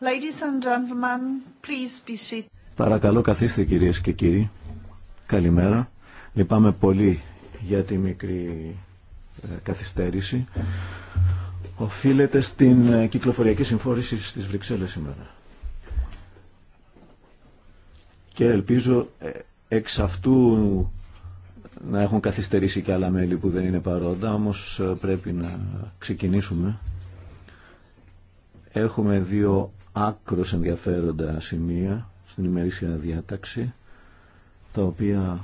Ladies Παρακαλώ καθίστε κυρίες και κύριοι. Καλημέρα. Λυπάμαι πολύ για τη μικρή ε, καθυστέρηση. Οφείλεται στην ε, κυκλοφοριακή συμφόρηση στις Βρυξέλλες σήμερα. Και ελπίζω ε, εξ αυτού να έχουν καθυστερήσει και άλλα μέλη που δεν είναι παρόντα, όμως πρέπει να ξεκινήσουμε. Έχουμε δύο Άκρο ενδιαφέροντα σημεία στην ημερήσια διάταξη τα οποία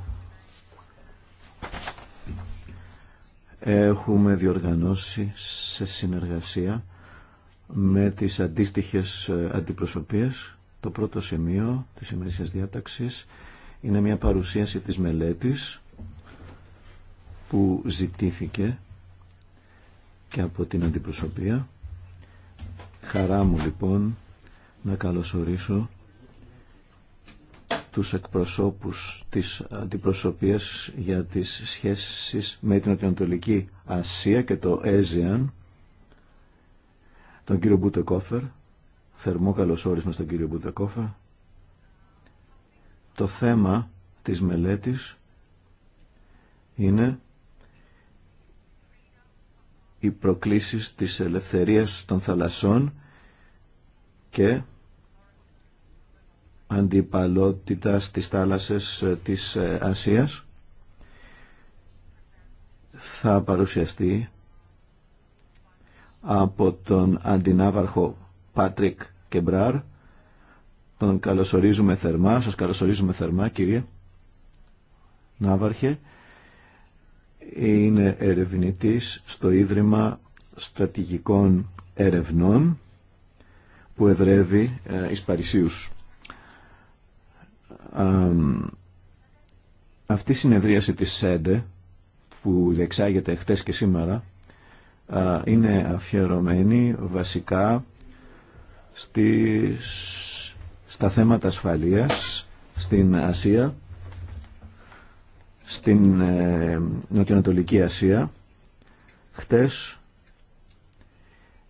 έχουμε διοργανώσει σε συνεργασία με τις αντίστοιχες αντιπροσωπείες. Το πρώτο σημείο της ημερήσιας διάταξης είναι μια παρουσίαση της μελέτης που ζητήθηκε και από την αντιπροσωπεία. Χαρά μου λοιπόν να καλωσορίσω τους εκπροσώπους της αντιπροσωπείας για τις σχέσεις με την Ανατολική Ασία και το ΕΖΙΑΝ, τον κύριο Μπουτεκόφερ, θερμό καλωσόρισμα στον κύριο Μπουτεκόφερ. Το θέμα της μελέτης είναι οι προκλήσεις της ελευθερίας των θαλασσών και αντιπαλότητας της θάλασσες ε, της ε, Ασίας θα παρουσιαστεί από τον αντινάβαρχο Πάτρικ Κεμπράρ. Τον καλωσορίζουμε θερμά, σας καλωσορίζουμε θερμά κύριε Ναύαρχε. Είναι ερευνητής στο Ίδρυμα Στρατηγικών Ερευνών που εδρεύει ε, εις Παρισίους αυτή η συνεδρίαση της ΣΕΝΤΕ που διεξάγεται χτες και σήμερα είναι αφιερωμένη βασικά στα θέματα ασφαλείας στην Ασία, στην ε, Νοτιοανατολική Ασία. Χτες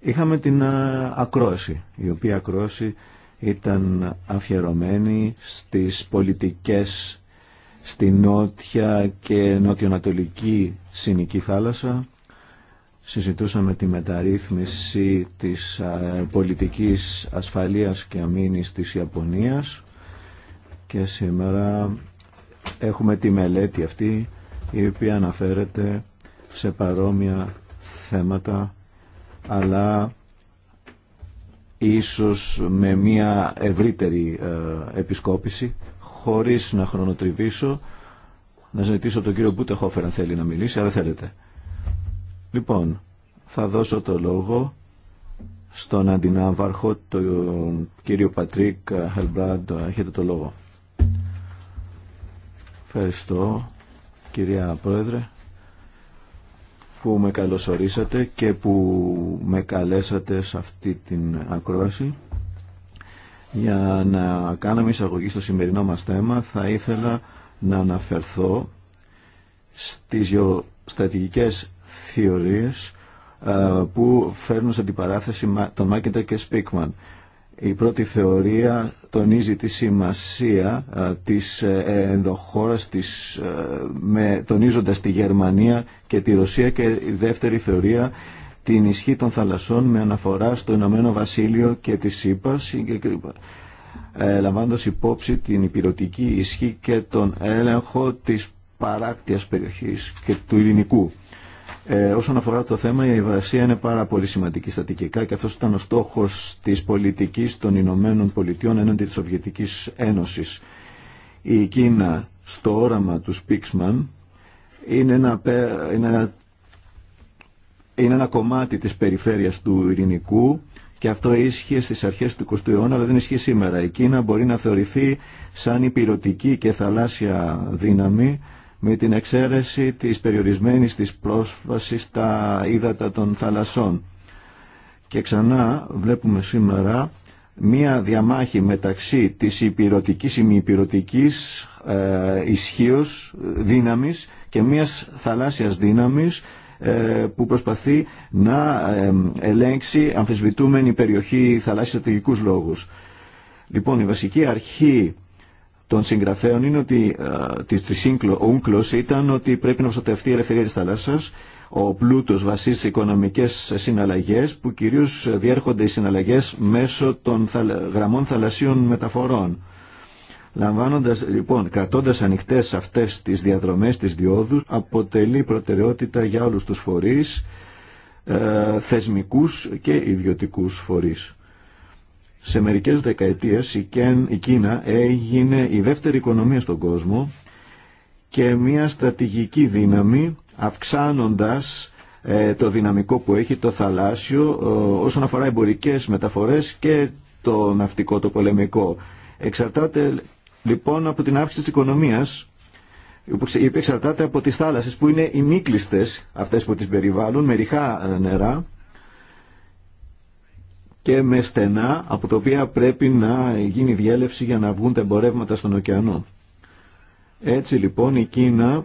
είχαμε την ε, ακρόση, η οποία ακρόση ήταν αφιερωμένη στις πολιτικές στη νότια και νοτιοανατολική Συνική θάλασσα. Συζητούσαμε τη μεταρρύθμιση της πολιτικής ασφαλείας και αμήνης της Ιαπωνίας και σήμερα έχουμε τη μελέτη αυτή η οποία αναφέρεται σε παρόμοια θέματα αλλά ίσως με μια ευρύτερη ε, επισκόπηση χωρίς να χρονοτριβήσω να ζητήσω τον κύριο Μπουτεχόφερ αν θέλει να μιλήσει, αν δεν θέλετε. Λοιπόν, θα δώσω το λόγο στον αντινάβαρχο, τον κύριο Πατρίκ Χελμπράντ. Έχετε το λόγο. Ευχαριστώ, κυρία Πρόεδρε που με καλωσορίσατε και που με καλέσατε σε αυτή την ακρόαση. Για να κάναμε εισαγωγή στο σημερινό μας θέμα θα ήθελα να αναφερθώ στις γεωστρατηγικές θεωρίες ε, που φέρνουν σε παράθεση τον Μάκεντα και Σπίκμαν. Η πρώτη θεωρία τονίζει τη σημασία της ε, ενδοχώρας της, ε, με, τονίζοντας τη Γερμανία και τη Ρωσία και η δεύτερη θεωρία την ισχύ των θαλασσών με αναφορά στο Ηνωμένο Βασίλειο και τη ΣΥΠΑ ε, λαμβάνοντας υπόψη την υπηρετική ισχύ και τον έλεγχο της παράκτιας περιοχής και του ειρηνικού. Ε, όσον αφορά το θέμα, η Ευρασία είναι πάρα πολύ σημαντική στατικικά και αυτό ήταν ο στόχος της πολιτικής των Ηνωμένων Πολιτειών έναντι της Σοβιετική Ένωσης. Η Κίνα στο όραμα του Σπίξμαν είναι ένα, είναι ένα, είναι ένα κομμάτι της περιφέρειας του ειρηνικού και αυτό ίσχυε στις αρχές του 20ου αιώνα, αλλά δεν ισχύει σήμερα. Η Κίνα μπορεί να θεωρηθεί σαν υπηρετική και θαλάσσια δύναμη με την εξαίρεση της περιορισμένης της πρόσβασης στα ύδατα των θαλασσών. Και ξανά βλέπουμε σήμερα μία διαμάχη μεταξύ της υπηρετικής ή μη υπηρετικής ε, ισχύως δύναμης και μίας θαλάσσιας δύναμης ε, που προσπαθεί να ελέγξει αμφισβητούμενη περιοχή θαλάσσια λόγους. Λοιπόν, η βασική αρχή των συγγραφέων είναι ότι ο ε, ούγκλος ήταν ότι πρέπει να προστατευτεί η ελευθερία της θάλασσας, ο πλούτος βασίζει σε οικονομικές συναλλαγές που κυρίως διέρχονται οι συναλλαγές μέσω των γραμμών θαλασσίων μεταφορών. Λαμβάνοντας λοιπόν, κρατώντας ανοιχτές αυτές τις διαδρομές της διόδου αποτελεί προτεραιότητα για όλους τους φορείς, ε, θεσμικούς και ιδιωτικούς φορείς. Σε μερικές δεκαετίες η Κίνα έγινε η δεύτερη οικονομία στον κόσμο και μια στρατηγική δύναμη αυξάνοντας ε, το δυναμικό που έχει το θαλάσσιο ε, όσον αφορά εμπορικές μεταφορές και το ναυτικό, το πολεμικό. Εξαρτάται λοιπόν από την αύξηση της οικονομίας εξαρτάται από τις θάλασσες που είναι ημίκλειστες αυτές που τις περιβάλλουν με ε, νερά και με στενά από τα οποία πρέπει να γίνει διέλευση για να βγουν τα εμπορεύματα στον ωκεανό. Έτσι λοιπόν η Κίνα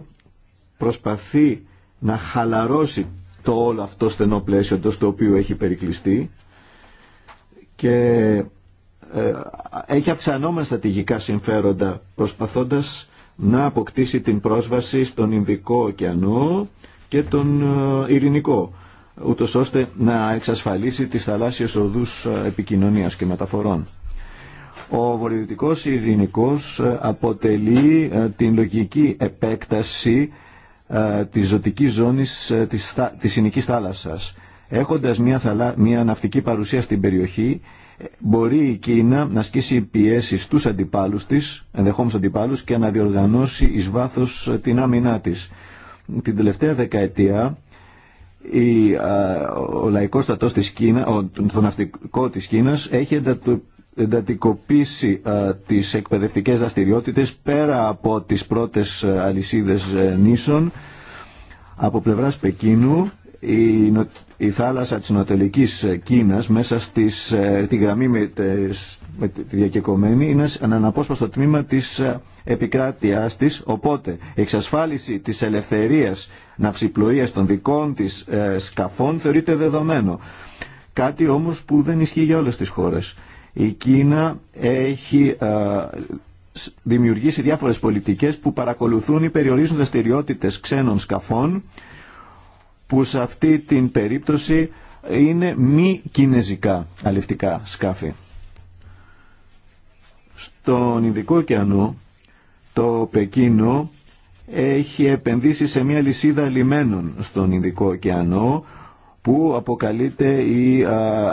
προσπαθεί να χαλαρώσει το όλο αυτό στενό πλαίσιο το οποίο έχει περικλειστεί και ε, έχει αυξανόμενα στατηγικά συμφέροντα προσπαθώντας να αποκτήσει την πρόσβαση στον Ινδικό ωκεανό και τον ε, Ειρηνικό ούτως ώστε να εξασφαλίσει τις θαλάσσιες οδούς ε, επικοινωνίας και μεταφορών. Ο βορειοδυτικός ειρηνικός ε, αποτελεί ε, την λογική επέκταση της ζωτικής ζώνης της, της Ινικής θάλασσας. Έχοντας μια, θαλά, μια ναυτική παρουσία στην περιοχή, μπορεί η Κίνα να ασκήσει πιέσει στους αντιπάλους της, ενδεχόμενους αντιπάλους, και να διοργανώσει εις βάθος την άμυνά της. Την τελευταία δεκαετία η, ο λαϊκός στρατός της Κίνας, το ναυτικό της Κίνας έχει εντατου, τι α, τις εκπαιδευτικές δραστηριότητε πέρα από τις πρώτες αλυσίδες ε, νήσων από πλευράς Πεκίνου η, η θάλασσα της Νοτολικής ε, Κίνας μέσα στις, ε, τη γραμμή με, τη διακεκομένη είναι αναπόσπαστο τμήμα της επικράτειάς της οπότε εξασφάλιση της ελευθερίας ναυσιπλοεία των δικών της ε, σκαφών θεωρείται δεδομένο. Κάτι όμως που δεν ισχύει για όλες τις χώρες. Η Κίνα έχει ε, δημιουργήσει διάφορες πολιτικές που παρακολουθούν ή περιορίζουν δραστηριότητε ξένων σκαφών που σε αυτή την περίπτωση είναι μη κινέζικα αλευτικά σκάφη. Στον Ινδικό ωκεανό το Πεκίνο έχει επενδύσει σε μια λυσίδα λιμένων στον Ινδικό ωκεανό που αποκαλείται η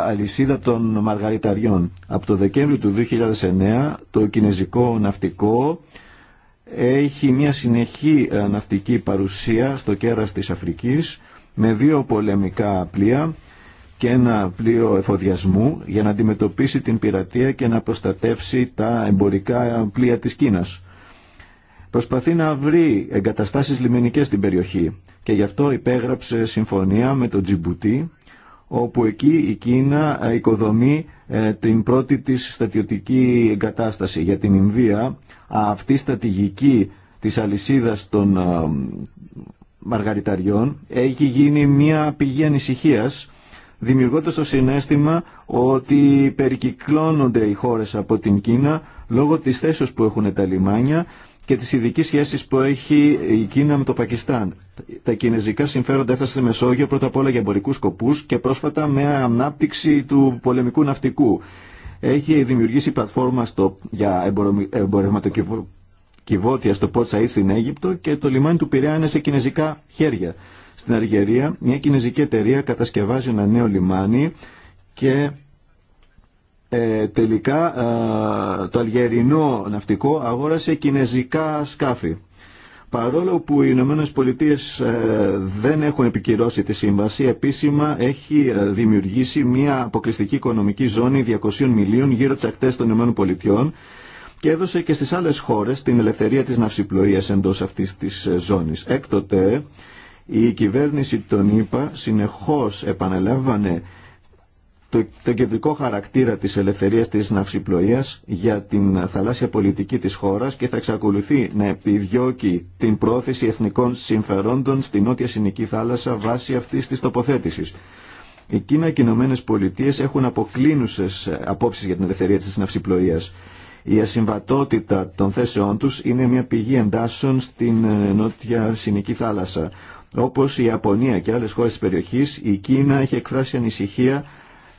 αλυσίδα των μαργαριταριών. Από το Δεκέμβριο του 2009 το κινέζικο ναυτικό έχει μια συνεχή ναυτική παρουσία στο κέρας της Αφρικής με δύο πολεμικά πλοία και ένα πλοίο εφοδιασμού για να αντιμετωπίσει την πειρατεία και να προστατεύσει τα εμπορικά πλοία της Κίνας προσπαθεί να βρει εγκαταστάσεις λιμενικές στην περιοχή και γι' αυτό υπέγραψε συμφωνία με το Τζιμπουτί όπου εκεί η Κίνα οικοδομεί ε, την πρώτη της στατιωτική εγκατάσταση για την Ινδία. Αυτή η στατηγική της αλυσίδας των ε, μαργαριταριών έχει γίνει μια πηγή ανησυχίας δημιουργώντας το συνέστημα ότι περικυκλώνονται οι χώρες από την Κίνα λόγω της θέσεως που έχουν τα λιμάνια και τις ειδικέ σχέσεις που έχει η Κίνα με το Πακιστάν. Τα κινέζικα συμφέροντα έφτασαν στη Μεσόγειο πρώτα απ' όλα για εμπορικού σκοπούς και πρόσφατα με ανάπτυξη του πολεμικού ναυτικού. Έχει δημιουργήσει πλατφόρμα στο, για εμπορευματοκιβώτια στο Port Said στην Αίγυπτο και το λιμάνι του Πειραιά είναι σε κινέζικα χέρια. Στην Αργερία μια κινέζικη εταιρεία κατασκευάζει ένα νέο λιμάνι και ε, τελικά ε, το αλγερινό ναυτικό αγόρασε κινέζικα σκάφη. Παρόλο που οι Ηνωμένε Πολιτείε ε, δεν έχουν επικυρώσει τη σύμβαση, επίσημα έχει δημιουργήσει μια αποκλειστική οικονομική ζώνη 200 μιλίων γύρω από τι ακτέ των Ηνωμένων Πολιτειών και έδωσε και στις άλλες χώρες την ελευθερία της ναυσιπλοείας εντός αυτής της ζώνης. Έκτοτε η κυβέρνηση των ΗΠΑ συνεχώς επαναλάμβανε το, το κεντρικό χαρακτήρα της ελευθερίας της ναυσιπλοείας για την θαλάσσια πολιτική της χώρας και θα εξακολουθεί να επιδιώκει την πρόθεση εθνικών συμφερόντων στην νότια συνική θάλασσα βάσει αυτής της τοποθέτησης. Οι Κίνα και οι Ηνωμένε Πολιτείε έχουν αποκλίνουσες απόψεις για την ελευθερία της ναυσιπλοείας. Η ασυμβατότητα των θέσεών τους είναι μια πηγή εντάσσεων στην ε, νότια συνική θάλασσα. Όπως η Ιαπωνία και άλλες χώρες της περιοχής, η Κίνα έχει εκφράσει ανησυχία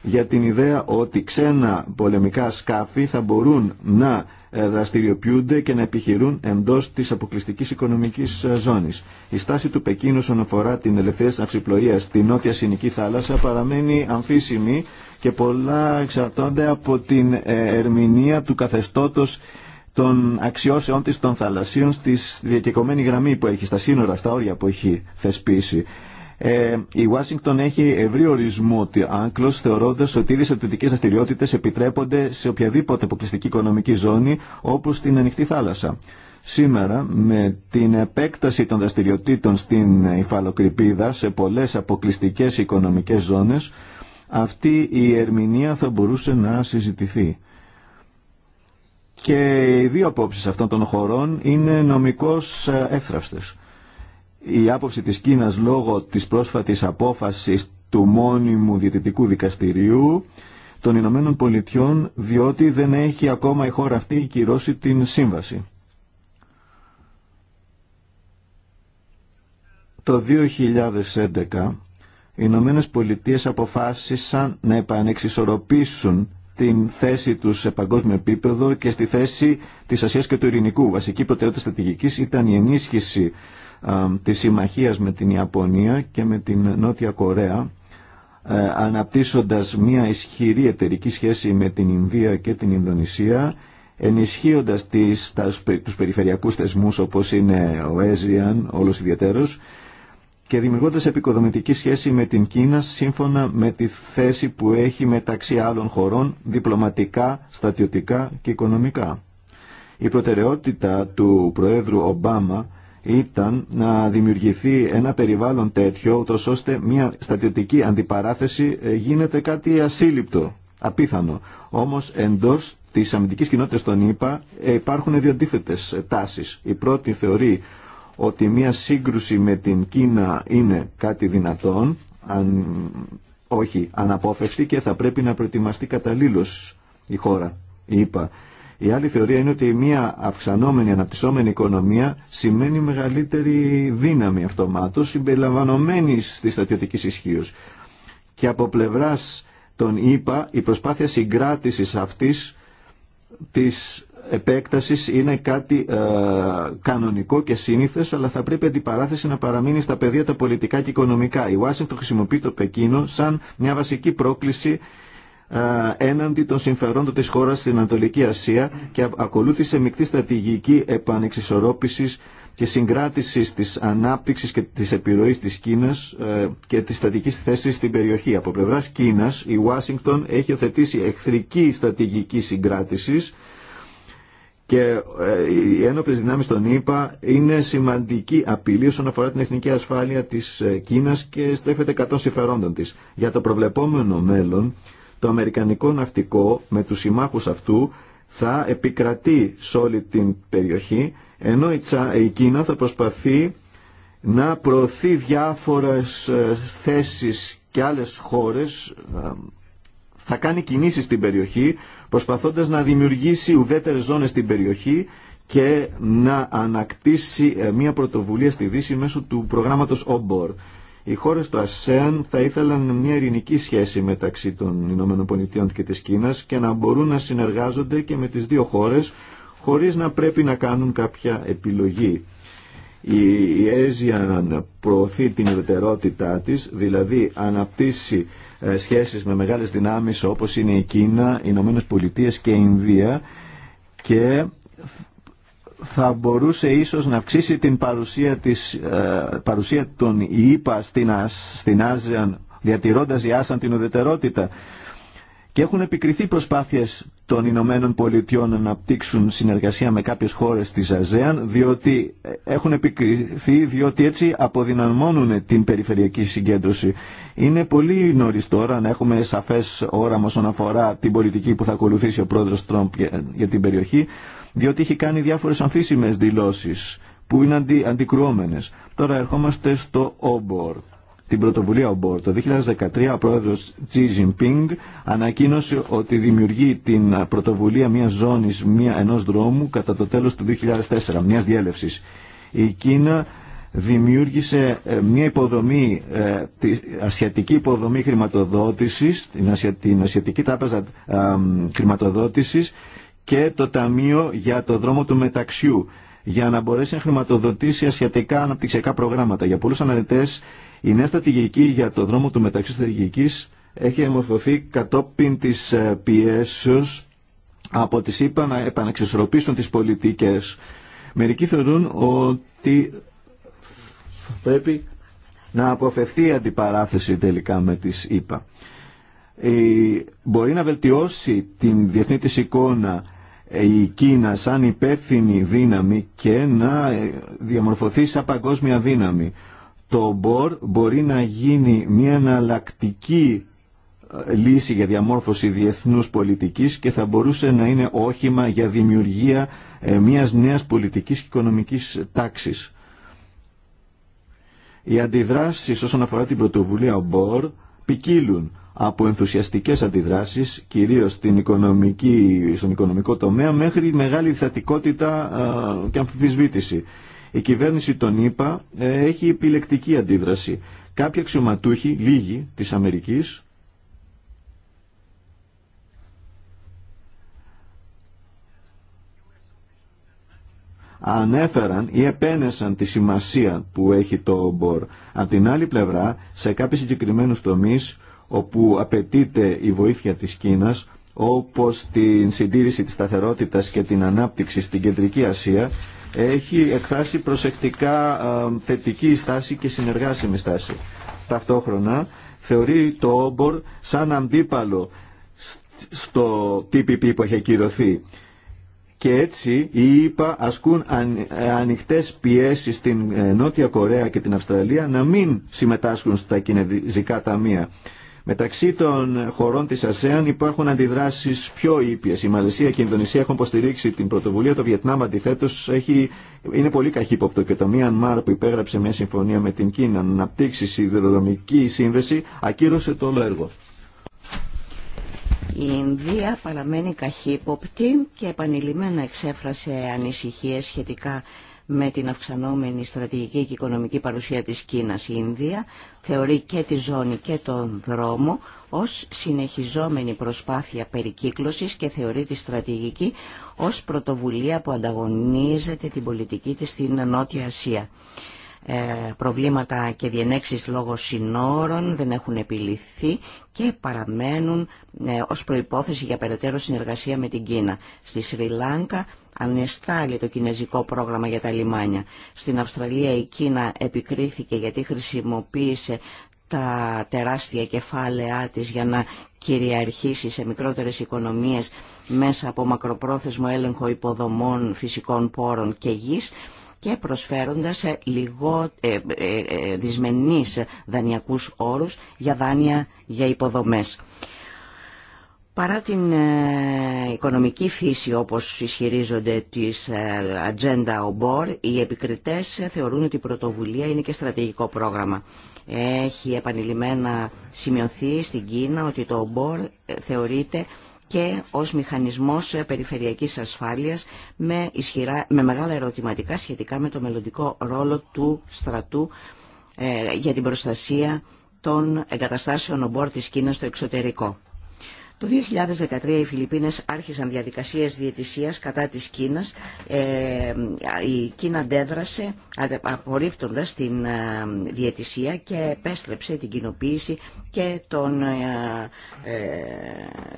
για την ιδέα ότι ξένα πολεμικά σκάφη θα μπορούν να ε, δραστηριοποιούνται και να επιχειρούν εντός της αποκλειστικής οικονομικής ε, ζώνης. Η στάση του Πεκίνου όσον αφορά την ελευθερία της αυσιπλοείας στη νότια συνική θάλασσα παραμένει αμφίσιμη και πολλά εξαρτώνται από την ε, ερμηνεία του καθεστώτος των αξιώσεών της των θαλασσίων στη διακεκομένη γραμμή που έχει, στα σύνορα, στα όρια που έχει θεσπίσει. Ε, η Ουάσιγκτον έχει ευρύ ορισμό ότι Άγκλος θεωρώντας ότι οι στρατιωτικέ δραστηριότητε επιτρέπονται σε οποιαδήποτε αποκλειστική οικονομική ζώνη όπως την ανοιχτή θάλασσα. Σήμερα με την επέκταση των δραστηριοτήτων στην υφαλοκρηπίδα σε πολλές αποκλειστικές οικονομικές ζώνες αυτή η ερμηνεία θα μπορούσε να συζητηθεί. Και οι δύο απόψεις αυτών των χωρών είναι νομικώς εύθραυστες η άποψη της Κίνας λόγω της πρόσφατης απόφασης του μόνιμου διαιτητικού δικαστηρίου των Ηνωμένων Πολιτειών διότι δεν έχει ακόμα η χώρα αυτή κυρώσει την σύμβαση. Το 2011 οι Ηνωμένες Πολιτείες αποφάσισαν να επανεξισορροπήσουν στην θέση του σε παγκόσμιο επίπεδο και στη θέση τη Ασία και του Ειρηνικού. Βασική προτεραιότητα στρατηγική ήταν η ενίσχυση τη συμμαχία με την Ιαπωνία και με την Νότια Κορέα, αναπτύσσοντα μια ισχυρή εταιρική σχέση με την Ινδία και την Ινδονησία, ενισχύοντα τις, περιφερειακού τους περιφερειακούς όπως είναι ο Έζιαν, όλο ιδιαίτερο και δημιουργώντας επικοδομητική σχέση με την Κίνα σύμφωνα με τη θέση που έχει μεταξύ άλλων χωρών διπλωματικά, στατιωτικά και οικονομικά. Η προτεραιότητα του Προέδρου Ομπάμα ήταν να δημιουργηθεί ένα περιβάλλον τέτοιο, ούτως ώστε μια στατιωτική αντιπαράθεση ε, γίνεται κάτι ασύλληπτο, απίθανο. Όμως εντός της αμυντικής κοινότητας των ΗΠΑ ε, υπάρχουν δύο αντίθετες τάσεις. Η πρώτη θεωρεί ότι μια σύγκρουση με την Κίνα είναι κάτι δυνατόν, αν, όχι αναπόφευκτη και θα πρέπει να προετοιμαστεί καταλήλως η χώρα, είπα. Η άλλη θεωρία είναι ότι μια αυξανόμενη, αναπτυσσόμενη οικονομία σημαίνει μεγαλύτερη δύναμη αυτομάτως συμπεριλαμβανομένη της στατιωτική ισχύω. Και από πλευράς των ΗΠΑ η προσπάθεια συγκράτησης αυτής της επέκτασης είναι κάτι ε, κανονικό και σύνηθες, αλλά θα πρέπει αντιπαράθεση να παραμείνει στα πεδία τα πολιτικά και οικονομικά. Η Ουάσιγκτον χρησιμοποιεί το Πεκίνο σαν μια βασική πρόκληση ε, έναντι των συμφερόντων της χώρας στην Ανατολική Ασία και ακολούθησε μεικτή στρατηγική επανεξισορρόπησης και συγκράτησης της ανάπτυξης και της επιρροής της Κίνας ε, και της στατικής θέσης στην περιοχή. Από πλευράς Κίνας, η Ουάσιγκτον έχει οθετήσει εχθρική στρατηγική συγκράτησης και ε, οι ένοπλε δυνάμει των ΗΠΑ είναι σημαντική απειλή όσον αφορά την εθνική ασφάλεια τη ε, Κίνα και στρέφεται 100 συμφερόντων τη. Για το προβλεπόμενο μέλλον, το αμερικανικό ναυτικό με του συμμάχου αυτού θα επικρατεί σε όλη την περιοχή, ενώ η Κίνα θα προσπαθεί να προωθεί διάφορες ε, θέσεις και άλλες χώρες, θα κάνει κινήσεις στην περιοχή προσπαθώντας να δημιουργήσει ουδέτερες ζώνες στην περιοχή και να ανακτήσει ε, μια πρωτοβουλία στη Δύση μέσω του προγράμματος OBOR. Οι χώρε του ΑΣΕΑΝ θα ήθελαν μια ειρηνική σχέση μεταξύ των ΗΠΑ και της Κίνας και να μπορούν να συνεργάζονται και με τις δύο χώρες χωρίς να πρέπει να κάνουν κάποια επιλογή. Η Asia προωθεί την ιδιαιτερότητά της, δηλαδή αναπτύσσει ε, σχέσεις με μεγάλες δυνάμεις όπως είναι η Κίνα, οι Ηνωμένε Πολιτείες και η Ινδία και θα μπορούσε ίσως να αυξήσει την παρουσία, της, ε, παρουσία των ΙΠΑ στην, στην Άζιαν διατηρώντας η Άσαν την ουδετερότητα και έχουν επικριθεί προσπάθειες των Ηνωμένων Πολιτειών να αναπτύξουν συνεργασία με κάποιες χώρες της ΑΖΕΑΝ, διότι ε, έχουν επικριθεί, διότι έτσι αποδυναμώνουν την περιφερειακή συγκέντρωση. Είναι πολύ νωρίς τώρα να έχουμε σαφές όραμα όσον αφορά την πολιτική που θα ακολουθήσει ο πρόεδρος Τρόμπ για την περιοχή, διότι έχει κάνει διάφορες αμφίσιμες δηλώσεις που είναι αντι, αντικρουόμενες. Τώρα ερχόμαστε στο όμπορ την πρωτοβουλία Ομπόρ. Το 2013 ο πρόεδρος Τζι Jinping ανακοίνωσε ότι δημιουργεί την πρωτοβουλία μιας ζώνης, μια, ενός δρόμου κατά το τέλος του 2004, μιας διέλευσης. Η Κίνα δημιούργησε ε, μια υποδομή, ε, ασιατική υποδομή χρηματοδότησης, την Ασιατική Τράπεζα ε, Χρηματοδότησης και το Ταμείο για το Δρόμο του Μεταξιού για να μπορέσει να χρηματοδοτήσει ασιατικά αναπτυξιακά προγράμματα. Για πολλούς αναλυτές η νέα στρατηγική για το δρόμο του μεταξύ στρατηγική έχει εμορφωθεί κατόπιν της ε, πιέσεω από τις ΗΠΑ να επαναξισορροπήσουν τι πολιτικέ. Μερικοί θεωρούν ότι πρέπει να αποφευθεί η αντιπαράθεση τελικά με τις ΗΠΑ. μπορεί να βελτιώσει την διεθνή τη εικόνα ε, η Κίνα σαν υπεύθυνη δύναμη και να ε, διαμορφωθεί σαν παγκόσμια δύναμη. Το μπορ μπορεί να γίνει μια εναλλακτική ε, λύση για διαμόρφωση διεθνούς πολιτικής και θα μπορούσε να είναι όχημα για δημιουργία μιας νέας πολιτικής και οικονομικής τάξης. Οι αντιδράσεις όσον αφορά την πρωτοβουλία Μπορ ποικίλουν από ενθουσιαστικές αντιδράσεις, κυρίως στην οικονομική, στον οικονομικό τομέα, μέχρι μεγάλη θετικότητα και αμφισβήτηση. Η κυβέρνηση των ΗΠΑ ε, έχει επιλεκτική αντίδραση. Κάποιοι αξιωματούχοι, λίγοι, της Αμερικής, ανέφεραν ή επένεσαν τη σημασία που έχει το ΟΜΠΟΡ. Απ' την άλλη πλευρά, σε κάποιους συγκεκριμένους τομείς, όπου απαιτείται η βοήθεια της Κίνας όπως την συντήρηση της σταθερότητας και την ανάπτυξη στην Κεντρική Ασία έχει εκφράσει προσεκτικά ε, θετική στάση και συνεργάσιμη στάση. Ταυτόχρονα θεωρεί το όμπορ σαν αντίπαλο στο TPP που έχει ακυρωθεί. Και έτσι οι ΙΠΑ ασκούν ε, ανοιχτές πιέσεις στην ε, Νότια Κορέα και την Αυστραλία να μην συμμετάσχουν στα κινέζικα ταμεία. Μεταξύ των χωρών της ΑΣΕΑΝ υπάρχουν αντιδράσεις πιο ήπιες. Η Μαλαισία και η Ινδονησία έχουν υποστηρίξει την πρωτοβουλία. Το Βιετνάμ αντιθέτως έχει... είναι πολύ καχύποπτο και το Μιανμάρ που υπέγραψε μια συμφωνία με την Κίνα να αναπτύξει σιδηροδρομική σύνδεση ακύρωσε το όλο έργο. Η Ινδία παραμένει καχύποπτη και επανειλημμένα εξέφρασε ανησυχίες σχετικά με την αυξανόμενη στρατηγική και οικονομική παρουσία της Κίνας η Ινδία θεωρεί και τη ζώνη και τον δρόμο ως συνεχιζόμενη προσπάθεια περικύκλωσης και θεωρεί τη στρατηγική ως πρωτοβουλία που ανταγωνίζεται την πολιτική της στην Νότια Ασία. Ε, προβλήματα και διενέξεις λόγω συνόρων δεν έχουν επιληθεί και παραμένουν ε, ως προϋπόθεση για περαιτέρω συνεργασία με την Κίνα. Στη Σρι Λάνκα ανεστάλλει το κινέζικο πρόγραμμα για τα λιμάνια. Στην Αυστραλία η Κίνα επικρίθηκε γιατί χρησιμοποίησε τα τεράστια κεφάλαιά της για να κυριαρχήσει σε μικρότερες οικονομίες μέσα από μακροπρόθεσμο έλεγχο υποδομών, φυσικών πόρων και γης και προσφέροντας ε, λιγό, ε, ε, ε, όρους για δάνεια για υποδομές. Παρά την ε, οικονομική φύση όπως ισχυρίζονται της ατζέντα Obor, οι επικριτές θεωρούν ότι η πρωτοβουλία είναι και στρατηγικό πρόγραμμα. Έχει επανειλημμένα σημειωθεί στην Κίνα ότι το ομπόρ ε, θεωρείται και ως μηχανισμός περιφερειακής ασφάλειας με, ισχυρά, μεγάλα ερωτηματικά σχετικά με το μελλοντικό ρόλο του στρατού ε, για την προστασία των εγκαταστάσεων ομπόρ της Κίνας στο εξωτερικό. Το 2013 οι Φιλιππίνες άρχισαν διαδικασίες διαιτησίας κατά της Κίνας. Ε, η Κίνα αντέδρασε απορρίπτοντας την ε, διαιτησία και επέστρεψε την κοινοποίηση και τον, ε,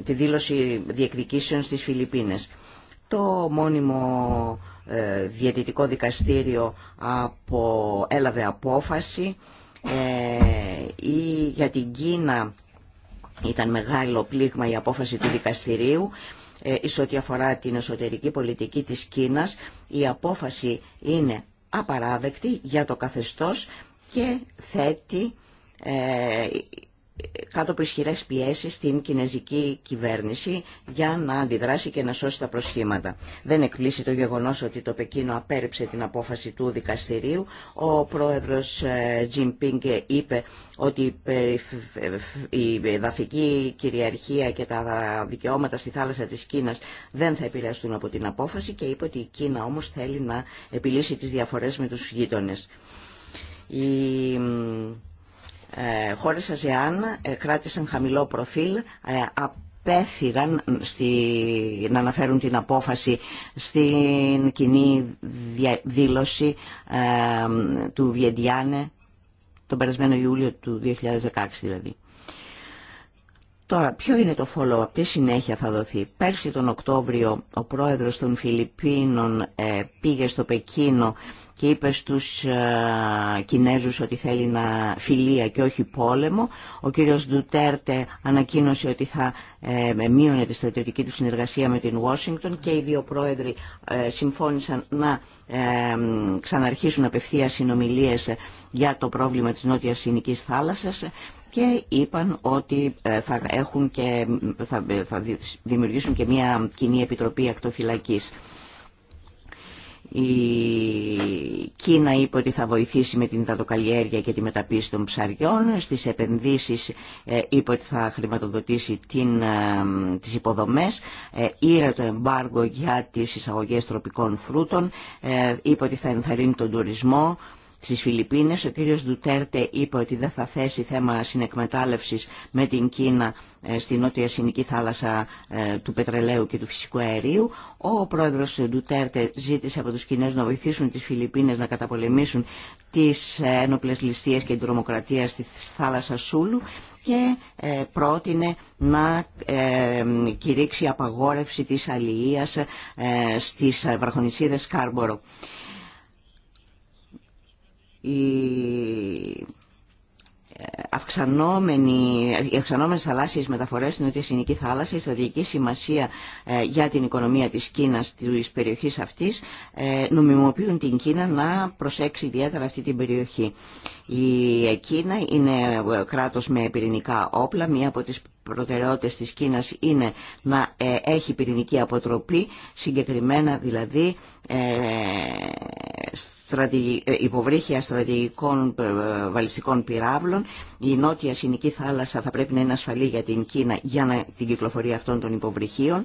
τη δήλωση διεκδικήσεων στις Φιλιππίνες. Το μόνιμο διαιτητικό δικαστήριο από, έλαβε απόφαση ή για την Κίνα ήταν μεγάλο πλήγμα η απόφαση του δικαστηρίου ε, ό,τι αφορά την εσωτερική πολιτική της Κίνας. Η απόφαση είναι απαράδεκτη για το καθεστώς και θέτει ε, κάτω από ισχυρέ πιέσει στην κινέζικη κυβέρνηση για να αντιδράσει και να σώσει τα προσχήματα. Δεν εκπλήσει το γεγονό ότι το Πεκίνο απέρριψε την απόφαση του δικαστηρίου. Ο πρόεδρο ε, Τζιν Πίνγκ είπε ότι η δαφική κυριαρχία και τα δικαιώματα στη θάλασσα της Κίνας δεν θα επηρεαστούν από την απόφαση και είπε ότι η Κίνα όμω θέλει να επιλύσει τι διαφορέ με του γείτονε. Η ε, χώρες ΑΖΕΑΝ ε, κράτησαν χαμηλό προφίλ, ε, απέφυγαν στη, να αναφέρουν την απόφαση στην κοινή δήλωση του Βιεντιάνε τον περασμένο Ιούλιο του 2016 δηλαδή. Τώρα, ποιο είναι το follow-up, τι συνέχεια θα δοθεί. Πέρσι τον Οκτώβριο ο πρόεδρος των Φιλιππίνων ε, πήγε στο Πεκίνο και είπε στους ε, Κινέζους ότι θέλει να φιλία και όχι πόλεμο. Ο κύριος Ντουτέρτε ανακοίνωσε ότι θα ε, μείωνε τη στρατιωτική του συνεργασία με την Ουάσιγκτον και οι δύο πρόεδροι συμφώνησαν να ξαναρχίσουν απευθεία συνομιλίες για το πρόβλημα της Νότιας Συνικής Θάλασσας και είπαν ότι ε, θα, έχουν και, θα, δημιουργήσουν και μια κοινή επιτροπή ακτοφυλακής. Η Κίνα είπε ότι θα βοηθήσει με την υδατοκαλλιέργεια και τη μεταποίηση των ψαριών. Στις επενδύσεις ε, είπε ότι θα χρηματοδοτήσει την, ε, τις υποδομές. Ήρε το εμπάργο για τις εισαγωγές τροπικών φρούτων. Είπε ότι θα ενθαρρύνει τον τουρισμό στις Φιλιππίνες ο κύριος Ντουτέρτε είπε ότι δεν θα θέσει θέμα συνεκμετάλλευσης με την Κίνα ε, στη νότια συνική θάλασσα ε, του πετρελαίου και του φυσικού αερίου. Ο πρόεδρος Ντουτέρτε ζήτησε από τους Κινέζους να βοηθήσουν τις Φιλιππίνες να καταπολεμήσουν τις ε, ένοπλες ληστείες και την τρομοκρατία στη θάλασσα Σούλου και πρότεινε να κηρύξει απαγόρευση της αλληλείας στις βραχονισίδες Κάρμπορο η οι αυξανόμενες θαλάσσιες μεταφορές στην Νοτιοσυνική θάλασσα, η στρατηγική σημασία ε, για την οικονομία της Κίνας, της περιοχής αυτής, ε, νομιμοποιούν την Κίνα να προσέξει ιδιαίτερα αυτή την περιοχή. Η Κίνα είναι κράτος με πυρηνικά όπλα. Μία από τις προτεραιότητες της Κίνας είναι να ε, έχει πυρηνική αποτροπή, συγκεκριμένα δηλαδή ε, ε, υποβρύχια στρατηγικών βαλιστικών πυράβλων. Η νότια συνική θάλασσα θα πρέπει να είναι ασφαλή για την Κίνα για την κυκλοφορία αυτών των υποβρυχίων.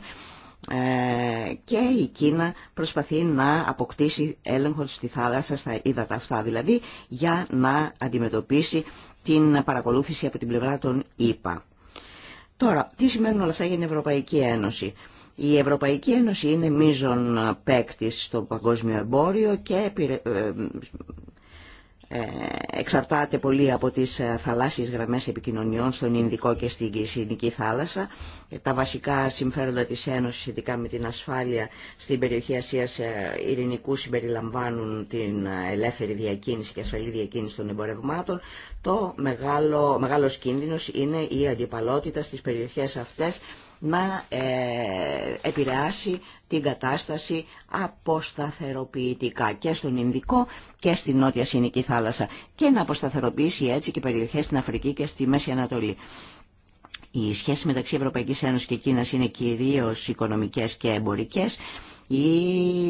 Ε, και η Κίνα προσπαθεί να αποκτήσει έλεγχο στη θάλασσα στα ύδατα αυτά, δηλαδή για να αντιμετωπίσει την παρακολούθηση από την πλευρά των ΗΠΑ. Τώρα, τι σημαίνουν όλα αυτά για την Ευρωπαϊκή Ένωση. Η Ευρωπαϊκή Ένωση είναι μείζον παίκτη στο παγκόσμιο εμπόριο και ε, ε, εξαρτάται πολύ από τις ε, θαλάσσιες γραμμές επικοινωνιών στον Ινδικό και στην Κυσινική θάλασσα. Ε, τα βασικά συμφέροντα της Ένωσης σχετικά με την ασφάλεια στην περιοχή Ασίας ειρηνικού συμπεριλαμβάνουν την ελεύθερη διακίνηση και ασφαλή διακίνηση των εμπορευμάτων. Το μεγάλο, μεγάλος κίνδυνος είναι η αντιπαλότητα στις περιοχές αυτές να επηρεάσει την κατάσταση αποσταθεροποιητικά και στον Ινδικό και στην Νότια Συνική Θάλασσα και να αποσταθεροποιήσει έτσι και περιοχές στην Αφρική και στη Μέση Ανατολή. Η σχέση μεταξύ Ευρωπαϊκής Ένωσης και Κίνας είναι κυρίως οικονομικές και εμπορικές. Οι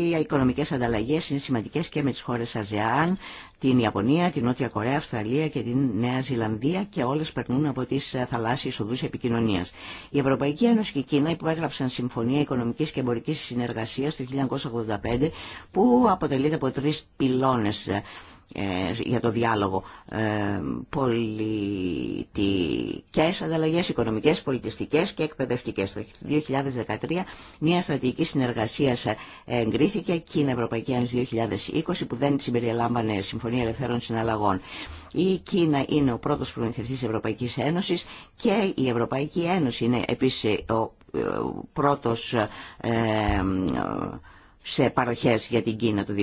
οικονομικές ανταλλαγές είναι σημαντικές και με τις χώρες ΑΖΕΑΝ, την Ιαπωνία, την Νότια Κορέα, Αυστραλία και την Νέα Ζηλανδία και όλες περνούν από τις ε, θαλάσσιες οδούς επικοινωνίας. Η Ευρωπαϊκή Ένωση και η Κίνα υπέγραψαν Συμφωνία Οικονομικής και Εμπορικής Συνεργασίας το 1985 που αποτελείται από τρεις πυλώνες ε, ε, για το διάλογο ε, πολιτικές ανταλλαγές οικονομικές, πολιτιστικές και εκπαιδευτικές. Το 2013 μια στρατηγική συνεργασία εγκρίθηκε Κίνα Ευρωπαϊκή Ένωση 2020 που δεν συμπεριλάμβανε Συμφωνία Ελευθέρων Συναλλαγών. Η Κίνα είναι ο πρώτος προμηθευτής Ευρωπαϊκής Ένωσης και η Ευρωπαϊκή Ένωση είναι επίσης ο πρώτος ε, σε παροχές για την Κίνα το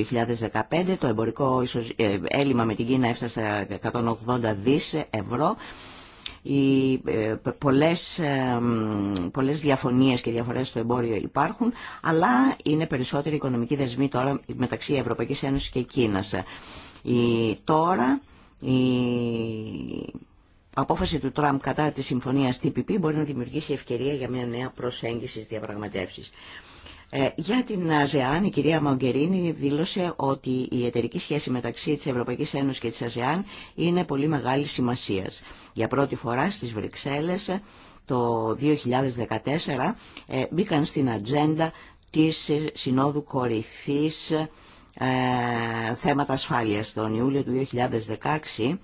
2015. Το εμπορικό ε, έλλειμμα με την Κίνα έφτασε 180 δις ευρώ. Οι ε, πολλές, πολλές διαφωνίες και διαφορές στο εμπόριο υπάρχουν, αλλά είναι περισσότεροι οικονομικοί δεσμοί τώρα μεταξύ Ευρωπαϊκής Ένωσης και Κίνας. τώρα η απόφαση του Τραμπ κατά τη συμφωνία TPP μπορεί να δημιουργήσει ευκαιρία για μια νέα προσέγγιση στις διαπραγματεύσεις. Ε, για την ΑΖΕΑΝ, η κυρία Μαγκερίνη δήλωσε ότι η εταιρική σχέση μεταξύ της Ευρωπαϊκής Ένωσης και της ΑΖΕΑΝ είναι πολύ μεγάλη σημασίας. Για πρώτη φορά στις Βρυξέλλες το 2014 ε, μπήκαν στην ατζέντα της Συνόδου Κορυφής ε, θέματα ασφάλειας τον Ιούλιο του 2016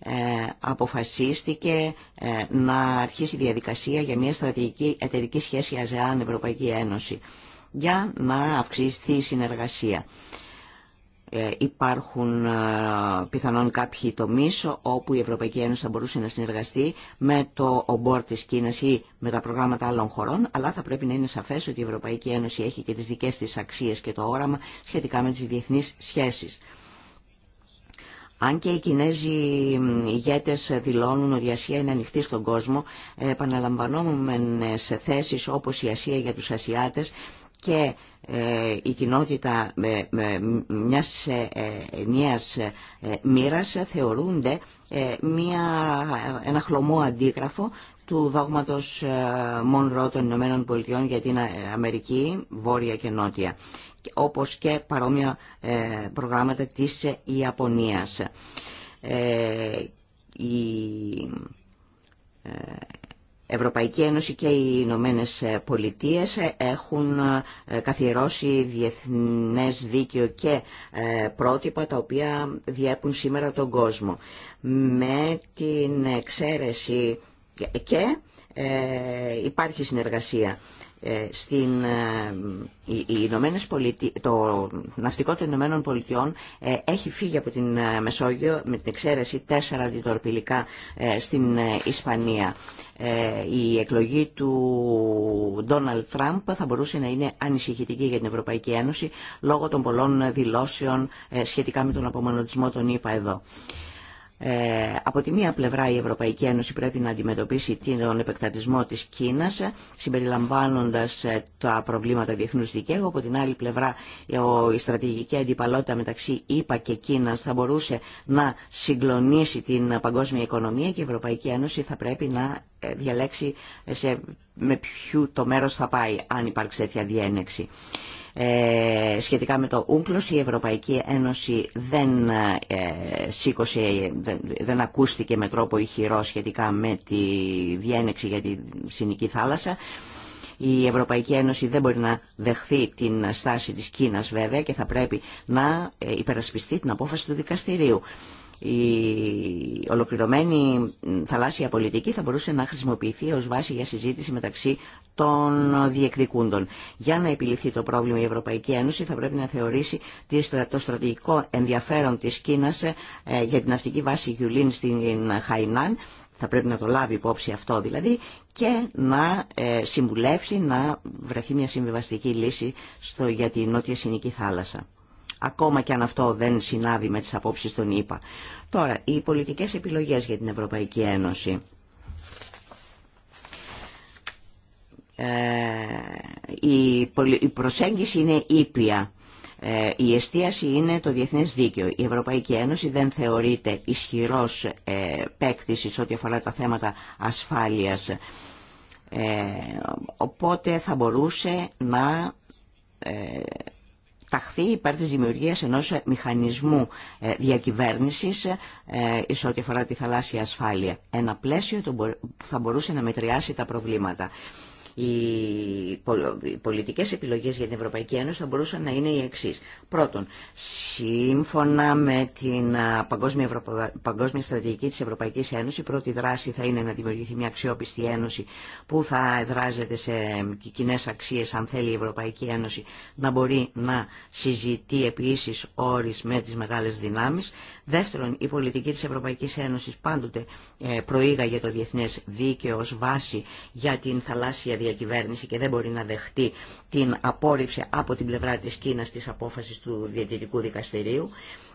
ε, αποφασίστηκε ε, να αρχίσει η διαδικασία για μια στρατηγική εταιρική σχέση ΑΖΕΑΝ-Ευρωπαϊκή Ένωση για να αυξηθεί η συνεργασία. Ε, υπάρχουν πιθανόν κάποιοι τομείς όπου η Ευρωπαϊκή Ένωση θα μπορούσε να συνεργαστεί με το ομπόρ της Κίνας ή με τα προγράμματα άλλων χωρών, αλλά θα πρέπει να είναι σαφές ότι η Ευρωπαϊκή Ένωση έχει και τις δικές της αξίες και το όραμα σχετικά με τις διεθνείς σχέσεις. Αν και οι Κινέζοι ηγέτες δηλώνουν ότι η Ασία είναι ανοιχτή στον κόσμο, επαναλαμβανόμενες θέσεις όπως η Ασία για τους Ασιάτες και ε, η κοινότητα ε, ε, μιας ενιαίας μοίρας θεωρούνται μια, ένα χλωμό αντίγραφο του δόγματος Μονρό των Ηνωμένων Πολιτειών για την Αμερική, Βόρεια και Νότια όπως και παρόμοια ε, προγράμματα της Ιαπωνίας. Ε, η ε, Ευρωπαϊκή Ένωση και οι Ηνωμένε Πολιτείε έχουν καθιερώσει διεθνές δίκαιο και πρότυπα τα οποία διέπουν σήμερα τον κόσμο. Με την εξαίρεση και υπάρχει συνεργασία ε, στην, ε, οι, Πολιτι... το ναυτικό των Ηνωμένων Πολιτειών ε, έχει φύγει από την Μεσόγειο με την εξαίρεση τέσσερα αντιτορπιλικά στην Ισπανία. η εκλογή του Ντόναλτ Τραμπ θα μπορούσε να είναι ανησυχητική για την Ευρωπαϊκή Ένωση λόγω των πολλών δηλώσεων σχετικά με τον απομονωτισμό των ΗΠΑ εδώ. Ε, από τη μία πλευρά η Ευρωπαϊκή Ένωση πρέπει να αντιμετωπίσει τον επεκτατισμό της Κίνας συμπεριλαμβάνοντας ε, τα προβλήματα διεθνούς δικαίου. Από την άλλη πλευρά η στρατηγική αντιπαλότητα μεταξύ ΙΠΑ και Κίνας θα μπορούσε να συγκλονίσει την παγκόσμια οικονομία και η Ευρωπαϊκή Ένωση θα πρέπει να ε, διαλέξει ε, σε, με ποιο το μέρος θα πάει αν υπάρξει τέτοια διένεξη. Ε, σχετικά με το ούγκλος η Ευρωπαϊκή Ένωση δεν, ε, σήκωσε, δεν, ακούστηκε με τρόπο ηχηρό σχετικά με τη διένεξη για τη Συνική Θάλασσα η Ευρωπαϊκή Ένωση δεν μπορεί να δεχθεί την στάση της Κίνας βέβαια και θα πρέπει να ε, υπερασπιστεί την απόφαση του δικαστηρίου. Η ολοκληρωμένη θαλάσσια πολιτική θα μπορούσε να χρησιμοποιηθεί ως βάση για συζήτηση μεταξύ των διεκδικούντων. Για να επιληθεί το πρόβλημα η Ευρωπαϊκή Ένωση θα πρέπει να θεωρήσει το στρατηγικό ενδιαφέρον της Κίνας ε, ε, για την ναυτική βάση Γιουλίν στην Χαϊνάν θα πρέπει να το λάβει υπόψη αυτό δηλαδή και να ε, συμβουλεύσει να βρεθεί μια συμβιβαστική λύση στο, για τη Νότια Συνική Θάλασσα. Ακόμα και αν αυτό δεν συνάδει με τις απόψεις των ΗΠΑ. Τώρα, οι πολιτικές επιλογές για την Ευρωπαϊκή Ένωση. Ε, η, η προσέγγιση είναι ήπια ε, η εστίαση είναι το διεθνές δίκαιο. Η Ευρωπαϊκή Ένωση δεν θεωρείται ισχυρός ε, ό,τι αφορά τα θέματα ασφάλειας. Ε, οπότε θα μπορούσε να ε, ταχθεί υπέρ της δημιουργίας ενός μηχανισμού διακυβέρνησης σε ό,τι αφορά τη θαλάσσια ασφάλεια. Ένα πλαίσιο που θα μπορούσε να μετριάσει τα προβλήματα. Οι πολιτικές επιλογές για την Ευρωπαϊκή Ένωση θα μπορούσαν να είναι οι εξή. Πρώτον, σύμφωνα με την παγκόσμια, στρατηγική της Ευρωπαϊκής Ένωσης, η πρώτη δράση θα είναι να δημιουργηθεί μια αξιόπιστη ένωση που θα εδράζεται σε κοινέ αξίες, αν θέλει η Ευρωπαϊκή Ένωση, να μπορεί να συζητεί επίση όρι με τι μεγάλε δυνάμει. Δεύτερον, η πολιτική της Ευρωπαϊκής Ένωσης πάντοτε ε, προήγαγε το διεθνές δίκαιο ως βάση για την θαλάσσια διακυβέρνηση και δεν μπορεί να δεχτεί την απόρριψη από την πλευρά της Κίνας της απόφασης του Διαιτητικού Δικαστηρίου.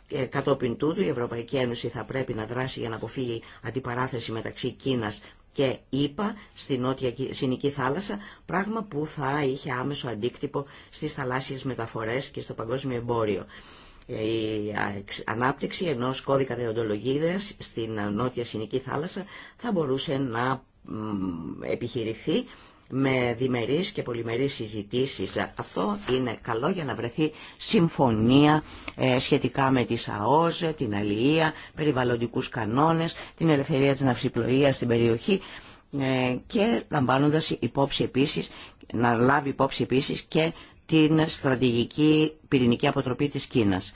Ε, κατόπιν τούτου η Ευρωπαϊκή Ένωση θα πρέπει να δράσει για να αποφύγει αντιπαράθεση μεταξύ Κίνας και είπα στην νότια Συνική θάλασσα, πράγμα που θα είχε άμεσο αντίκτυπο στις θαλάσσιες μεταφορές και στο παγκόσμιο εμπόριο. Ε, η ανάπτυξη ενός κώδικα δεοντολογίδας στην νότια Συνική θάλασσα θα μπορούσε να επιχειρηθεί με διμερείς και πολυμερείς συζητήσεις. Αυτό είναι καλό για να βρεθεί συμφωνία ε, σχετικά με τις ΑΟΖ, την αλληλεία, περιβαλλοντικούς κανόνες, την ελευθερία της ναυσιπλοείας στην περιοχή ε, και λαμβάνοντας υπόψη επίσης, να λάβει υπόψη επίσης και την στρατηγική πυρηνική αποτροπή της Κίνας.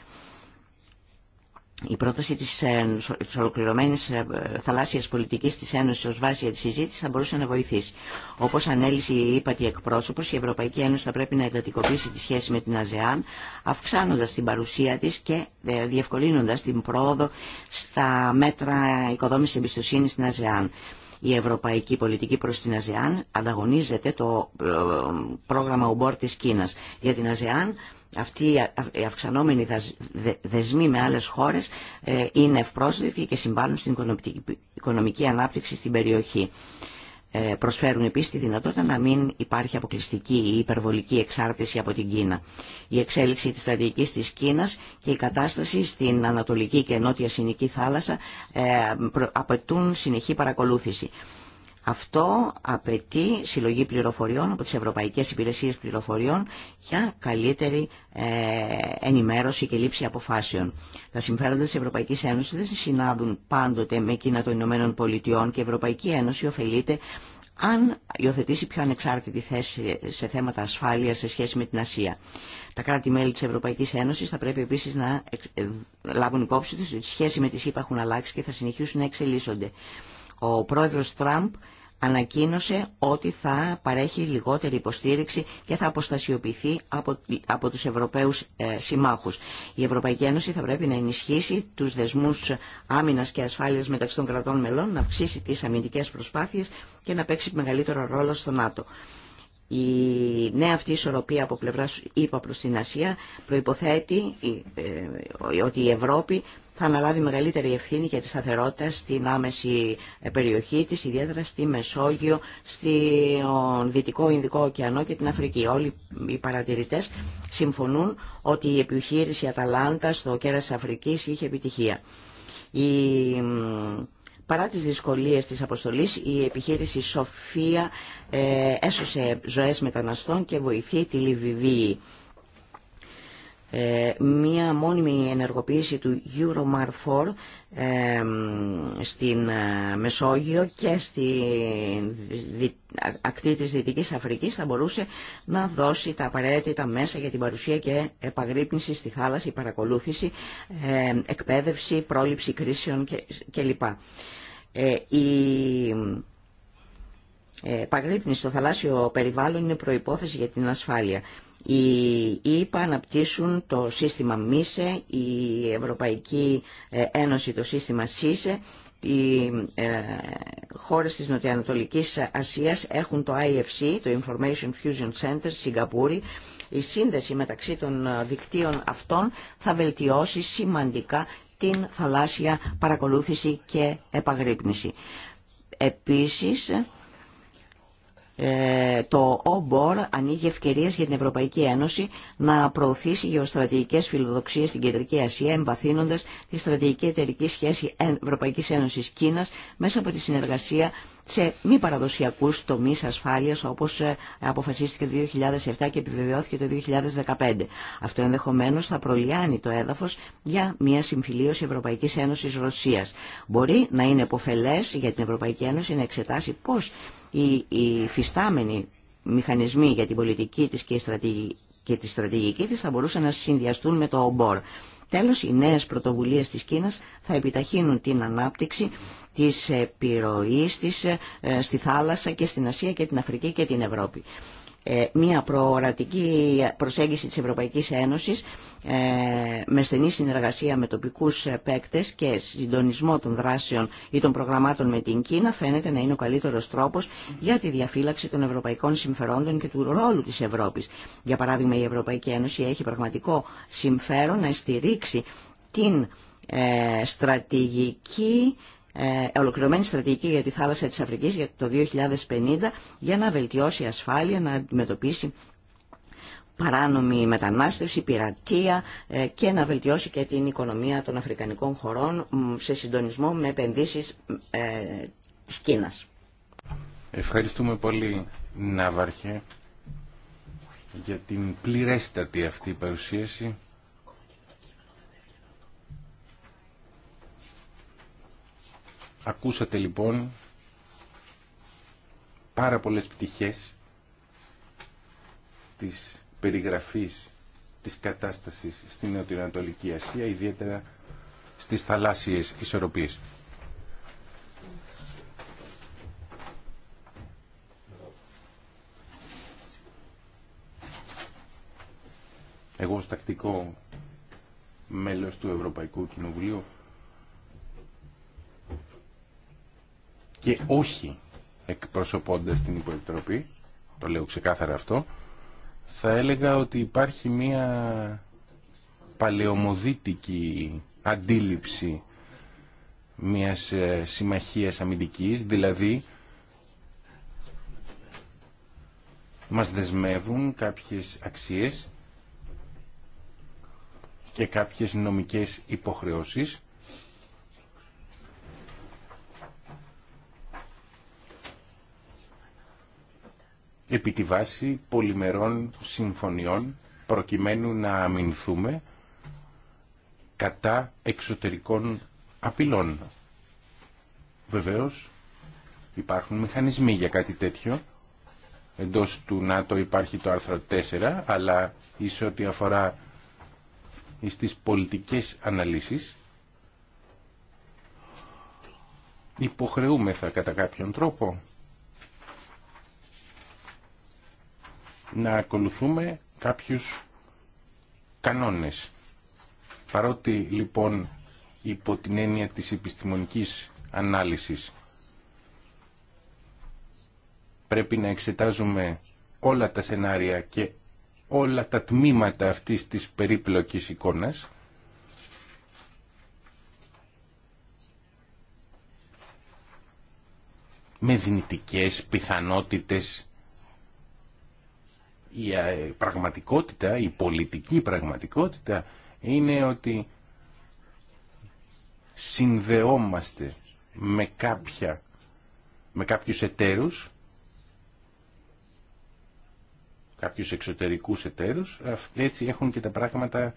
Η πρόταση της, ε, της ολοκληρωμένης ε, θαλάσσιας πολιτικής της Ένωσης ως βάση για τη συζήτηση θα μπορούσε να βοηθήσει. Όπως ανέλησε η ύπατη εκπρόσωπος, η Ευρωπαϊκή Ένωση θα πρέπει να εντατικοποιήσει τη σχέση με την ΑΖΕΑΝ, αυξάνοντας την παρουσία της και ε, διευκολύνοντας την πρόοδο στα μέτρα οικοδόμησης εμπιστοσύνης στην ΑΖΕΑΝ. Η ευρωπαϊκή πολιτική προς την ΑΖΕΑΝ ανταγωνίζεται το ε, πρόγραμμα ΟΜΠΟΡ της Κίνας. Για την ΑΖΕΑΝ αυτή η αυξανόμενη δεσμή με άλλες χώρες ε, είναι ευπρόσδεκτη και συμβάλλουν στην οικονομική ανάπτυξη στην περιοχή. Ε, προσφέρουν επίσης τη δυνατότητα να μην υπάρχει αποκλειστική ή υπερβολική εξάρτηση από την Κίνα. Η εξέλιξη της στρατηγικής της Κίνας και η κατάσταση στην Ανατολική και Νότια Συνική θάλασσα ε, απαιτούν συνεχή παρακολούθηση. Αυτό απαιτεί συλλογή πληροφοριών από τις Ευρωπαϊκές Υπηρεσίες Πληροφοριών για καλύτερη ε, ενημέρωση και λήψη αποφάσεων. Τα συμφέροντα της Ευρωπαϊκής Ένωσης δεν συνάδουν πάντοτε με εκείνα των Ηνωμένων Πολιτειών και η Ευρωπαϊκή Ένωση ωφελείται αν υιοθετήσει πιο ανεξάρτητη θέση σε θέματα ασφάλειας σε σχέση με την Ασία. Τα κράτη-μέλη της Ευρωπαϊκής Ένωσης θα πρέπει επίσης να ε, λάβουν υπόψη του ότι σχέση με τις ΗΠΑ έχουν αλλάξει και θα συνεχίσουν να εξελίσσονται. Ο πρόεδρος Τραμπ ανακοίνωσε ότι θα παρέχει λιγότερη υποστήριξη και θα αποστασιοποιηθεί από, από τους Ευρωπαίους ε, συμμάχους. Η Ευρωπαϊκή Ένωση θα πρέπει να ενισχύσει τους δεσμούς άμυνας και ασφάλειας μεταξύ των κρατών μελών, να αυξήσει τις αμυντικές προσπάθειες και να παίξει μεγαλύτερο ρόλο στο ΝΑΤΟ. Η νέα αυτή ισορροπία από πλευρά είπα, προς την Ασία προϋποθέτει ε, ε, ότι η Ευρώπη θα αναλάβει μεγαλύτερη ευθύνη για τη σταθερότητα στην άμεση ε, περιοχή της, ιδιαίτερα στη Μεσόγειο, στον Δυτικό Ινδικό Ωκεανό και την Αφρική. Όλοι οι παρατηρητές συμφωνούν ότι η επιχείρηση Αταλάντα στο κέρας της Αφρικής είχε επιτυχία. Η... Παρά τις δυσκολίες της αποστολής, η επιχείρηση Σοφία ε, έσωσε ζωές μεταναστών και βοηθεί τη Λιβιβύη. Ε, μία μόνιμη ενεργοποίηση του Euromar 4 ε, στην ε, Μεσόγειο και στη ακτή της Δυτικής Αφρικής θα μπορούσε να δώσει τα απαραίτητα μέσα για την παρουσία και επαγρύπνηση στη θάλασσα, η παρακολούθηση, εκπαίδευση, πρόληψη κρίσεων κλπ. Η επαγρύπνηση στο θαλάσσιο περιβάλλον είναι προϋπόθεση για την ασφάλεια. Οι ίπα αναπτύσσουν το σύστημα ΜΙΣΕ, η Ευρωπαϊκή ε, Ένωση το σύστημα ΣΥΣΕ, οι ε, χώρες της Νοτιοανατολικής Ασίας έχουν το IFC, το Information Fusion Center, Σιγκαπούρη. Η σύνδεση μεταξύ των ε, δικτύων αυτών θα βελτιώσει σημαντικά την θαλάσσια παρακολούθηση και επαγρύπνηση. Επίσης, ε, το ΟΜΠΟΡ ανοίγει ευκαιρίες για την Ευρωπαϊκή Ένωση να προωθήσει γεωστρατηγικές φιλοδοξίες στην Κεντρική Ασία εμβαθύνοντας τη στρατηγική εταιρική σχέση Ευρωπαϊκής Ένωσης Κίνας μέσα από τη συνεργασία σε μη παραδοσιακούς τομείς ασφάλειας όπως ε, αποφασίστηκε το 2007 και επιβεβαιώθηκε το 2015. Αυτό ενδεχομένως θα προλιάνει το έδαφος για μια συμφιλίωση Ευρωπαϊκής Ένωσης Ρωσία. Μπορεί να είναι επωφελές για την Ευρωπαϊκή Ένωση να εξετάσει πώς οι, οι φυστάμενοι μηχανισμοί για την πολιτική της και, τη στρατηγική της θα μπορούσαν να συνδυαστούν με το ΟΜΠΟΡ. Τέλος, οι νέες πρωτοβουλίες της Κίνας θα επιταχύνουν την ανάπτυξη της επιρροής της ε, στη θάλασσα και στην Ασία και την Αφρική και την Ευρώπη. Ε, μια προορατική προσέγγιση της Ευρωπαϊκής Ένωσης ε, με στενή συνεργασία με τοπικούς παίκτες και συντονισμό των δράσεων ή των προγραμμάτων με την Κίνα φαίνεται να είναι ο καλύτερος τρόπος για τη διαφύλαξη των ευρωπαϊκών συμφερόντων και του ρόλου της Ευρώπης. Για παράδειγμα η Ευρωπαϊκή Ένωση έχει πραγματικό συμφέρον να στηρίξει την ε, στρατηγική ε, ολοκληρωμένη στρατηγική για τη θάλασσα της Αφρικής για το 2050 για να βελτιώσει ασφάλεια, να αντιμετωπίσει παράνομη μετανάστευση, πειρατεία ε, και να βελτιώσει και την οικονομία των αφρικανικών χωρών σε συντονισμό με επενδύσεις ε, της Κίνας. Ευχαριστούμε πολύ Ναύαρχε για την πληρέστατη αυτή παρουσίαση. Ακούσατε λοιπόν πάρα πολλές πτυχές της περιγραφής της κατάστασης στην Νοτιοανατολική Ασία, ιδιαίτερα στις θαλάσσιες ισορροπίες. Εγώ ως τακτικό μέλος του Ευρωπαϊκού Κοινοβουλίου και όχι εκπροσωπώντας την υποεπιτροπή, το λέω ξεκάθαρα αυτό, θα έλεγα ότι υπάρχει μία παλαιομοδίτικη αντίληψη μιας ε, συμμαχίας αμυντικής, δηλαδή μας δεσμεύουν κάποιες αξίες και κάποιες νομικές υποχρεώσεις επί τη βάση πολυμερών συμφωνιών προκειμένου να αμυνθούμε κατά εξωτερικών απειλών. Βεβαίως υπάρχουν μηχανισμοί για κάτι τέτοιο. Εντός του ΝΑΤΟ υπάρχει το άρθρο 4, αλλά ίσως ό,τι αφορά στις πολιτικές αναλύσεις υποχρεούμεθα κατά κάποιον τρόπο να ακολουθούμε κάποιους κανόνες. Παρότι λοιπόν υπό την έννοια της επιστημονικής ανάλυσης πρέπει να εξετάζουμε όλα τα σενάρια και όλα τα τμήματα αυτής της περίπλοκης εικόνας με δυνητικές πιθανότητες η πραγματικότητα, η πολιτική πραγματικότητα είναι ότι συνδεόμαστε με, κάποια, με κάποιους εταίρους κάποιους εξωτερικούς εταίρους έτσι έχουν και τα πράγματα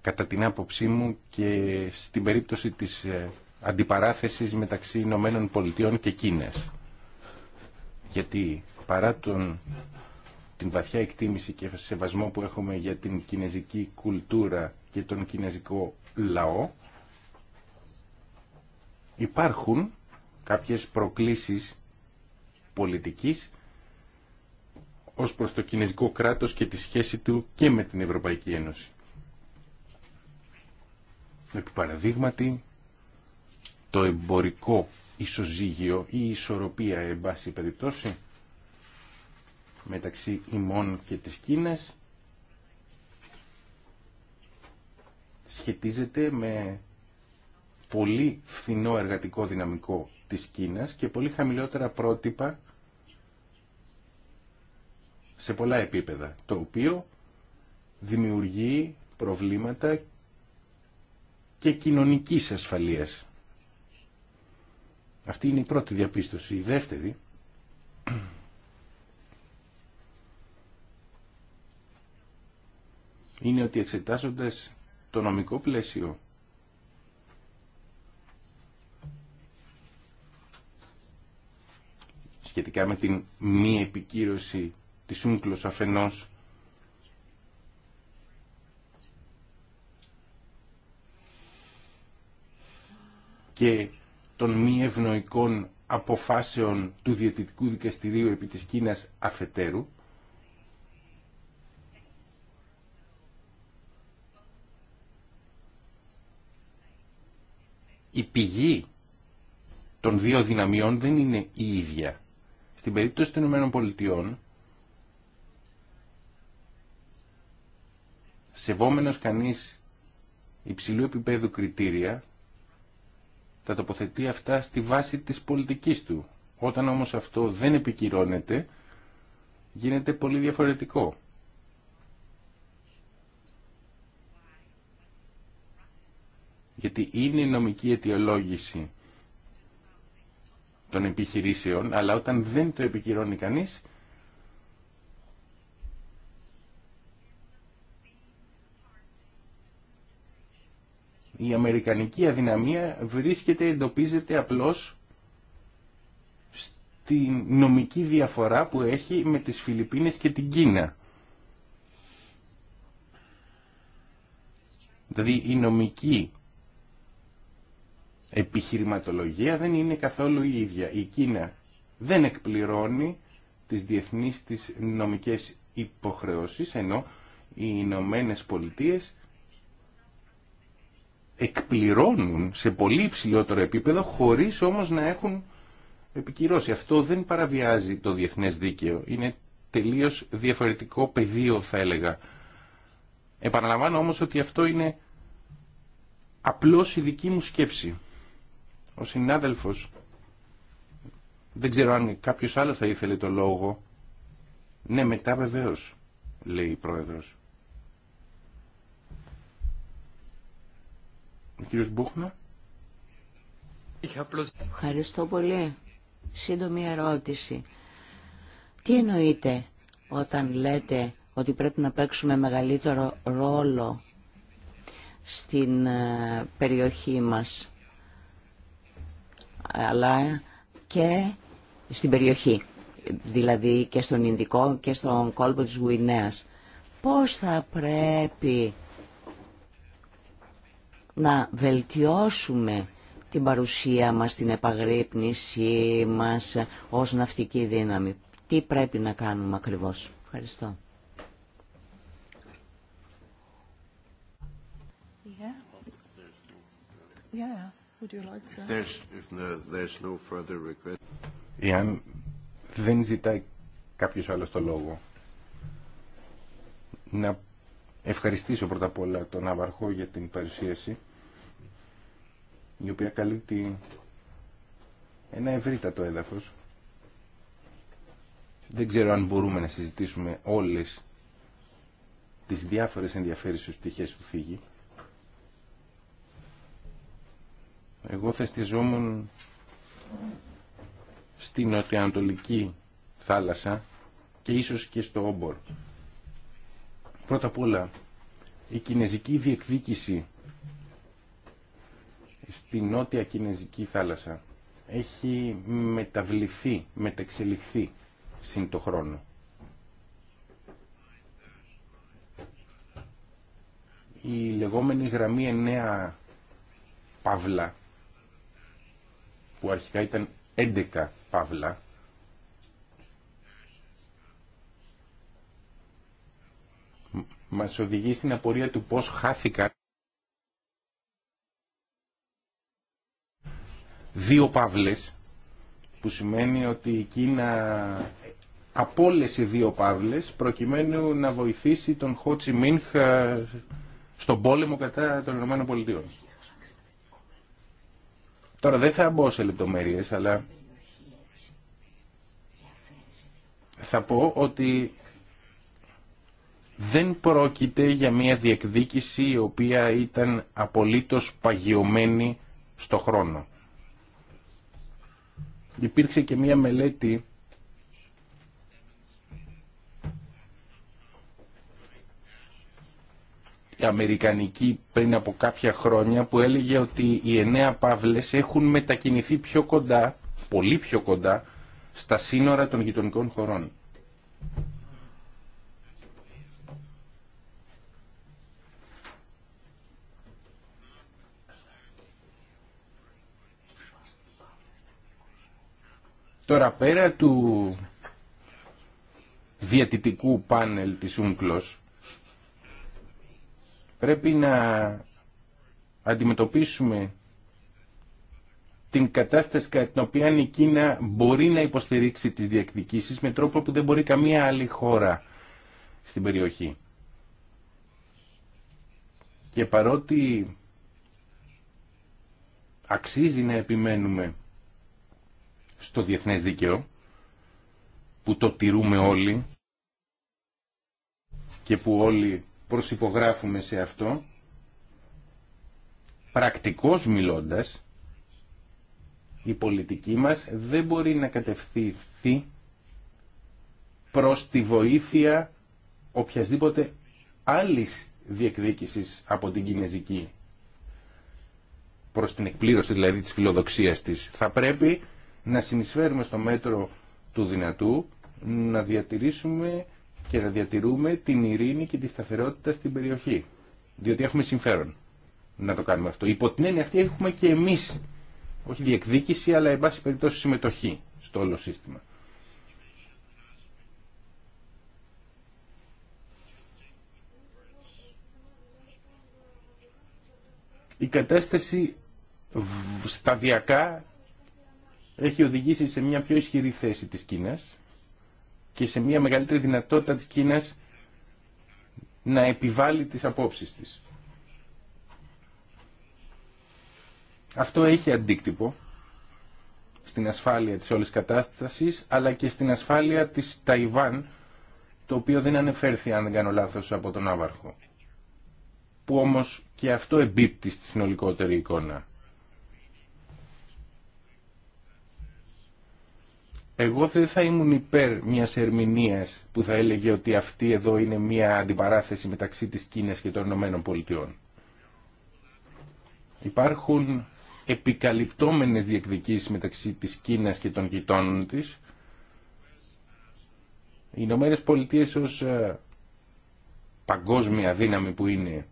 κατά την άποψή μου και στην περίπτωση της ε, αντιπαράθεσης μεταξύ Ηνωμένων Πολιτειών και Κίνας γιατί παρά τον την βαθιά εκτίμηση και σεβασμό που έχουμε για την κινέζικη κουλτούρα και τον κινέζικο λαό, υπάρχουν κάποιες προκλήσεις πολιτικής ως προς το κινέζικο κράτος και τη σχέση του και με την Ευρωπαϊκή Ένωση. Επί παραδείγματι, το εμπορικό ισοζύγιο ή ισορροπία, εν πάση περιπτώσει, μεταξύ ημών και της Κίνας σχετίζεται με πολύ φθηνό εργατικό δυναμικό της Κίνας και πολύ χαμηλότερα πρότυπα σε πολλά επίπεδα, το οποίο δημιουργεί προβλήματα και κοινωνικής ασφαλείας. Αυτή είναι η πρώτη διαπίστωση. Η δεύτερη είναι ότι εξετάζοντας το νομικό πλαίσιο σχετικά με την μη επικύρωση της ούγκλος αφενός και των μη ευνοϊκών αποφάσεων του Διαιτητικού Δικαστηρίου επί της Κίνας αφετέρου, η πηγή των δύο δυναμιών δεν είναι η ίδια. Στην περίπτωση των ΗΠΑ, σεβόμενος κανείς υψηλού επίπεδου κριτήρια, τα τοποθετεί αυτά στη βάση της πολιτικής του. Όταν όμως αυτό δεν επικυρώνεται, γίνεται πολύ διαφορετικό. γιατί είναι η νομική αιτιολόγηση των επιχειρήσεων, αλλά όταν δεν το επικυρώνει κανείς, η αμερικανική αδυναμία βρίσκεται, εντοπίζεται απλώς στη νομική διαφορά που έχει με τις Φιλιππίνες και την Κίνα. Δηλαδή η νομική επιχειρηματολογία δεν είναι καθόλου η ίδια. Η Κίνα δεν εκπληρώνει τις διεθνείς της νομικές υποχρεώσεις, ενώ οι Ηνωμένε Πολιτείε εκπληρώνουν σε πολύ υψηλότερο επίπεδο, χωρίς όμως να έχουν επικυρώσει. Αυτό δεν παραβιάζει το διεθνές δίκαιο. Είναι τελείως διαφορετικό πεδίο, θα έλεγα. Επαναλαμβάνω όμως ότι αυτό είναι απλώς η δική μου σκέψη ο συνάδελφος, δεν ξέρω αν κάποιος άλλος θα ήθελε το λόγο. Ναι, μετά βεβαίως, λέει η πρόεδρος. Ο κύριος Μπούχνα. Ευχαριστώ πολύ. Σύντομη ερώτηση. Τι εννοείτε όταν λέτε ότι πρέπει να παίξουμε μεγαλύτερο ρόλο στην ε, περιοχή μας αλλά και στην περιοχή, δηλαδή και στον Ινδικό και στον κόλπο της Γουινέας. Πώς θα πρέπει να βελτιώσουμε την παρουσία μας, την επαγρύπνησή μας ως ναυτική δύναμη. Τι πρέπει να κάνουμε ακριβώς. Ευχαριστώ. Yeah. Yeah you Εάν δεν ζητάει κάποιος άλλος το λόγο, να ευχαριστήσω πρώτα απ' όλα τον Αβαρχό για την παρουσίαση, η οποία καλύπτει ένα ευρύτατο έδαφος. Δεν ξέρω αν μπορούμε να συζητήσουμε όλες τις διάφορες ενδιαφέρουσες πτυχές που φύγει. Εγώ θεστιζόμουν στην νοτιοανατολική θάλασσα και ίσως και στο όμπορ. Πρώτα απ' όλα, η κινέζικη διεκδίκηση στην νότια κινέζικη θάλασσα έχει μεταβληθεί, μεταξελιχθεί συν το χρόνο. Η λεγόμενη γραμμή 9 Παύλα που αρχικά ήταν 11 παύλα μας οδηγεί στην απορία του πώς χάθηκαν δύο παύλες που σημαίνει ότι η Κίνα απόλυσε δύο παύλες προκειμένου να βοηθήσει τον Χότσι Μίνχ ε, στον πόλεμο κατά των Πολιτειών. Τώρα δεν θα μπω σε λεπτομέρειες, αλλά θα πω ότι δεν πρόκειται για μια διεκδίκηση η οποία ήταν απολύτως παγιωμένη στο χρόνο. Υπήρξε και μια μελέτη αμερικανική πριν από κάποια χρόνια που έλεγε ότι οι εννέα παύλες έχουν μετακινηθεί πιο κοντά, πολύ πιο κοντά, στα σύνορα των γειτονικών χωρών. Τώρα πέρα του διατητικού πάνελ της Ούγκλος πρέπει να αντιμετωπίσουμε την κατάσταση κατά την οποία η Κίνα μπορεί να υποστηρίξει τις διεκδικήσεις με τρόπο που δεν μπορεί καμία άλλη χώρα στην περιοχή. Και παρότι αξίζει να επιμένουμε στο διεθνές δίκαιο, που το τηρούμε όλοι και που όλοι προσυπογράφουμε σε αυτό, πρακτικώς μιλώντας, η πολιτική μας δεν μπορεί να κατευθυνθεί προς τη βοήθεια οποιασδήποτε άλλης διεκδίκησης από την Κινέζικη προς την εκπλήρωση δηλαδή της φιλοδοξίας της. Θα πρέπει να συνεισφέρουμε στο μέτρο του δυνατού να διατηρήσουμε και να διατηρούμε την ειρήνη και τη σταθερότητα στην περιοχή. Διότι έχουμε συμφέρον να το κάνουμε αυτό. Υπό την έννοια αυτή έχουμε και εμείς, όχι διεκδίκηση, αλλά εν πάση περιπτώσει συμμετοχή στο όλο σύστημα. Η κατάσταση σταδιακά έχει οδηγήσει σε μια πιο ισχυρή θέση της Κίνας και σε μια μεγαλύτερη δυνατότητα της Κίνας να επιβάλλει τις απόψεις της. Αυτό έχει αντίκτυπο στην ασφάλεια της όλης κατάστασης, αλλά και στην ασφάλεια της Ταϊβάν, το οποίο δεν ανεφέρθη, αν δεν κάνω λάθος, από τον Άβαρχο. Που όμως και αυτό εμπίπτει στη συνολικότερη εικόνα. Εγώ δεν θα ήμουν υπέρ μιας ερμηνεία που θα έλεγε ότι αυτή εδώ είναι μια αντιπαράθεση μεταξύ της Κίνας και των Ηνωμένων Πολιτειών. Υπάρχουν επικαλυπτόμενες διεκδικήσεις μεταξύ της Κίνας και των γειτόνων της. Οι Ηνωμένε Πολιτείε ως ε, παγκόσμια δύναμη που είναι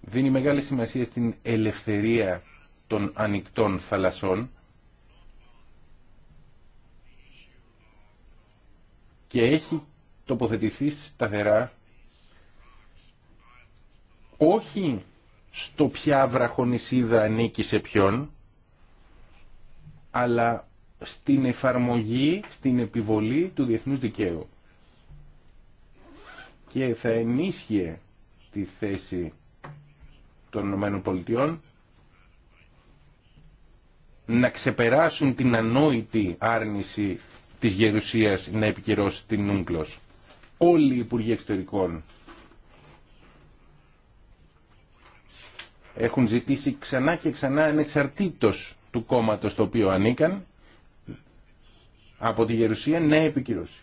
δίνει μεγάλη σημασία στην ελευθερία των ανοιχτών θαλασσών και έχει τοποθετηθεί σταθερά όχι στο ποια βραχονισίδα ανήκει σε ποιον, αλλά στην εφαρμογή, στην επιβολή του διεθνούς δικαίου. Και θα ενίσχυε τη θέση των ΗΠΑ να ξεπεράσουν την ανόητη άρνηση της γερουσίας να επικυρώσει την Ούγκλος. Όλοι οι Υπουργοί Εξωτερικών έχουν ζητήσει ξανά και ξανά ανεξαρτήτως του κόμματος το οποίο ανήκαν από τη Γερουσία να επικυρώσει.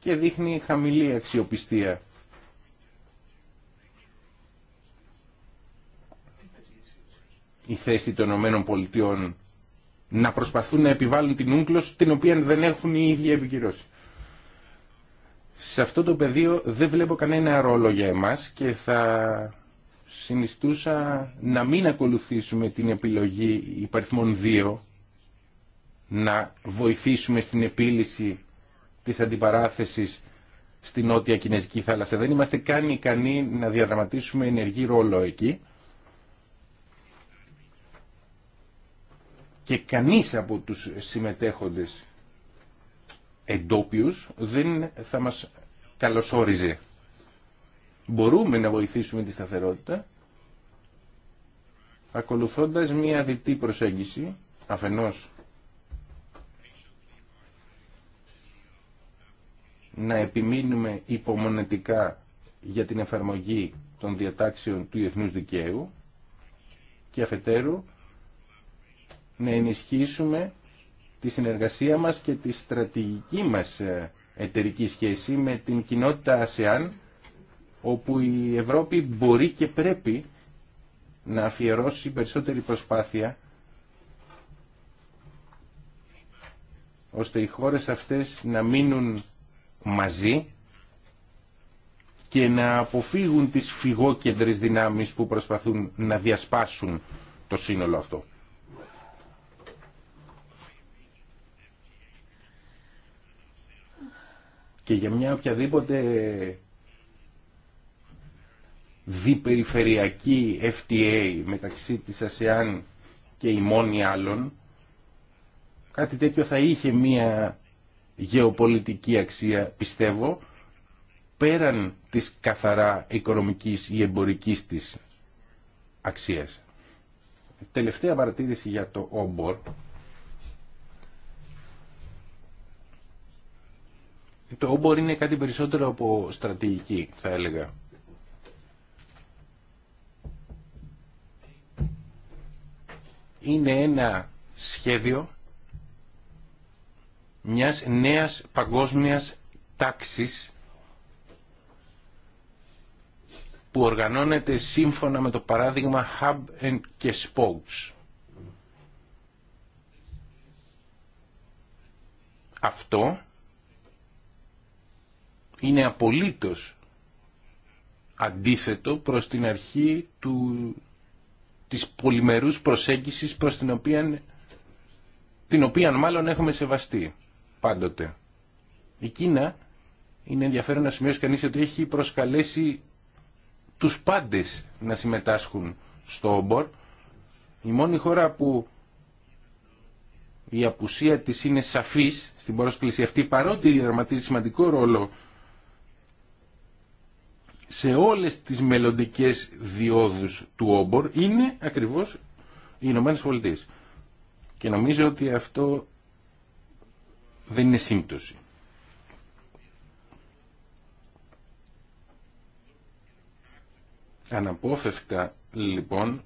Και δείχνει χαμηλή αξιοπιστία η θέση των ΗΠΑ να προσπαθούν να επιβάλλουν την ούγκλος την οποία δεν έχουν οι ίδιοι επικυρώσει. Σε αυτό το πεδίο δεν βλέπω κανένα ρόλο για εμάς και θα συνιστούσα να μην ακολουθήσουμε την επιλογή υπαριθμών 2 να βοηθήσουμε στην επίλυση της αντιπαράθεσης στην νότια Κινέζικη θάλασσα. Δεν είμαστε καν ικανοί να διαδραματίσουμε ενεργή ρόλο εκεί. και κανείς από τους συμμετέχοντες εντόπιους δεν θα μας καλωσόριζε. Μπορούμε να βοηθήσουμε τη σταθερότητα ακολουθώντας μία διτή προσέγγιση αφενός να επιμείνουμε υπομονετικά για την εφαρμογή των διατάξεων του Εθνούς Δικαίου και αφετέρου να ενισχύσουμε τη συνεργασία μας και τη στρατηγική μας ε, εταιρική σχέση με την κοινότητα ΑΣΕΑΝ, όπου η Ευρώπη μπορεί και πρέπει να αφιερώσει περισσότερη προσπάθεια ώστε οι χώρες αυτές να μείνουν μαζί και να αποφύγουν τις φυγόκεντρες δυνάμεις που προσπαθούν να διασπάσουν το σύνολο αυτό. και για μια οποιαδήποτε διπεριφερειακή FTA μεταξύ της ΑΣΕΑΝ και η μόνη άλλων, κάτι τέτοιο θα είχε μια γεωπολιτική αξία, πιστεύω, πέραν της καθαρά οικονομικής ή εμπορικής της αξίας. Τελευταία παρατήρηση για το όμπορ. Το όμπορ είναι κάτι περισσότερο από στρατηγική, θα έλεγα. Είναι ένα σχέδιο μιας νέας παγκόσμιας τάξης που οργανώνεται σύμφωνα με το παράδειγμα Hub and και Spokes. Αυτό είναι απολύτως αντίθετο προς την αρχή του, της πολυμερούς προσέγγισης προς την οποία, την οποία μάλλον έχουμε σεβαστεί πάντοτε. Η Κίνα είναι ενδιαφέρον να σημειώσει κανείς ότι έχει προσκαλέσει τους πάντες να συμμετάσχουν στο όμπορ. Η μόνη χώρα που η απουσία της είναι σαφής στην πρόσκληση αυτή παρότι διαδραματίζει σημαντικό ρόλο σε όλες τις μελλοντικέ διόδους του όμπορ είναι ακριβώς οι Ηνωμένε Πολιτείε. Και νομίζω ότι αυτό δεν είναι σύμπτωση. Αναπόφευκτα λοιπόν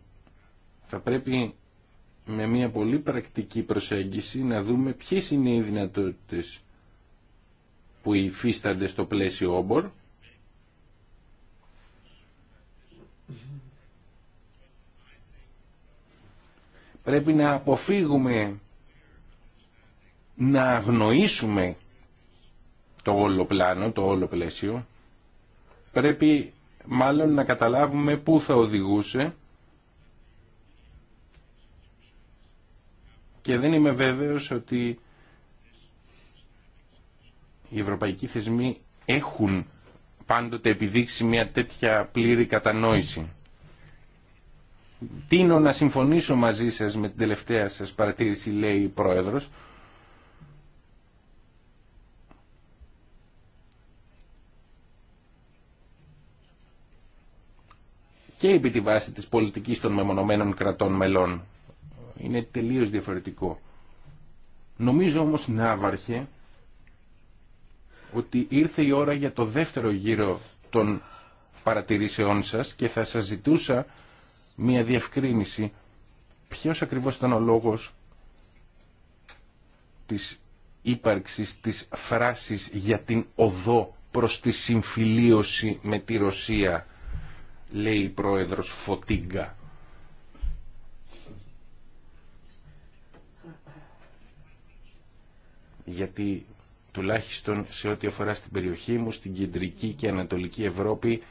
θα πρέπει με μια πολύ πρακτική προσέγγιση να δούμε ποιες είναι οι δυνατότητες που υφίστανται στο πλαίσιο όμπορ Πρέπει να αποφύγουμε να αγνοήσουμε το όλο πλάνο, το όλο πλαίσιο. Πρέπει μάλλον να καταλάβουμε πού θα οδηγούσε και δεν είμαι βέβαιος ότι οι ευρωπαϊκοί θεσμοί έχουν πάντοτε επιδείξει μια τέτοια πλήρη κατανόηση. Τίνω να συμφωνήσω μαζί σας με την τελευταία σας παρατήρηση, λέει η Πρόεδρος. Και επί τη βάση της πολιτικής των μεμονωμένων κρατών μελών. Είναι τελείως διαφορετικό. Νομίζω όμως, Ναύαρχε, ότι ήρθε η ώρα για το δεύτερο γύρο των παρατηρήσεών σας και θα σας ζητούσα μια διευκρίνηση ποιος ακριβώς ήταν ο λόγος της ύπαρξης της φράσης για την οδό προς τη συμφιλίωση με τη Ρωσία, λέει η πρόεδρος Φωτίγκα. Γιατί τουλάχιστον σε ό,τι αφορά στην περιοχή μου, στην κεντρική και ανατολική Ευρώπη,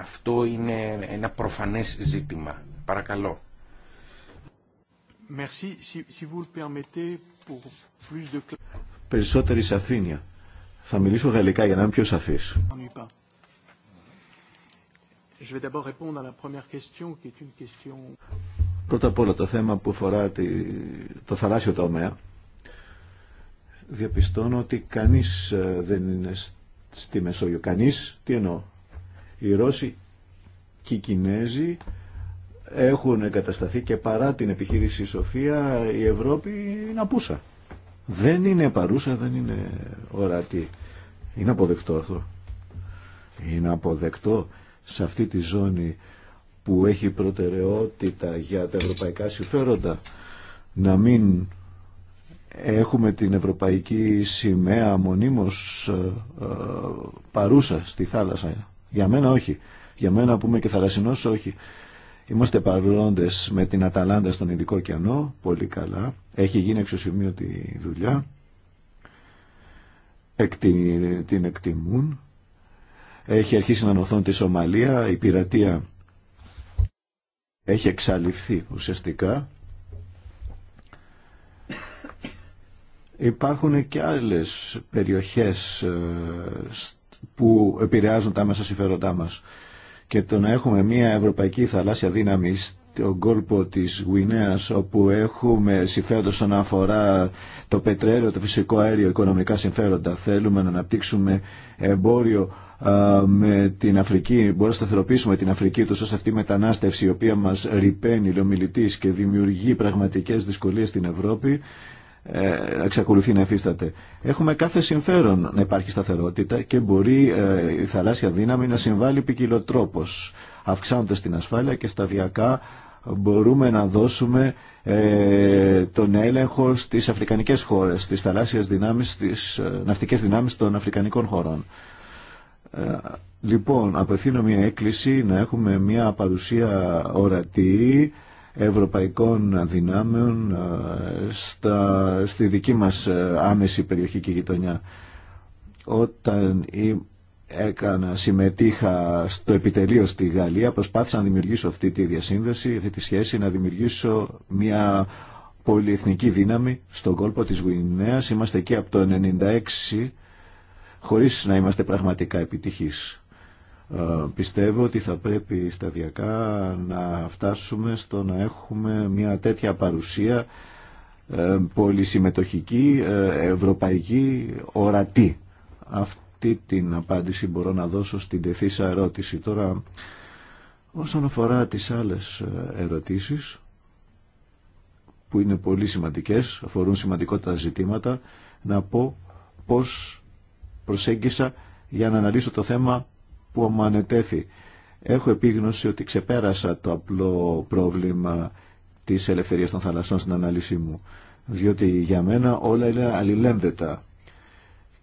αυτό είναι ένα προφανές ζήτημα. Παρακαλώ. Περισσότερη σαφήνεια. Θα μιλήσω γαλλικά για να είμαι πιο σαφής. Πρώτα απ' όλα το θέμα που αφορά το θαλάσσιο τομέα. Διαπιστώνω ότι κανείς ε, δεν είναι στη Μεσόγειο. Κανείς, τι εννοώ, οι Ρώσοι και οι Κινέζοι έχουν εγκατασταθεί και παρά την επιχείρηση Σοφία η Ευρώπη είναι απούσα. Δεν είναι παρούσα, δεν είναι ορατή. Είναι αποδεκτό αυτό. Είναι αποδεκτό σε αυτή τη ζώνη που έχει προτεραιότητα για τα ευρωπαϊκά συμφέροντα να μην έχουμε την ευρωπαϊκή σημαία μονίμως ε, ε, παρούσα στη θάλασσα για μένα όχι. Για μένα που είμαι και θαλασσινός όχι. Είμαστε παρόντες με την Αταλάντα στον Ειδικό ωκεανό, πολύ καλά. Έχει γίνει εξωσημείωτη δουλειά. Εκτι... Την εκτιμούν. Έχει αρχίσει να νοθώνει τη Σομαλία. Η πειρατεία έχει εξαλειφθεί ουσιαστικά. Υπάρχουν και άλλες περιοχές ε, που επηρεάζουν τα μέσα συμφέροντά μας. Και το να έχουμε μια ευρωπαϊκή θαλάσσια δύναμη στον κόλπο της Γουινέας όπου έχουμε συμφέροντα όσον αφορά το πετρέλαιο, το φυσικό αέριο, οικονομικά συμφέροντα. Θέλουμε να αναπτύξουμε εμπόριο με την Αφρική, μπορούμε να σταθεροποιήσουμε την Αφρική τόσο σε αυτή η μετανάστευση η οποία μας ρηπαίνει, λομιλητής και δημιουργεί πραγματικές δυσκολίες στην Ευρώπη ε, εξακολουθεί να εφίσταται. Έχουμε κάθε συμφέρον να υπάρχει σταθερότητα και μπορεί ε, η θαλάσσια δύναμη να συμβάλλει ποικιλοτρόπω, αυξάνοντα την ασφάλεια και σταδιακά μπορούμε να δώσουμε ε, τον έλεγχο στις αφρικανικές χώρες, στις θαλάσσιες δυνάμεις, στις ναυτικές δυνάμεις των αφρικανικών χωρών. λοιπόν, απευθύνω μια έκκληση να έχουμε μια παρουσία ορατή ευρωπαϊκών δυνάμεων ε, στα, στη δική μας ε, άμεση περιοχή και γειτονιά. Όταν έκανα, συμμετείχα στο επιτελείο στη Γαλλία, προσπάθησα να δημιουργήσω αυτή τη διασύνδεση, αυτή τη σχέση, να δημιουργήσω μια πολυεθνική δύναμη στον κόλπο της Γουινέας. Είμαστε εκεί από το 1996 χωρίς να είμαστε πραγματικά επιτυχείς. Ε, πιστεύω ότι θα πρέπει σταδιακά να φτάσουμε στο να έχουμε μια τέτοια παρουσία ε, πολυσυμμετοχική, ε, ευρωπαϊκή, ορατή. Αυτή την απάντηση μπορώ να δώσω στην τεθήσα ερώτηση. Τώρα, όσον αφορά τις άλλες ερωτήσεις, που είναι πολύ σημαντικές, αφορούν σημαντικότητα ζητήματα, να πω πώς προσέγγισα για να αναλύσω το θέμα που μου ανετέθη. Έχω επίγνωση ότι ξεπέρασα το απλό πρόβλημα της ελευθερίας των θαλασσών στην ανάλυση μου, διότι για μένα όλα είναι αλληλένδετα.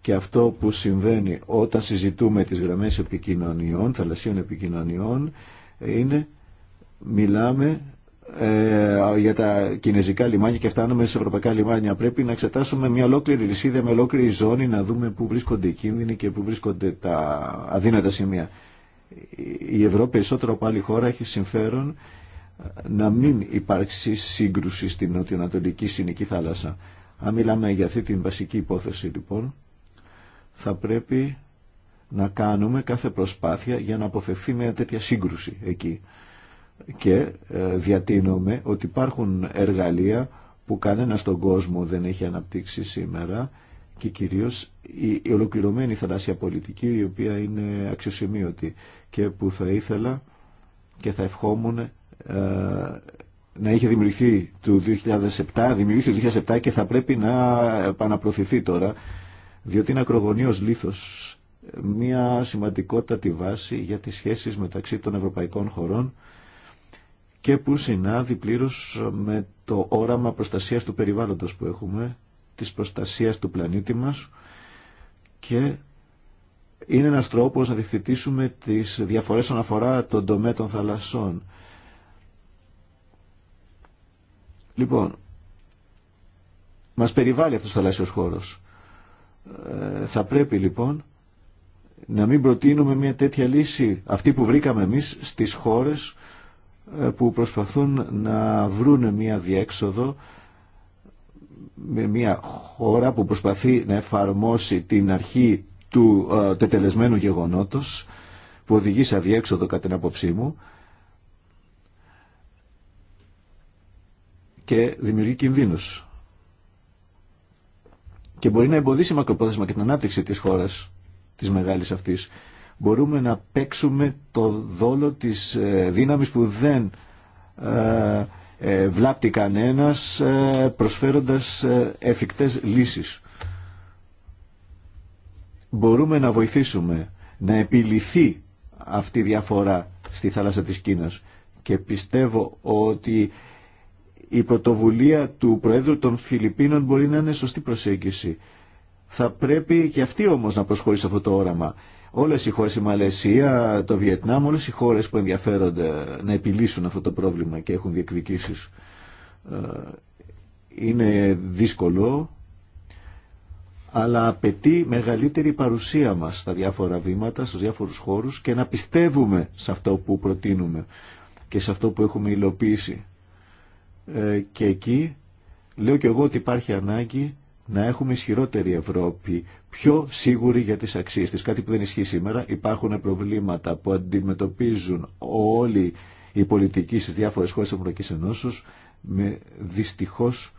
Και αυτό που συμβαίνει όταν συζητούμε τις γραμμές επικοινωνιών, θαλασσίων επικοινωνιών, είναι μιλάμε ε, για τα κινέζικα λιμάνια και φτάνουμε σε ευρωπαϊκά λιμάνια. Πρέπει να εξετάσουμε μια ολόκληρη λυσίδα με ολόκληρη ζώνη να δούμε πού βρίσκονται οι κίνδυνοι και πού βρίσκονται τα αδύνατα σημεία. Η Ευρώπη περισσότερο από άλλη χώρα έχει συμφέρον να μην υπάρξει σύγκρουση στην νοτιοανατολική συνική θάλασσα. Αν μιλάμε για αυτή την βασική υπόθεση λοιπόν, θα πρέπει να κάνουμε κάθε προσπάθεια για να αποφευθεί μια τέτοια σύγκρουση εκεί και ε, διατείνομαι ότι υπάρχουν εργαλεία που κανένα στον κόσμο δεν έχει αναπτύξει σήμερα και κυρίως η, ολοκληρωμένη θαλάσσια πολιτική η οποία είναι αξιοσημείωτη και που θα ήθελα και θα ευχόμουν ε, να είχε δημιουργηθεί το 2007, δημιουργήθηκε το 2007 και θα πρέπει να επαναπροωθηθεί τώρα διότι είναι ακρογωνίως λήθος ε, μια σημαντικότατη βάση για τις σχέσεις μεταξύ των ευρωπαϊκών χωρών και που συνάδει πλήρως με το όραμα προστασίας του περιβάλλοντος που έχουμε, της προστασίας του πλανήτη μας και είναι ένας τρόπος να διευθυντήσουμε τις διαφορές όσον αφορά τον τομέα των θαλασσών. Λοιπόν, μας περιβάλλει αυτός ο θαλάσσιος χώρος. Ε, θα πρέπει λοιπόν να μην προτείνουμε μια τέτοια λύση, αυτή που βρήκαμε εμείς στις χώρες ε, που προσπαθούν να βρουν μια διέξοδο με μια χώρα που προσπαθεί να εφαρμόσει την αρχή του ε, τετελεσμένου γεγονότος που οδηγεί σε αδιέξοδο κατά την άποψή μου και δημιουργεί κινδύνους και μπορεί να εμποδίσει μακροπρόθεσμα και την ανάπτυξη της χώρας της μεγάλης αυτής μπορούμε να παίξουμε το δόλο της ε, δύναμης που δεν ε, ε, βλάπτει κανένας προσφέροντας εφικτές λύσεις. Μπορούμε να βοηθήσουμε να επιληθεί αυτή η διαφορά στη θάλασσα της Κίνας και πιστεύω ότι η πρωτοβουλία του Προέδρου των Φιλιππίνων μπορεί να είναι σωστή προσέγγιση. Θα πρέπει και αυτή όμως να προσχωρήσει αυτό το όραμα όλες οι χώρες, η Μαλαισία, το Βιετνάμ, όλες οι χώρες που ενδιαφέρονται να επιλύσουν αυτό το πρόβλημα και έχουν διεκδικήσεις. Ε, είναι δύσκολο, αλλά απαιτεί μεγαλύτερη παρουσία μας στα διάφορα βήματα, στους διάφορους χώρους και να πιστεύουμε σε αυτό που προτείνουμε και σε αυτό που έχουμε υλοποιήσει. Ε, και εκεί λέω και εγώ ότι υπάρχει ανάγκη να έχουμε ισχυρότερη Ευρώπη πιο σίγουροι για τις αξίες της. Κάτι που δεν ισχύει σήμερα. Υπάρχουν προβλήματα που αντιμετωπίζουν όλοι οι πολιτικοί στις διάφορες χώρες της Ευρωπαϊκής Ενώσεως με δυστυχώς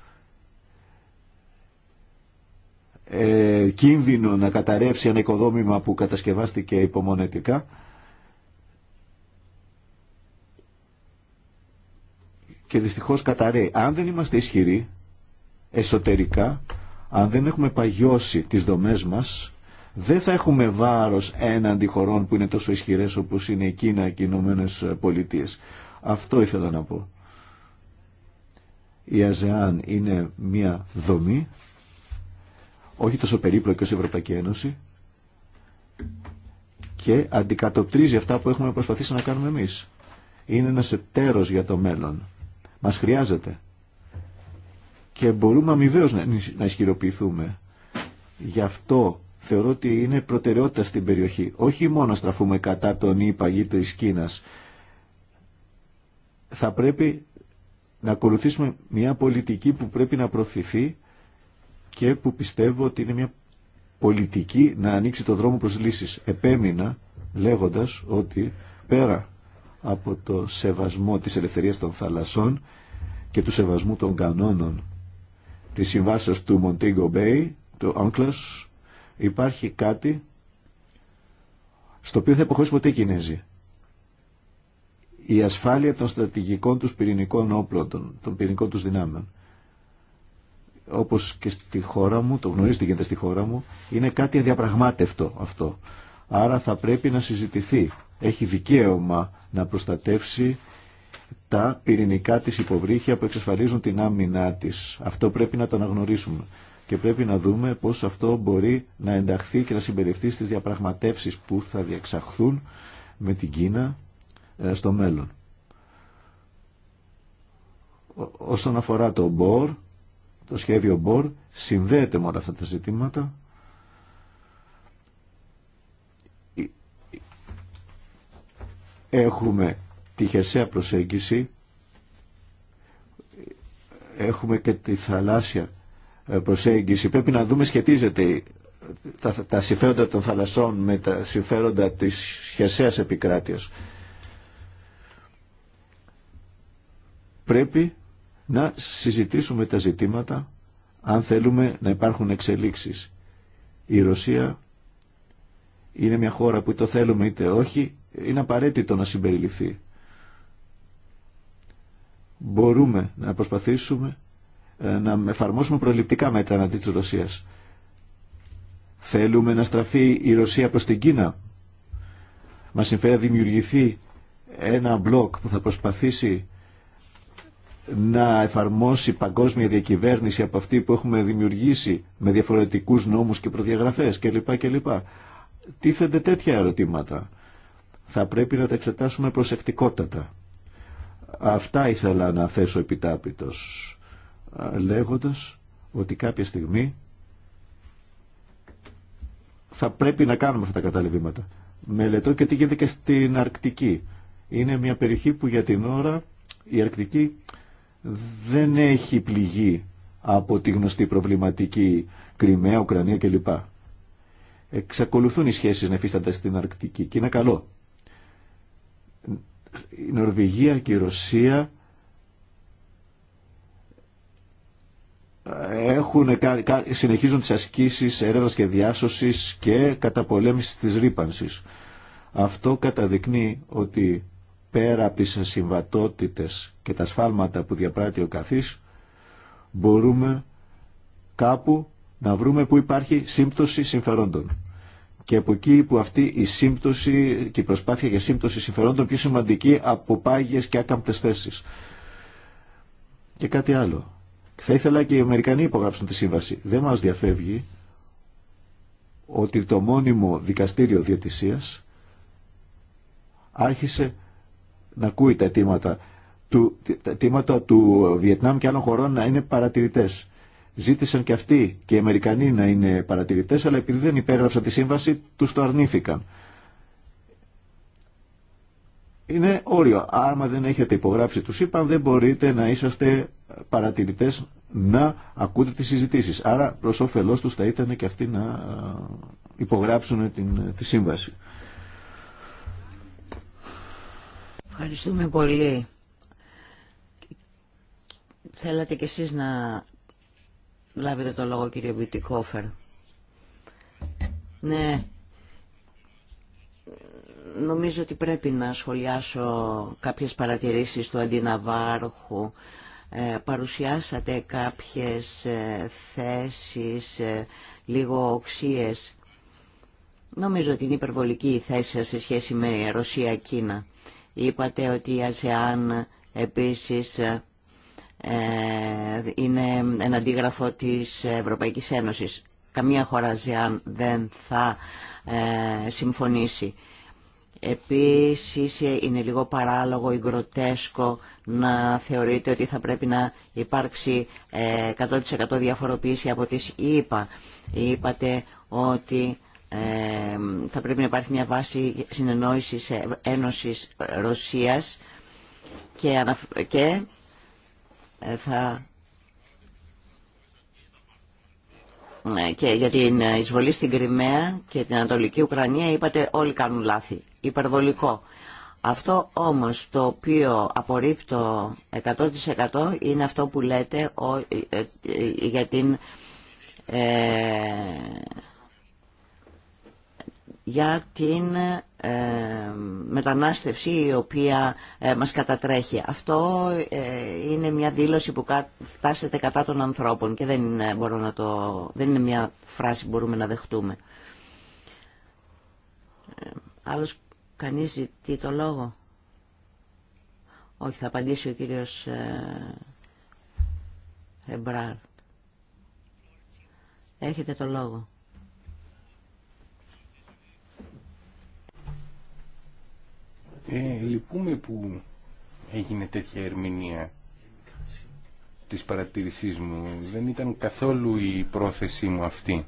ε, κίνδυνο να καταρρεύσει ένα οικοδόμημα που κατασκευάστηκε υπομονετικά και δυστυχώς καταραίει. Αν δεν είμαστε ισχυροί εσωτερικά αν δεν έχουμε παγιώσει τις δομές μας, δεν θα έχουμε βάρος έναντι χωρών που είναι τόσο ισχυρές όπως είναι η Κίνα και οι Ηνωμένε Πολιτείε. Αυτό ήθελα να πω. Η ΑΖΕΑΝ είναι μια δομή, όχι τόσο περίπλοκη ως η Ευρωπαϊκή Ένωση, και αντικατοπτρίζει αυτά που έχουμε προσπαθήσει να κάνουμε εμείς. Είναι ένας εταίρος για το μέλλον. Μας χρειάζεται και μπορούμε αμοιβαίως να ισχυροποιηθούμε. Γι' αυτό θεωρώ ότι είναι προτεραιότητα στην περιοχή. Όχι μόνο στραφούμε κατά τον ΙΠΑ ή της Θα πρέπει να ακολουθήσουμε μια πολιτική που πρέπει να προωθηθεί και που πιστεύω ότι είναι μια πολιτική να ανοίξει το δρόμο προς λύσεις. Επέμεινα λέγοντας ότι πέρα από το σεβασμό της ελευθερίας των θαλασσών και του σεβασμού των κανόνων τη συμβάσεω του Montego Bay, του UNCLOS, υπάρχει κάτι στο οποίο θα υποχωρήσει ποτέ η Κινέζοι. Η ασφάλεια των στρατηγικών του πυρηνικών όπλων, των, των πυρηνικών του δυνάμεων, όπως και στη χώρα μου, το γνωρίζετε γίνεται στη χώρα μου, είναι κάτι αδιαπραγμάτευτο αυτό. Άρα θα πρέπει να συζητηθεί. Έχει δικαίωμα να προστατεύσει τα πυρηνικά της υποβρύχια που εξασφαλίζουν την άμυνά της. Αυτό πρέπει να το αναγνωρίσουμε και πρέπει να δούμε πώς αυτό μπορεί να ενταχθεί και να συμπεριφθεί στις διαπραγματεύσεις που θα διεξαχθούν με την Κίνα ε, στο μέλλον. Όσον αφορά το το σχέδιο BOR συνδέεται με όλα αυτά τα ζητήματα ε, ε, έχουμε τη χερσαία προσέγγιση έχουμε και τη θαλάσσια ε, προσέγγιση. Πρέπει να δούμε σχετίζεται τα, τα συμφέροντα των θαλασσών με τα συμφέροντα της χερσαίας επικράτειας. Πρέπει να συζητήσουμε τα ζητήματα αν θέλουμε να υπάρχουν εξελίξεις. Η Ρωσία είναι μια χώρα που το θέλουμε είτε όχι, είναι απαραίτητο να συμπεριληφθεί μπορούμε να προσπαθήσουμε ε, να εφαρμόσουμε προληπτικά μέτρα αντί της Ρωσίας. Θέλουμε να στραφεί η Ρωσία προς την Κίνα. Μας συμφέρει να δημιουργηθεί ένα μπλοκ που θα προσπαθήσει να εφαρμόσει παγκόσμια διακυβέρνηση από αυτή που έχουμε δημιουργήσει με διαφορετικούς νόμους και προδιαγραφές κλπ. κλπ. Τίθενται τέτοια ερωτήματα. Θα πρέπει να τα εξετάσουμε προσεκτικότατα. Αυτά ήθελα να θέσω επιτάπητος, λέγοντας ότι κάποια στιγμή θα πρέπει να κάνουμε αυτά τα καταλήβηματα. Μελετώ και τι γίνεται και στην Αρκτική. Είναι μια περιοχή που για την ώρα η Αρκτική δεν έχει πληγεί από τη γνωστή προβληματική Κρυμαία, Ουκρανία κλπ. Εξακολουθούν οι σχέσεις να εφίστανται στην Αρκτική και είναι καλό η Νορβηγία και η Ρωσία έχουν, συνεχίζουν τις ασκήσεις έρευνας και διάσωσης και καταπολέμησης της ρήπανσης. Αυτό καταδεικνύει ότι πέρα από τις συμβατότητες και τα σφάλματα που διαπράττει ο καθής, μπορούμε κάπου να βρούμε που υπάρχει σύμπτωση συμφερόντων και από εκεί που αυτή η σύμπτωση και η προσπάθεια για σύμπτωση συμφερόντων πιο σημαντική από πάγιες και άκαμπτες θέσεις. Και κάτι άλλο. Θα ήθελα και οι Αμερικανοί υπογράψουν τη σύμβαση. Δεν μας διαφεύγει ότι το μόνιμο δικαστήριο διατησίας άρχισε να ακούει τα αιτήματα του, τα αιτήματα του Βιετνάμ και άλλων χωρών να είναι παρατηρητές. Ζήτησαν και αυτοί και οι Αμερικανοί να είναι παρατηρητές, αλλά επειδή δεν υπέγραψαν τη σύμβαση, τους το αρνήθηκαν. Είναι όριο. Άμα δεν έχετε υπογράψει, τους είπαν, δεν μπορείτε να είσαστε παρατηρητές να ακούτε τις συζητήσεις. Άρα προς όφελός τους θα ήταν και αυτοί να υπογράψουν την, τη σύμβαση. Ευχαριστούμε πολύ. Θέλατε κι εσείς να λάβετε το λόγο κύριε Βιτικόφερ. Ναι, νομίζω ότι πρέπει να σχολιάσω κάποιες παρατηρήσεις του Αντιναβάρχου. Ε, παρουσιάσατε κάποιες ε, θέσεις ε, λίγο οξίες. Νομίζω ότι είναι υπερβολική η θέση σας σε σχέση με Ρωσία-Κίνα. Είπατε ότι η ΑΣΕΑΝ επίσης ε, ε, είναι ένα αντίγραφο της Ευρωπαϊκής Ένωσης. Καμία χώρα δεν θα ε, συμφωνήσει. Επίσης είναι λίγο παράλογο ή γκροτέσκο να θεωρείτε ότι θα πρέπει να υπάρξει 100% ε, διαφοροποίηση από τις ΙΠΑ. Είπατε ότι θα πρέπει να υπάρχει μια βάση συνεννόησης Ένωσης Ρωσίας και ε, θα ναι, και για την εισβολή στην Κρυμαία και την Ανατολική Ουκρανία είπατε όλοι κάνουν λάθη. Υπερβολικό. Αυτό όμως το οποίο απορρίπτω 100% είναι αυτό που λέτε ε, ε, για την για την ε, μετανάστευση η οποία ε, μας κατατρέχει. Αυτό ε, είναι μια δήλωση που φτάσετε κατά των ανθρώπων και δεν, μπορώ να το, δεν είναι μια φράση που μπορούμε να δεχτούμε. Άλλος κανείς ζητεί το λόγο. Όχι, θα απαντήσει ο κύριος Εμπράρ. Έχετε το λόγο. Ε, λυπούμε που έγινε τέτοια ερμηνεία της παρατήρησής μου. Δεν ήταν καθόλου η πρόθεσή μου αυτή.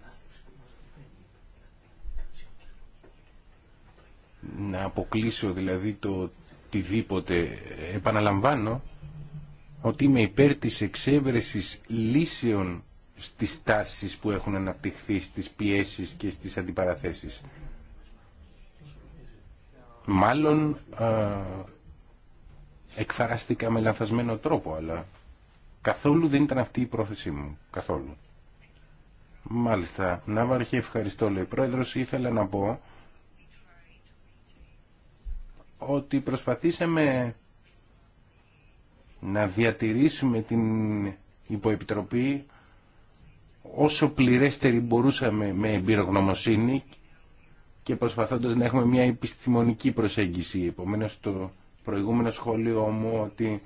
Να αποκλείσω δηλαδή το οτιδήποτε. Επαναλαμβάνω ότι είμαι υπέρ της εξέβρεσης λύσεων στις τάσεις που έχουν αναπτυχθεί, στις πιέσεις και στις αντιπαραθέσεις. Μάλλον εκφράστηκα με λανθασμένο τρόπο, αλλά καθόλου δεν ήταν αυτή η πρόθεσή μου. Καθόλου. Μάλιστα. Ναύαρχε, ευχαριστώ, λέει πρόεδρος. Ήθελα να πω ότι προσπαθήσαμε να διατηρήσουμε την υποεπιτροπή όσο πληρέστερη μπορούσαμε με εμπειρογνωμοσύνη και προσπαθώντας να έχουμε μια επιστημονική προσέγγιση. Επομένως το προηγούμενο σχόλιο μου ότι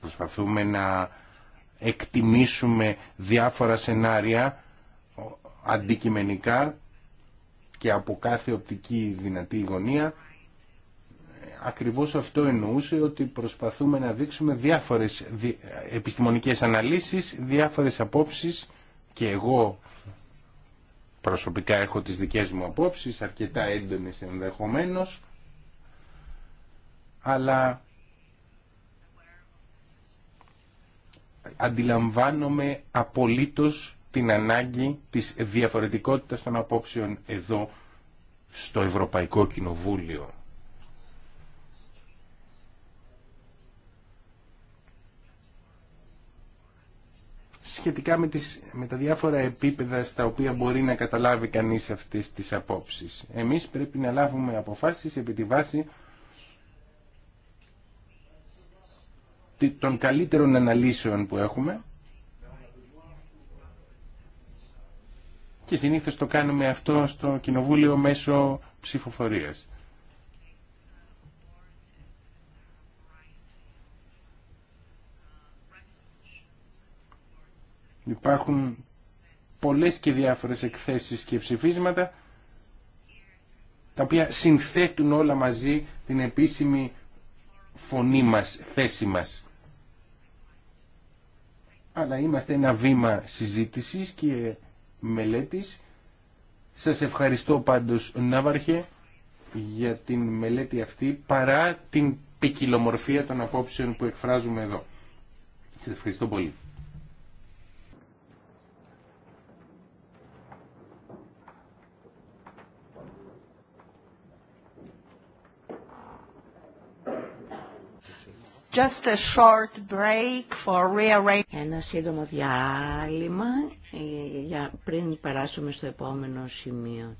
προσπαθούμε να εκτιμήσουμε διάφορα σενάρια αντικειμενικά και από κάθε οπτική δυνατή γωνία ακριβώς αυτό εννοούσε ότι προσπαθούμε να δείξουμε διάφορες επιστημονικές αναλύσεις, διάφορες απόψεις και εγώ προσωπικά έχω τις δικές μου απόψεις, αρκετά έντονες ενδεχομένως, αλλά αντιλαμβάνομαι απολύτως την ανάγκη της διαφορετικότητας των απόψεων εδώ στο Ευρωπαϊκό Κοινοβούλιο. σχετικά με, τις, με τα διάφορα επίπεδα στα οποία μπορεί να καταλάβει κανείς αυτές τις απόψεις. Εμείς πρέπει να λάβουμε αποφάσεις επί τη βάση των καλύτερων αναλύσεων που έχουμε και συνήθως το κάνουμε αυτό στο Κοινοβούλιο μέσω ψηφοφορίας. Υπάρχουν πολλές και διάφορες εκθέσεις και ψηφίσματα τα οποία συνθέτουν όλα μαζί την επίσημη φωνή μας, θέση μας. Αλλά είμαστε ένα βήμα συζήτησης και μελέτης. Σας ευχαριστώ πάντως Ναύαρχε για την μελέτη αυτή παρά την ποικιλομορφία των απόψεων που εκφράζουμε εδώ. Σας ευχαριστώ πολύ. short break for Ένα σύντομο διάλειμμα ε, για πριν περάσουμε στο επόμενο σημείο.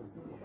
Υπότιτλοι AUTHORWAVE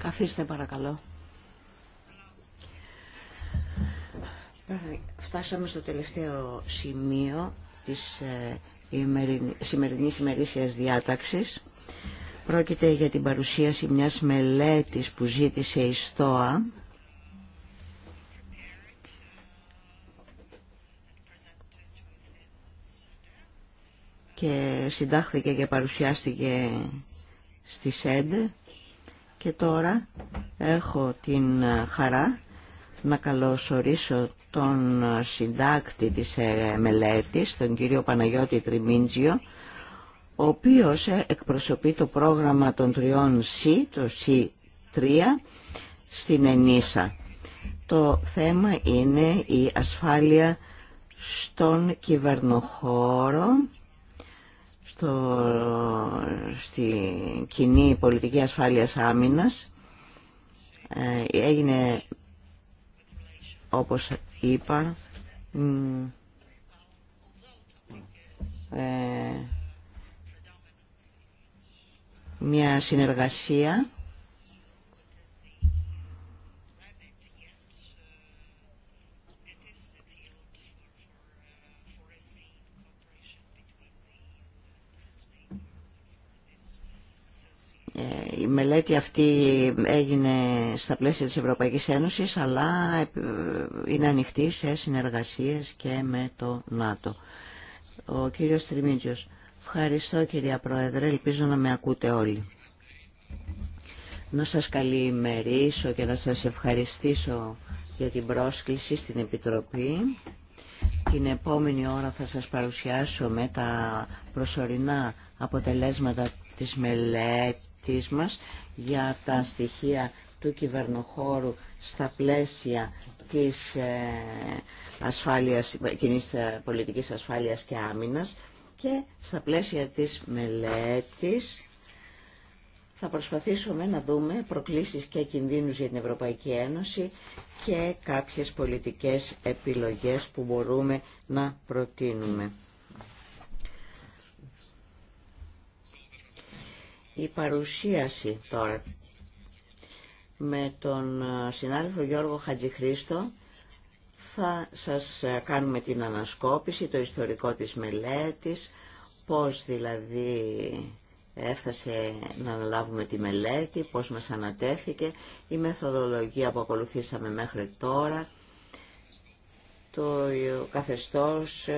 Καθίστε παρακαλώ. Φτάσαμε στο τελευταίο σημείο της ε, σημερινής ημερήσιας διάταξης. Πρόκειται για την παρουσίαση μιας μελέτης που ζήτησε η ΣΤΟΑ και συντάχθηκε και παρουσιάστηκε στη ΣΕΝΤ και τώρα έχω την χαρά να καλωσορίσω τον συντάκτη της μελέτης, τον κύριο Παναγιώτη Τριμίντζιο, ο οποίος εκπροσωπεί το πρόγραμμα των τριών C, το C3, στην ΕΝΙΣΑ. Το θέμα είναι η ασφάλεια στον κυβερνοχώρο στο, στη κοινή πολιτική ασφάλειας άμυνας ε, έγινε όπως είπα ε, μια συνεργασία Ε, η μελέτη αυτή έγινε στα πλαίσια της Ευρωπαϊκής Ένωσης, αλλά ε, είναι ανοιχτή σε συνεργασίες και με το ΝΑΤΟ. Ο κύριος Τριμίτζιος. Ευχαριστώ κυρία Πρόεδρε, ελπίζω να με ακούτε όλοι. Να σας καλημερίσω και να σας ευχαριστήσω για την πρόσκληση στην Επιτροπή. Την επόμενη ώρα θα σας παρουσιάσω με τα προσωρινά αποτελέσματα της μελέτης για τα στοιχεία του κυβερνοχώρου στα πλαίσια της ε, ασφάλειας, κοινής ε, πολιτικής ασφάλειας και άμυνας και στα πλαίσια της μελέτης θα προσπαθήσουμε να δούμε προκλήσεις και κινδύνους για την Ευρωπαϊκή Ένωση και κάποιες πολιτικές επιλογές που μπορούμε να προτείνουμε. Η παρουσίαση τώρα με τον ε, συνάδελφο Γιώργο Χατζηχρήστο θα σας ε, κάνουμε την ανασκόπηση, το ιστορικό της μελέτης, πώς δηλαδή έφτασε να αναλάβουμε τη μελέτη, πώς μας ανατέθηκε, η μεθοδολογία που ακολουθήσαμε μέχρι τώρα, το καθεστώς,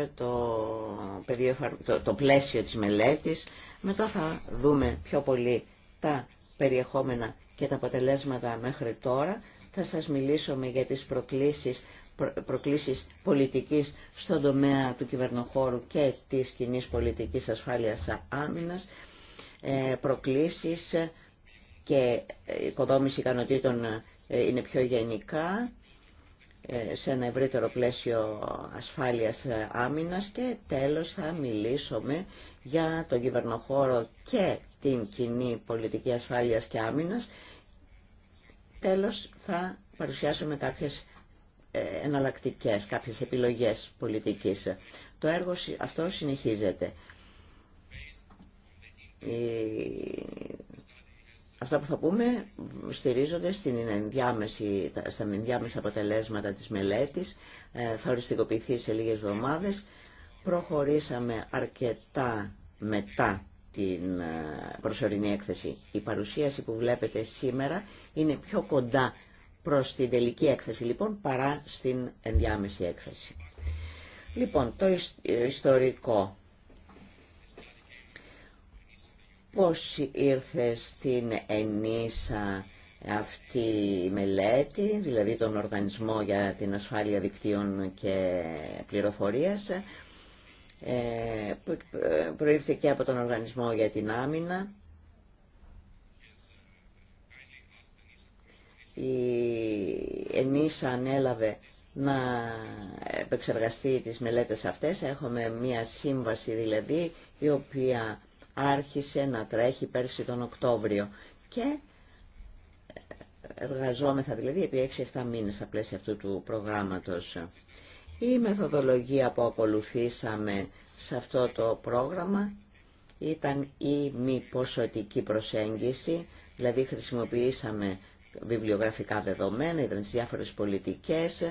το, πλαίσιο της μελέτης. Μετά θα δούμε πιο πολύ τα περιεχόμενα και τα αποτελέσματα μέχρι τώρα. Θα σας μιλήσουμε για τις προκλήσεις, προκλήσεις πολιτικής στον τομέα του κυβερνοχώρου και της κοινή πολιτικής ασφάλειας άμυνας, ε, προκλήσεις και ε, οικοδόμηση ικανοτήτων ε, είναι πιο γενικά ε, σε ένα ευρύτερο πλαίσιο ασφάλειας ε, άμυνας και τέλος θα μιλήσουμε για τον κυβερνοχώρο και την κοινή πολιτική ασφάλειας και άμυνας. Τέλος θα παρουσιάσουμε κάποιες ε, εναλλακτικές, κάποιες επιλογές πολιτικής. Το έργο αυτό συνεχίζεται. Αυτά που θα πούμε στηρίζονται στην ενδιάμεση, στα ενδιάμεσα αποτελέσματα της μελέτης, ε, θα οριστικοποιηθεί σε λίγες εβδομάδες. Προχωρήσαμε αρκετά μετά την ε, προσωρινή έκθεση. Η παρουσίαση που βλέπετε σήμερα είναι πιο κοντά προς την τελική έκθεση λοιπόν παρά στην ενδιάμεση έκθεση. Λοιπόν, το ε, ιστορικό Πώς ήρθε στην ενίσα αυτή η μελέτη, δηλαδή τον Οργανισμό για την Ασφάλεια Δικτύων και Πληροφορίας, ε, που προήρθε και από τον Οργανισμό για την Άμυνα. Η ΕΝΙΣΑ ανέλαβε να επεξεργαστεί τις μελέτες αυτές. Έχουμε μία σύμβαση δηλαδή η οποία άρχισε να τρέχει πέρσι τον Οκτώβριο και εργαζόμεθα δηλαδή επί 6-7 μήνες στα πλαίσια αυτού του προγράμματος. Η μεθοδολογία που ακολουθήσαμε σε αυτό το πρόγραμμα ήταν η μη ποσοτική προσέγγιση, δηλαδή χρησιμοποιήσαμε βιβλιογραφικά δεδομένα, ήταν τις διάφορες πολιτικές,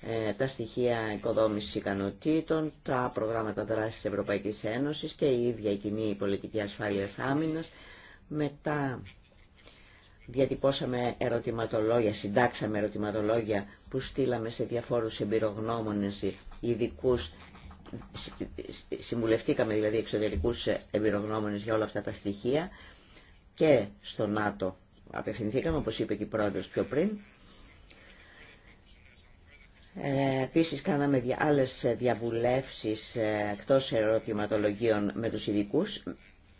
ε, τα στοιχεία οικοδόμησης ικανοτήτων, τα προγράμματα δράσης Ευρωπαϊκής Ένωσης και η ίδια η κοινή πολιτική ασφάλειας άμυνας. Μετά διατυπώσαμε ερωτηματολόγια, συντάξαμε ερωτηματολόγια που στείλαμε σε διαφόρους εμπειρογνώμονες ειδικού. Συμβουλευτήκαμε δηλαδή εξωτερικούς εμπειρογνώμονες για όλα αυτά τα στοιχεία και στο ΝΑΤΟ απευθυνθήκαμε, όπως είπε και η πρόεδρος πιο πριν, ε, επίσης κάναμε άλλες διαβουλεύσεις ε, εκτός ερωτηματολογίων με τους ειδικού.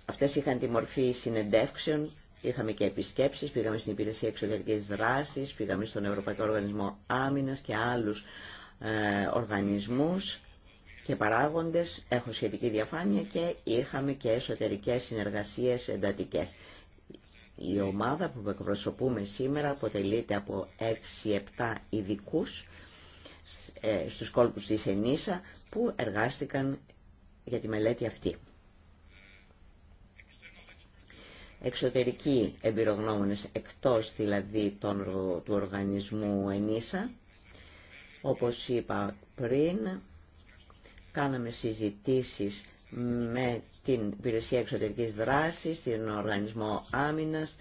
Αυτές είχαν τη μορφή συνεντεύξεων, είχαμε και επισκέψεις, πήγαμε στην Υπηρεσία Εξωτερικής Δράσης, πήγαμε στον Ευρωπαϊκό Οργανισμό Άμυνας και άλλους ε, οργανισμούς και παράγοντες, έχω σχετική διαφάνεια και είχαμε και εσωτερικές συνεργασίες εντατικές. Η ομάδα που εκπροσωπούμε σήμερα αποτελείται από 6-7 ειδικού ε, στους κόλπους της Ενίσα που εργάστηκαν για τη μελέτη αυτή. Εξωτερικοί εμπειρογνώμονες εκτός δηλαδή τον, του οργανισμού Ενίσα, όπως είπα πριν, κάναμε συζητήσεις με την Υπηρεσία Εξωτερικής Δράσης, την Οργανισμό Άμυνας,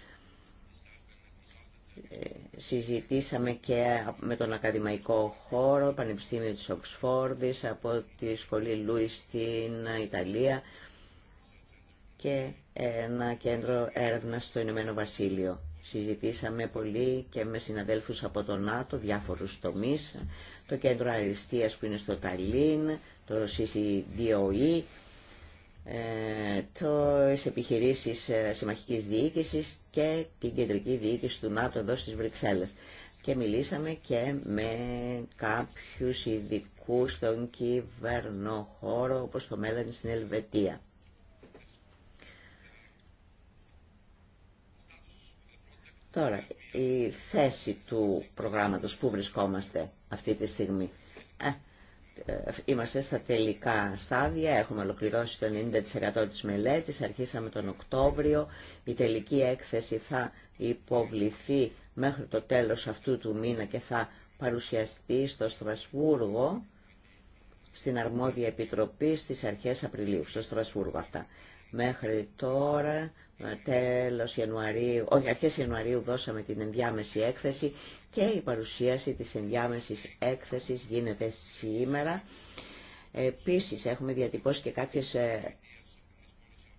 συζητήσαμε και με τον ακαδημαϊκό χώρο, Πανεπιστήμιο της Οξφόρδης, από τη σχολή Λούι στην Ιταλία και ένα κέντρο έρευνας στο Ηνωμένο Βασίλειο. Συζητήσαμε πολύ και με συναδέλφους από τον ΝΑΤΟ, διάφορους τομείς, το κέντρο αριστείας που είναι στο Ταλίν, το CCDOE ε, τις επιχειρήσεις ε, συμμαχικής διοίκησης και την κεντρική διοίκηση του ΝΑΤΟ εδώ στις Βρυξέλλες. Και μιλήσαμε και με κάποιους ειδικού στον κυβερνοχώρο όπως το μέλλον στην Ελβετία. Τώρα, η θέση του προγράμματος που βρισκόμαστε αυτή τη στιγμή. Ε, Είμαστε στα τελικά στάδια, έχουμε ολοκληρώσει το 90% της μελέτης, αρχίσαμε τον Οκτώβριο, η τελική έκθεση θα υποβληθεί μέχρι το τέλος αυτού του μήνα και θα παρουσιαστεί στο Στρασβούργο, στην αρμόδια επιτροπή στις αρχές Απριλίου, στο Στρασβούργο αυτά. Μέχρι τώρα, τέλος Ιανουαρίου, όχι αρχές Ιανουαρίου δώσαμε την ενδιάμεση έκθεση, και η παρουσίαση της ενδιάμεσης έκθεσης γίνεται σήμερα. Επίσης έχουμε διατυπώσει και κάποιες ε,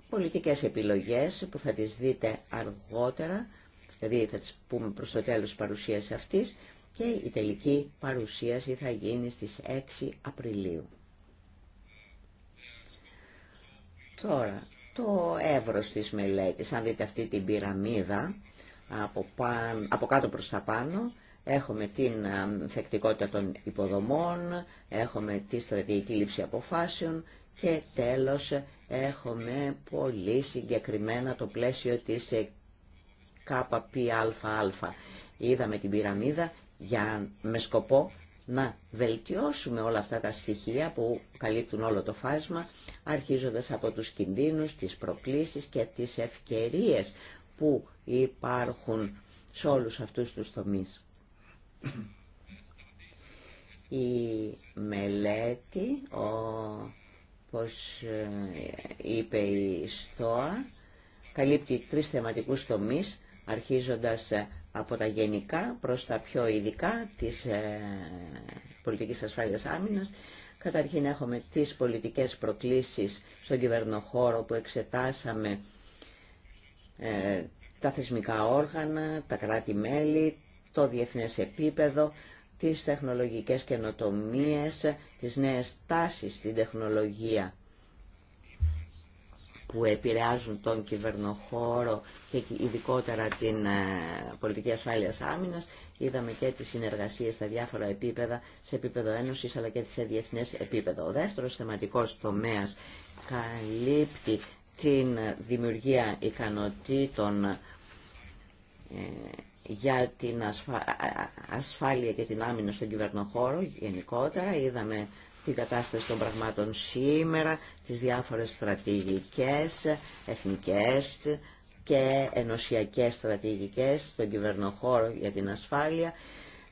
πολιτικές επιλογές που θα τις δείτε αργότερα, δηλαδή θα τις πούμε προς το τέλος της παρουσίασης αυτής και η τελική παρουσίαση θα γίνει στις 6 Απριλίου. Τώρα, το εύρος της μελέτης, αν δείτε αυτή την πυραμίδα από, πάν από κάτω προς τα πάνω, Έχουμε την θεκτικότητα των υποδομών, έχουμε τη στρατηγική λήψη αποφάσεων και τέλος έχουμε πολύ συγκεκριμένα το πλαίσιο της ε, ΚΠΑ. Είδαμε την πυραμίδα για, με σκοπό να βελτιώσουμε όλα αυτά τα στοιχεία που καλύπτουν όλο το φάσμα, αρχίζοντας από τους κινδύνους, τις προκλήσεις και τις ευκαιρίες που υπάρχουν σε όλους αυτούς τους τομείς. Η μελέτη, όπως ε, είπε η ΣΤΟΑ, καλύπτει τρεις θεματικούς τομείς, αρχίζοντας ε, από τα γενικά προς τα πιο ειδικά της ε, πολιτικής ασφάλειας άμυνας. Καταρχήν έχουμε τις πολιτικές προκλήσεις στον κυβερνοχώρο που εξετάσαμε τα θεσμικά όργανα, τα κράτη-μέλη, το διεθνές επίπεδο, τις τεχνολογικές καινοτομίες, τις νέες τάσεις στην τεχνολογία που επηρεάζουν τον κυβερνοχώρο και ειδικότερα την ε, πολιτική ασφάλειας άμυνας. Είδαμε και τις συνεργασίες στα διάφορα επίπεδα, σε επίπεδο ένωσης αλλά και σε διεθνές επίπεδο. Ο δεύτερος θεματικός τομέας καλύπτει την δημιουργία ικανοτήτων ε, για την ασφάλεια και την άμυνα στον κυβερνοχώρο γενικότερα. Είδαμε την κατάσταση των πραγμάτων σήμερα, τις διάφορες στρατηγικές, εθνικές και ενωσιακές στρατηγικές στον κυβερνοχώρο για την ασφάλεια.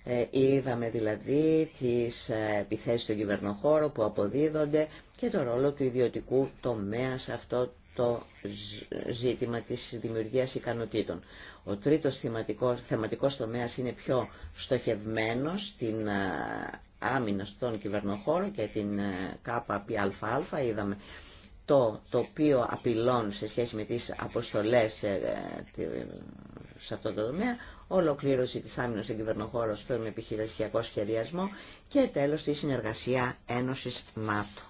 Ε, είδαμε δηλαδή τις ε, επιθέσεις στον κυβερνοχώρο που αποδίδονται και το ρόλο του ιδιωτικού τομέα σε αυτό το ζήτημα της δημιουργίας ικανοτήτων. Ο τρίτος θεματικός, θεματικός τομέας είναι πιο στοχευμένος στην άμυνα στον κυβερνοχώρο και την ΚΑΠΑΑ. είδαμε το τοπίο απειλών σε σχέση με τις αποστολές ε, ε, σε αυτό το τομέα, ολοκλήρωση της άμυνας στον κυβερνοχώρο στον επιχειρησιακό σχεδιασμό και τέλος τη συνεργασία Ένωσης ΜΑΤΟ.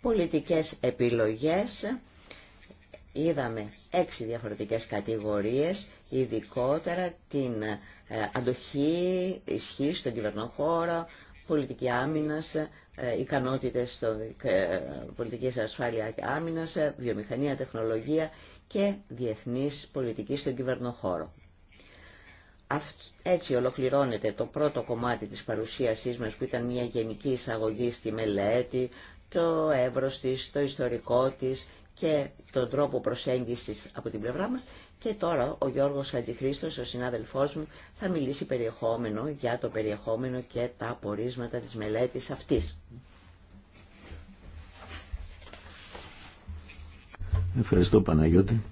Πολιτικές επιλογές είδαμε έξι διαφορετικές κατηγορίες, ειδικότερα την ε, αντοχή, ισχύ στον κυβερνό πολιτική άμυνας, ε, ικανότητες στο, ε, πολιτικής ασφάλεια άμυνας, βιομηχανία, τεχνολογία και διεθνής πολιτική στον κυβερνόχώρο. χώρο. Έτσι ολοκληρώνεται το πρώτο κομμάτι της παρουσίασής μας που ήταν μια γενική εισαγωγή στη μελέτη, το εύρος της, το ιστορικό της και τον τρόπο προσέγγισης από την πλευρά μας και τώρα ο Γιώργος Αντιχρίστος, ο συνάδελφός μου, θα μιλήσει περιεχόμενο για το περιεχόμενο και τα απορίσματα της μελέτης αυτής. Ευχαριστώ Παναγιώτη.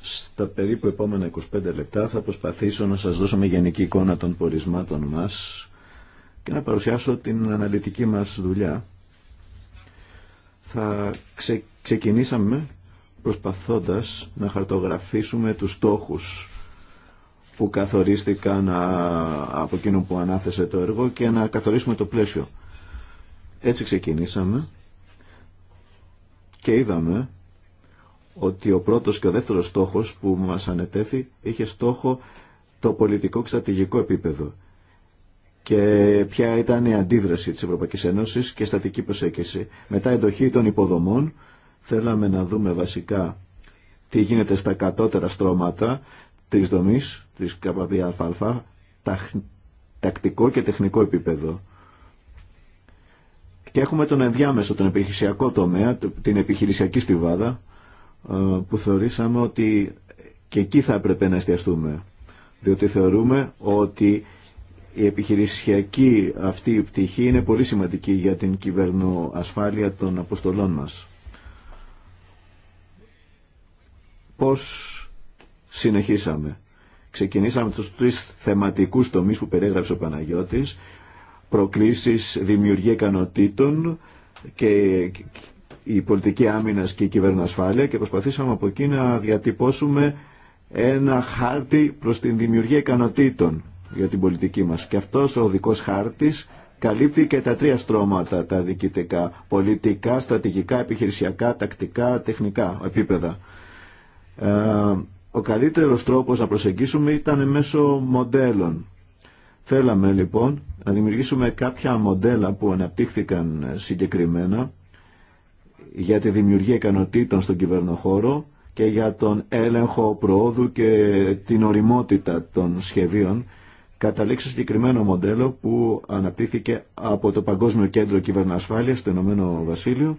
Στα περίπου επόμενα 25 λεπτά θα προσπαθήσω να σας δώσω μια γενική εικόνα των πορισμάτων μας και να παρουσιάσω την αναλυτική μας δουλειά. Θα ξεκινήσαμε προσπαθώντας να χαρτογραφήσουμε τους στόχους που καθορίστηκαν από εκείνο που ανάθεσε το έργο και να καθορίσουμε το πλαίσιο. Έτσι ξεκινήσαμε και είδαμε ότι ο πρώτος και ο δεύτερος στόχος που μας ανετέθη είχε στόχο το πολιτικό και επίπεδο και ποια ήταν η αντίδραση της Ευρωπαϊκής Ένωσης και στατική προσέγγιση. Μετά εντοχή των υποδομών, θέλαμε να δούμε βασικά τι γίνεται στα κατώτερα στρώματα της δομής, της ΚΑΠΑΠΑ, τακτικό και τεχνικό επίπεδο. Και έχουμε τον ενδιάμεσο, τον επιχειρησιακό τομέα, την επιχειρησιακή στιβάδα, ε, που θεωρήσαμε ότι και εκεί θα έπρεπε να εστιαστούμε. Διότι θεωρούμε ότι η επιχειρησιακή αυτή πτυχή είναι πολύ σημαντική για την κυβερνοασφάλεια των αποστολών μας. Πώς συνεχίσαμε. Ξεκινήσαμε τους τρεις θεματικούς τομείς που περιέγραψε ο Παναγιώτης, προκλήσεις, δημιουργία ικανοτήτων και η πολιτική άμυνας και η κυβερνοασφάλεια και προσπαθήσαμε από εκεί να διατυπώσουμε ένα χάρτη προς την δημιουργία ικανοτήτων για την πολιτική μας. Και αυτός ο οδικός χάρτης καλύπτει και τα τρία στρώματα τα διοικητικά. Πολιτικά, στρατηγικά, επιχειρησιακά, τακτικά, τεχνικά επίπεδα. Ε, ο καλύτερος τρόπος να προσεγγίσουμε ήταν μέσω μοντέλων. Θέλαμε λοιπόν να δημιουργήσουμε κάποια μοντέλα που αναπτύχθηκαν συγκεκριμένα για τη δημιουργία ικανοτήτων στον κυβερνοχώρο και για τον έλεγχο προόδου και την οριμότητα των σχεδίων στο συγκεκριμένο μοντέλο που αναπτύχθηκε από το Παγκόσμιο Κέντρο Κυβερνοασφάλεια στο Ηνωμένο Βασίλειο.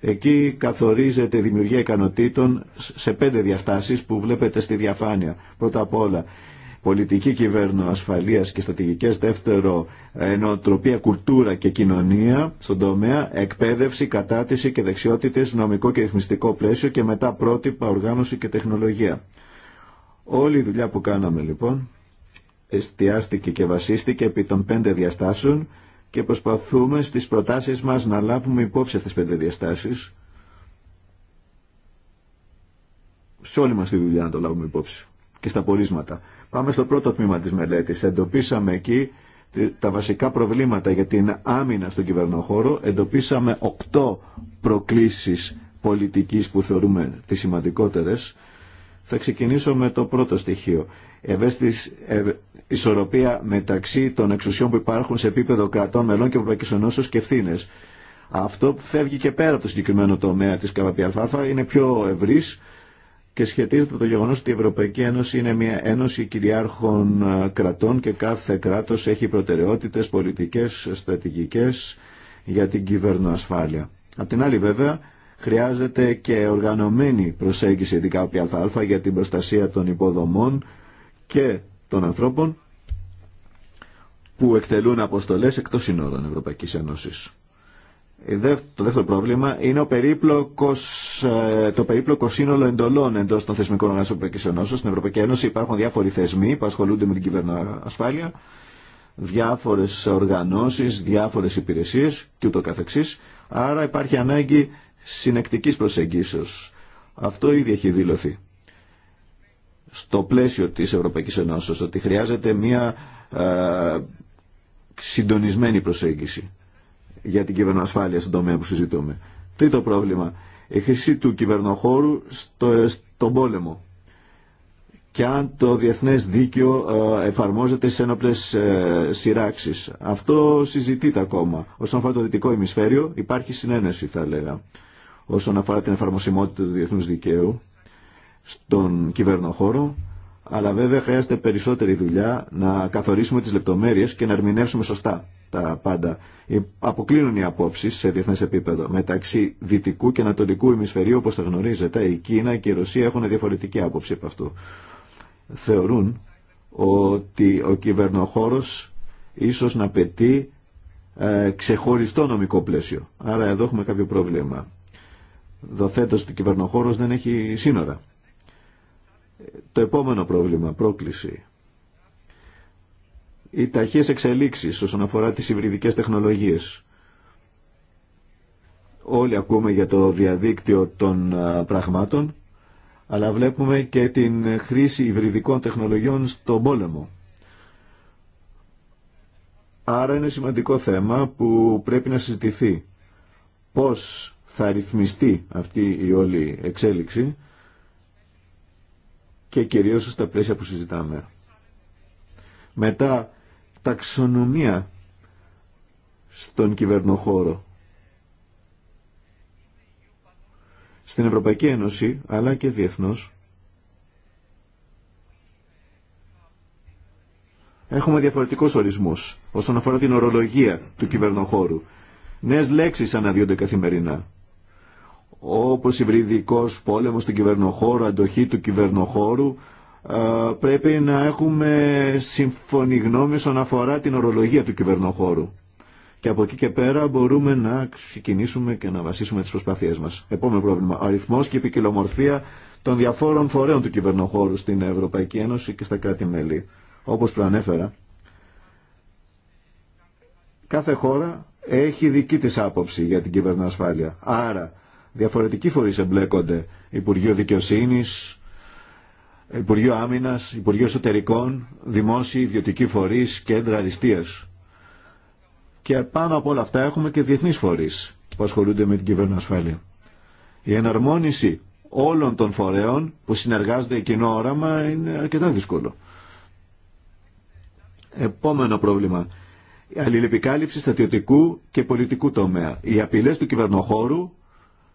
Εκεί καθορίζεται η δημιουργία ικανοτήτων σε πέντε διαστάσεις που βλέπετε στη διαφάνεια. Πρώτα απ' όλα, πολιτική κυβερνοασφαλείας και στρατηγικές. Δεύτερο, ενοτροπία, κουλτούρα και κοινωνία στον τομέα. Εκπαίδευση, κατάτηση και δεξιότητες, νομικό και ρυθμιστικό πλαίσιο και μετά πρότυπα, οργάνωση και τεχνολογία. Όλη η δουλειά που κάναμε λοιπόν εστιάστηκε και βασίστηκε επί των πέντε διαστάσεων και προσπαθούμε στις προτάσεις μας να λάβουμε υπόψη αυτές τις πέντε διαστάσεις. Σε όλη μας τη δουλειά να το λάβουμε υπόψη και στα πορίσματα. Πάμε στο πρώτο τμήμα της μελέτης. Εντοπίσαμε εκεί τα βασικά προβλήματα για την άμυνα στον κυβερνοχώρο. Εντοπίσαμε οκτώ προκλήσεις πολιτικής που θεωρούμε τις σημαντικότερες. Θα ξεκινήσω με το πρώτο στοιχείο ισορροπία μεταξύ των εξουσιών που υπάρχουν σε επίπεδο κρατών μελών και Ευρωπαϊκή Ενώσεω και ευθύνε. Αυτό που φεύγει και πέρα από το συγκεκριμένο τομέα τη ΚΑΠΑΠΑ είναι πιο ευρύ και σχετίζεται με το γεγονό ότι η Ευρωπαϊκή Ένωση είναι μια ένωση κυριάρχων ε, κρατών και κάθε κράτο έχει προτεραιότητε πολιτικέ, στρατηγικέ για την κυβερνοασφάλεια. Απ' την άλλη βέβαια χρειάζεται και οργανωμένη προσέγγιση ειδικά από ΑΑ για την προστασία των υποδομών και των ανθρώπων που εκτελούν αποστολές εκτός συνόρων Ευρωπαϊκής Ένωσης. Ε, το δεύτερο πρόβλημα είναι ο περίπλοκος, ε, το περίπλοκο σύνολο εντολών εντός των θεσμικών οργάνωσεων Ευρωπαϊκής Ένωσης. Στην Ευρωπαϊκή Ένωση υπάρχουν διάφοροι θεσμοί που ασχολούνται με την κυβερνοασφάλεια, διάφορες οργανώσεις, διάφορες υπηρεσίες και ούτω Άρα υπάρχει ανάγκη συνεκτικής προσεγγίσεως. Αυτό ήδη έχει δηλωθεί στο πλαίσιο της Ευρωπαϊκής Ενώσεως ότι χρειάζεται μια ε, συντονισμένη προσέγγιση για την κυβερνοασφάλεια στον τομέα που συζητούμε. Τρίτο πρόβλημα, η χρήση του κυβερνοχώρου στο, ε, στον πόλεμο και αν το διεθνές δίκαιο ε, εφαρμόζεται σε ένοπλες σειράξεις. Αυτό συζητείται ακόμα. Όσον αφορά το δυτικό ημισφαίριο υπάρχει συνένεση θα λέγα όσον αφορά την εφαρμοσιμότητα του διεθνούς δικαίου στον κυβερνοχώρο, αλλά βέβαια χρειάζεται περισσότερη δουλειά να καθορίσουμε τις λεπτομέρειες και να ερμηνεύσουμε σωστά τα πάντα. Ε, αποκλίνουν οι απόψεις σε διεθνές επίπεδο. Μεταξύ δυτικού και ανατολικού ημισφαιρίου, όπως τα γνωρίζετε, η Κίνα και η Ρωσία έχουν διαφορετική άποψη από αυτού. Θεωρούν ότι ο κυβερνοχώρος ίσως να πετύχει ξεχωριστό νομικό πλαίσιο. Άρα εδώ έχουμε κάποιο πρόβλημα. Δοθέτως, ο κυβερνοχώρος δεν έχει σύνορα. Το επόμενο πρόβλημα, πρόκληση. Οι ταχείες εξελίξεις όσον αφορά τις υβριδικές τεχνολογίες. Όλοι ακούμε για το διαδίκτυο των πραγμάτων, αλλά βλέπουμε και την χρήση υβριδικών τεχνολογιών στον πόλεμο. Άρα είναι σημαντικό θέμα που πρέπει να συζητηθεί. Πώς θα ρυθμιστεί αυτή η όλη εξέλιξη και κυρίως στα πλαίσια που συζητάμε. Μετά, ταξονομία στον κυβερνοχώρο. Στην Ευρωπαϊκή Ένωση, αλλά και διεθνώς, έχουμε διαφορετικούς ορισμούς όσον αφορά την ορολογία του κυβερνοχώρου. Νέες λέξεις αναδύονται καθημερινά όπως υβριδικός πόλεμος του κυβερνοχώρο, αντοχή του κυβερνοχώρου, ε, πρέπει να έχουμε συμφωνή γνώμη όσον αφορά την ορολογία του κυβερνοχώρου. Και από εκεί και πέρα μπορούμε να ξεκινήσουμε και να βασίσουμε τις προσπάθειές μας. Επόμενο πρόβλημα, αριθμός και επικοινομορφία των διαφόρων φορέων του κυβερνοχώρου στην Ευρωπαϊκή Ένωση και στα κράτη-μέλη. Όπως προανέφερα, κάθε χώρα έχει δική της άποψη για την κυβερνοασφάλεια. Άρα, Διαφορετικοί φορείς εμπλέκονται. Υπουργείο Δικαιοσύνη, Υπουργείο Άμυνα, Υπουργείο Εσωτερικών, δημόσιοι, ιδιωτικοί φορεί κέντρα αριστείας. Και πάνω από όλα αυτά έχουμε και διεθνείς φορείς που ασχολούνται με την κυβέρνηση ασφάλεια. Η εναρμόνιση όλων των φορέων που συνεργάζονται κοινό όραμα είναι αρκετά δύσκολο. Επόμενο πρόβλημα. Η αλληλεπικάλυψη και πολιτικού τομέα. Οι απειλέ του κυβερνοχώρου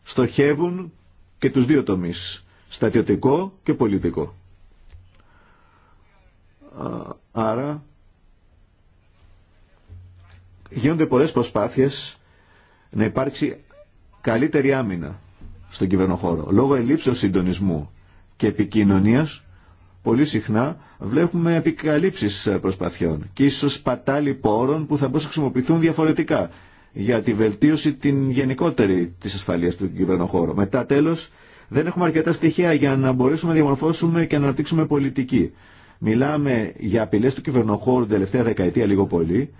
στοχεύουν και τους δύο τομείς, στατιωτικό και πολιτικό. Άρα γίνονται πολλές προσπάθειες να υπάρξει καλύτερη άμυνα στον κυβερνοχώρο. Λόγω ελλείψεως συντονισμού και επικοινωνίας, πολύ συχνά βλέπουμε επικαλύψεις προσπαθειών και ίσως πατάλοι πόρων που θα μπορούσαν να χρησιμοποιηθούν διαφορετικά για τη βελτίωση την γενικότερη τη ασφαλεία του κυβερνοχώρου. Μετά τέλο, δεν έχουμε αρκετά στοιχεία για να μπορέσουμε να διαμορφώσουμε και να αναπτύξουμε πολιτική. Μιλάμε για απειλέ του κυβερνοχώρου την τελευταία δεκαετία λίγο πολύ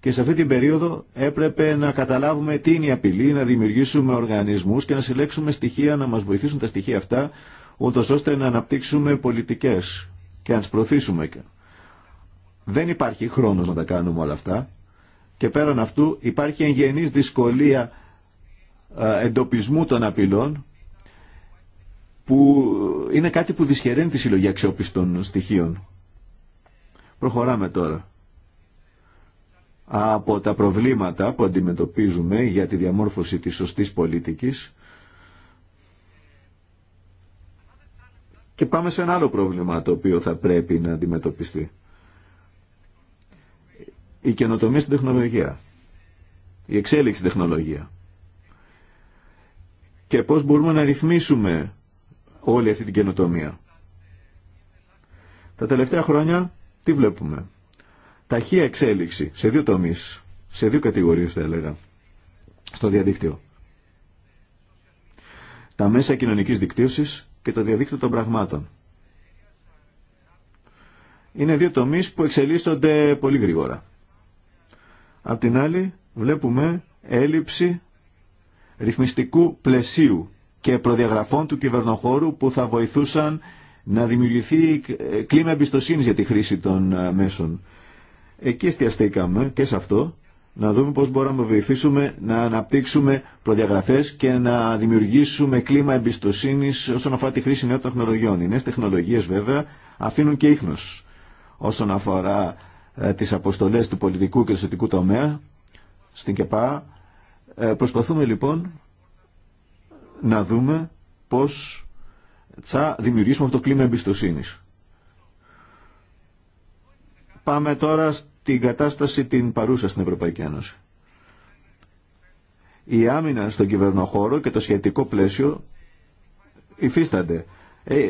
και σε αυτή την περίοδο έπρεπε να καταλάβουμε τι είναι η απειλή, να δημιουργήσουμε οργανισμού και να συλλέξουμε στοιχεία, να μα βοηθήσουν τα στοιχεία αυτά, ούτω ώστε να αναπτύξουμε πολιτικέ και να τι προωθήσουμε. Δεν υπάρχει χρόνο να τα κάνουμε όλα αυτά. Και πέραν αυτού υπάρχει εγγενής δυσκολία ε, εντοπισμού των απειλών που είναι κάτι που δυσχεραίνει τη συλλογή αξιόπιστων στοιχείων. Προχωράμε τώρα. Από τα προβλήματα που αντιμετωπίζουμε για τη διαμόρφωση της σωστής πολιτικής και πάμε σε ένα άλλο πρόβλημα το οποίο θα πρέπει να αντιμετωπιστεί η καινοτομία στην τεχνολογία, η εξέλιξη στην τεχνολογία και πώς μπορούμε να ρυθμίσουμε όλη αυτή την καινοτομία. Τα τελευταία χρόνια τι βλέπουμε. Ταχεία εξέλιξη σε δύο τομείς, σε δύο κατηγορίες θα έλεγα, στο διαδίκτυο. Τα μέσα κοινωνικής δικτύωσης και το διαδίκτυο των πραγμάτων. Είναι δύο τομείς που εξελίσσονται πολύ γρήγορα. Απ' την άλλη βλέπουμε έλλειψη ρυθμιστικού πλαισίου και προδιαγραφών του κυβερνοχώρου που θα βοηθούσαν να δημιουργηθεί κλίμα εμπιστοσύνη για τη χρήση των ε, μέσων. Εκεί εστιαστήκαμε και σε αυτό να δούμε πώς μπορούμε να βοηθήσουμε να αναπτύξουμε προδιαγραφές και να δημιουργήσουμε κλίμα εμπιστοσύνης όσον αφορά τη χρήση νέων τεχνολογιών. Οι νέες τεχνολογίες βέβαια αφήνουν και ίχνος όσον αφορά ε, Τι αποστολές του πολιτικού και του τομέα στην ΚΕΠΑ. Ε, προσπαθούμε λοιπόν να δούμε πώς θα δημιουργήσουμε αυτό το κλίμα εμπιστοσύνης. Πάμε τώρα στην κατάσταση την παρούσα στην Ευρωπαϊκή Ένωση. Η άμυνα στον κυβερνοχώρο και το σχετικό πλαίσιο υφίστανται. Ε,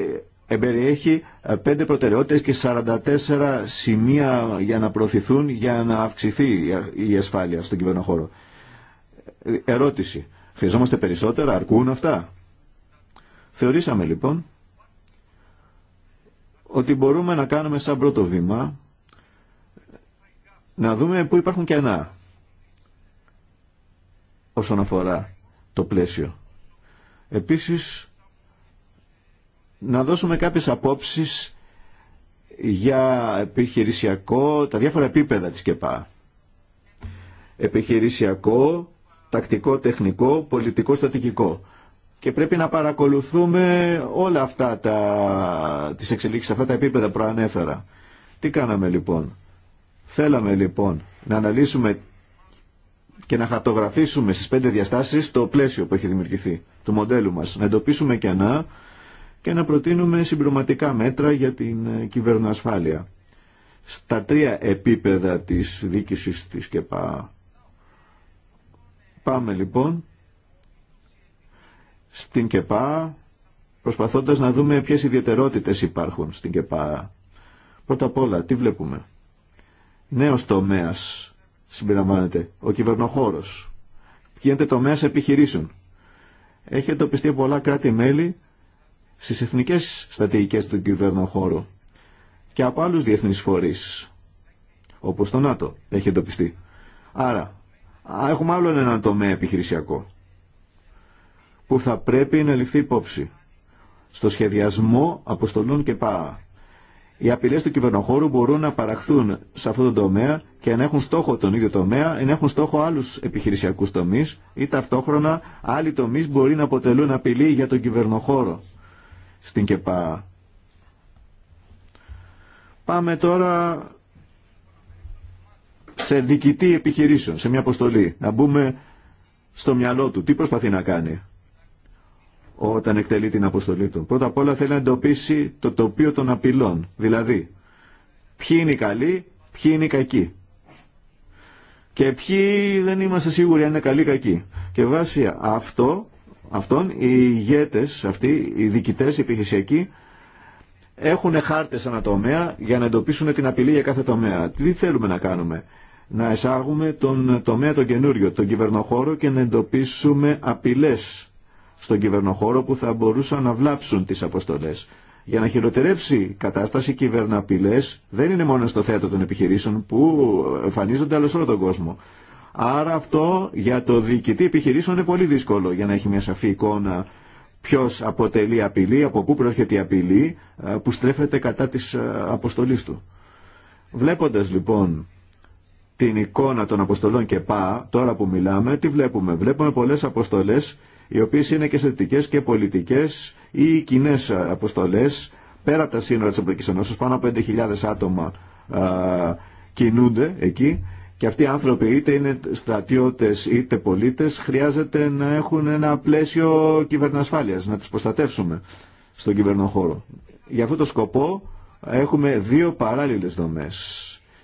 εμπεριέχει ε, πέντε προτεραιότητες και 44 σημεία για να προωθηθούν για να αυξηθεί η ασφάλεια στον κυβερνοχώρο. Ε, ερώτηση. Χρειαζόμαστε περισσότερα, αρκούν αυτά. Θεωρήσαμε λοιπόν ότι μπορούμε να κάνουμε σαν πρώτο βήμα να δούμε πού υπάρχουν κενά όσον αφορά το πλαίσιο. Επίσης να δώσουμε κάποιες απόψεις για επιχειρησιακό, τα διάφορα επίπεδα της ΚΕΠΑ. Επιχειρησιακό, τακτικό, τεχνικό, πολιτικό, στατικικό. Και πρέπει να παρακολουθούμε όλα αυτά τα, τις εξελίξεις, αυτά τα επίπεδα που προανέφερα. Τι κάναμε λοιπόν. Θέλαμε λοιπόν να αναλύσουμε και να χαρτογραφήσουμε στις πέντε διαστάσεις το πλαίσιο που έχει δημιουργηθεί, του μοντέλου μας. Να εντοπίσουμε κενά, και να προτείνουμε συμπληρωματικά μέτρα για την ε, κυβερνοασφάλεια. Στα τρία επίπεδα της δίκησης της ΚΕΠΑ. Πάμε λοιπόν στην ΚΕΠΑ προσπαθώντας να δούμε ποιες ιδιαιτερότητες υπάρχουν στην ΚΕΠΑ. Πρώτα απ' όλα, τι βλέπουμε. Νέος τομέας συμπεριλαμβάνεται, ο κυβερνοχώρος. Γίνεται τομέας επιχειρήσεων. Έχει εντοπιστεί πολλά κράτη-μέλη στις εθνικές στρατηγικές του κυβέρνου χώρου και από άλλους διεθνείς φορείς, όπως το ΝΑΤΟ έχει εντοπιστεί. Άρα, έχουμε άλλο ένα τομέα επιχειρησιακό που θα πρέπει να ληφθεί υπόψη στο σχεδιασμό αποστολών και ΠΑΑ. Οι απειλές του κυβερνοχώρου μπορούν να παραχθούν σε αυτόν τον τομέα και να έχουν στόχο τον ίδιο τομέα, να έχουν στόχο άλλους επιχειρησιακούς τομείς ή ταυτόχρονα άλλοι τομείς μπορεί να αποτελούν απειλή για τον κυβερνοχώρο στην ΚΕΠΑ. Πάμε τώρα σε διοικητή επιχειρήσεων, σε μια αποστολή. Να μπούμε στο μυαλό του. Τι προσπαθεί να κάνει όταν εκτελεί την αποστολή του. Πρώτα απ' όλα θέλει να εντοπίσει το τοπίο των απειλών. Δηλαδή, ποιοι είναι οι καλοί, ποιοι είναι οι κακοί. Και ποιοι δεν είμαστε σίγουροι αν είναι καλοί ή κακοί. Και βάσει αυτό αυτών, οι ηγέτες αυτοί, οι διοικητές, οι επιχειρησιακοί, έχουν χάρτες ανατομέα για να εντοπίσουν την απειλή για κάθε τομέα. Τι θέλουμε να κάνουμε. Να εισάγουμε τον τομέα τον καινούριο, τον κυβερνοχώρο και να εντοπίσουμε απειλές στον κυβερνοχώρο που θα μπορούσαν να βλάψουν τις αποστολές. Για να χειροτερέψει η κατάσταση, οι δεν είναι μόνο στο θέατρο των επιχειρήσεων που εμφανίζονται αλλά σε όλο τον κόσμο. Άρα αυτό για το διοικητή επιχειρήσεων είναι πολύ δύσκολο για να έχει μια σαφή εικόνα ποιο αποτελεί απειλή, από πού προέρχεται η απειλή ε, που στρέφεται κατά της ε, αποστολής του. Βλέποντας λοιπόν την εικόνα των αποστολών και πά, τώρα που μιλάμε, τι βλέπουμε. Βλέπουμε πολλές αποστολές οι οποίες είναι και αισθητικές και πολιτικές ή κοινέ αποστολές πέρα από τα σύνορα της Ευρωπαϊκής Ενώσης, οποιες ειναι και θετικέ και πολιτικες η κοινε αποστολες περα απο τα συνορα της ευρωπαικης πανω απο 5.000 άτομα α, ε, κινούνται εκεί και αυτοί οι άνθρωποι είτε είναι στρατιώτες είτε πολίτες χρειάζεται να έχουν ένα πλαίσιο κυβερνοασφάλειας, να τις προστατεύσουμε στον κυβερνοχώρο. Για αυτό το σκοπό έχουμε δύο παράλληλες δομές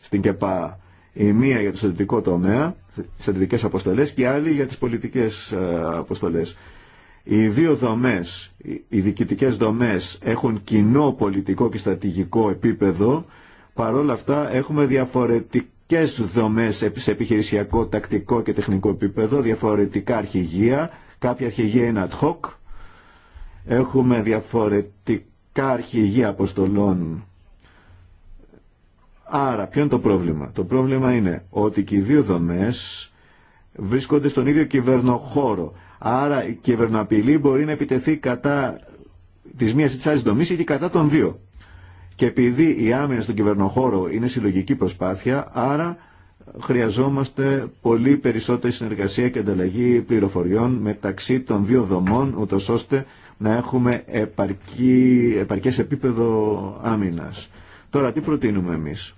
στην ΚΕΠΑ. Η μία για το στρατιωτικό τομέα, στρατιωτικές αποστολές και η άλλη για τις πολιτικές ε, αποστολές. Οι δύο δομές, οι διοικητικές δομές έχουν κοινό πολιτικό και στρατηγικό επίπεδο Παρ' όλα αυτά έχουμε διαφορετικό διαφορετικές δομές σε επιχειρησιακό, τακτικό και τεχνικό επίπεδο, διαφορετικά αρχηγεία, κάποια αρχηγεία είναι ad hoc, έχουμε διαφορετικά αρχηγεία αποστολών. Άρα, ποιο είναι το πρόβλημα. Το πρόβλημα είναι ότι και οι δύο δομές βρίσκονται στον ίδιο κυβερνοχώρο. Άρα η κυβερνοαπειλή μπορεί να επιτεθεί κατά της μίας ή της άλλης δομής ή κατά των δύο. Και επειδή η άμυνα στον κυβερνοχώρο είναι συλλογική προσπάθεια, άρα χρειαζόμαστε πολύ περισσότερη συνεργασία και ανταλλαγή πληροφοριών μεταξύ των δύο δομών, ούτω ώστε να έχουμε επαρκή, επαρκές επίπεδο άμυνας. Τώρα τι προτείνουμε εμείς.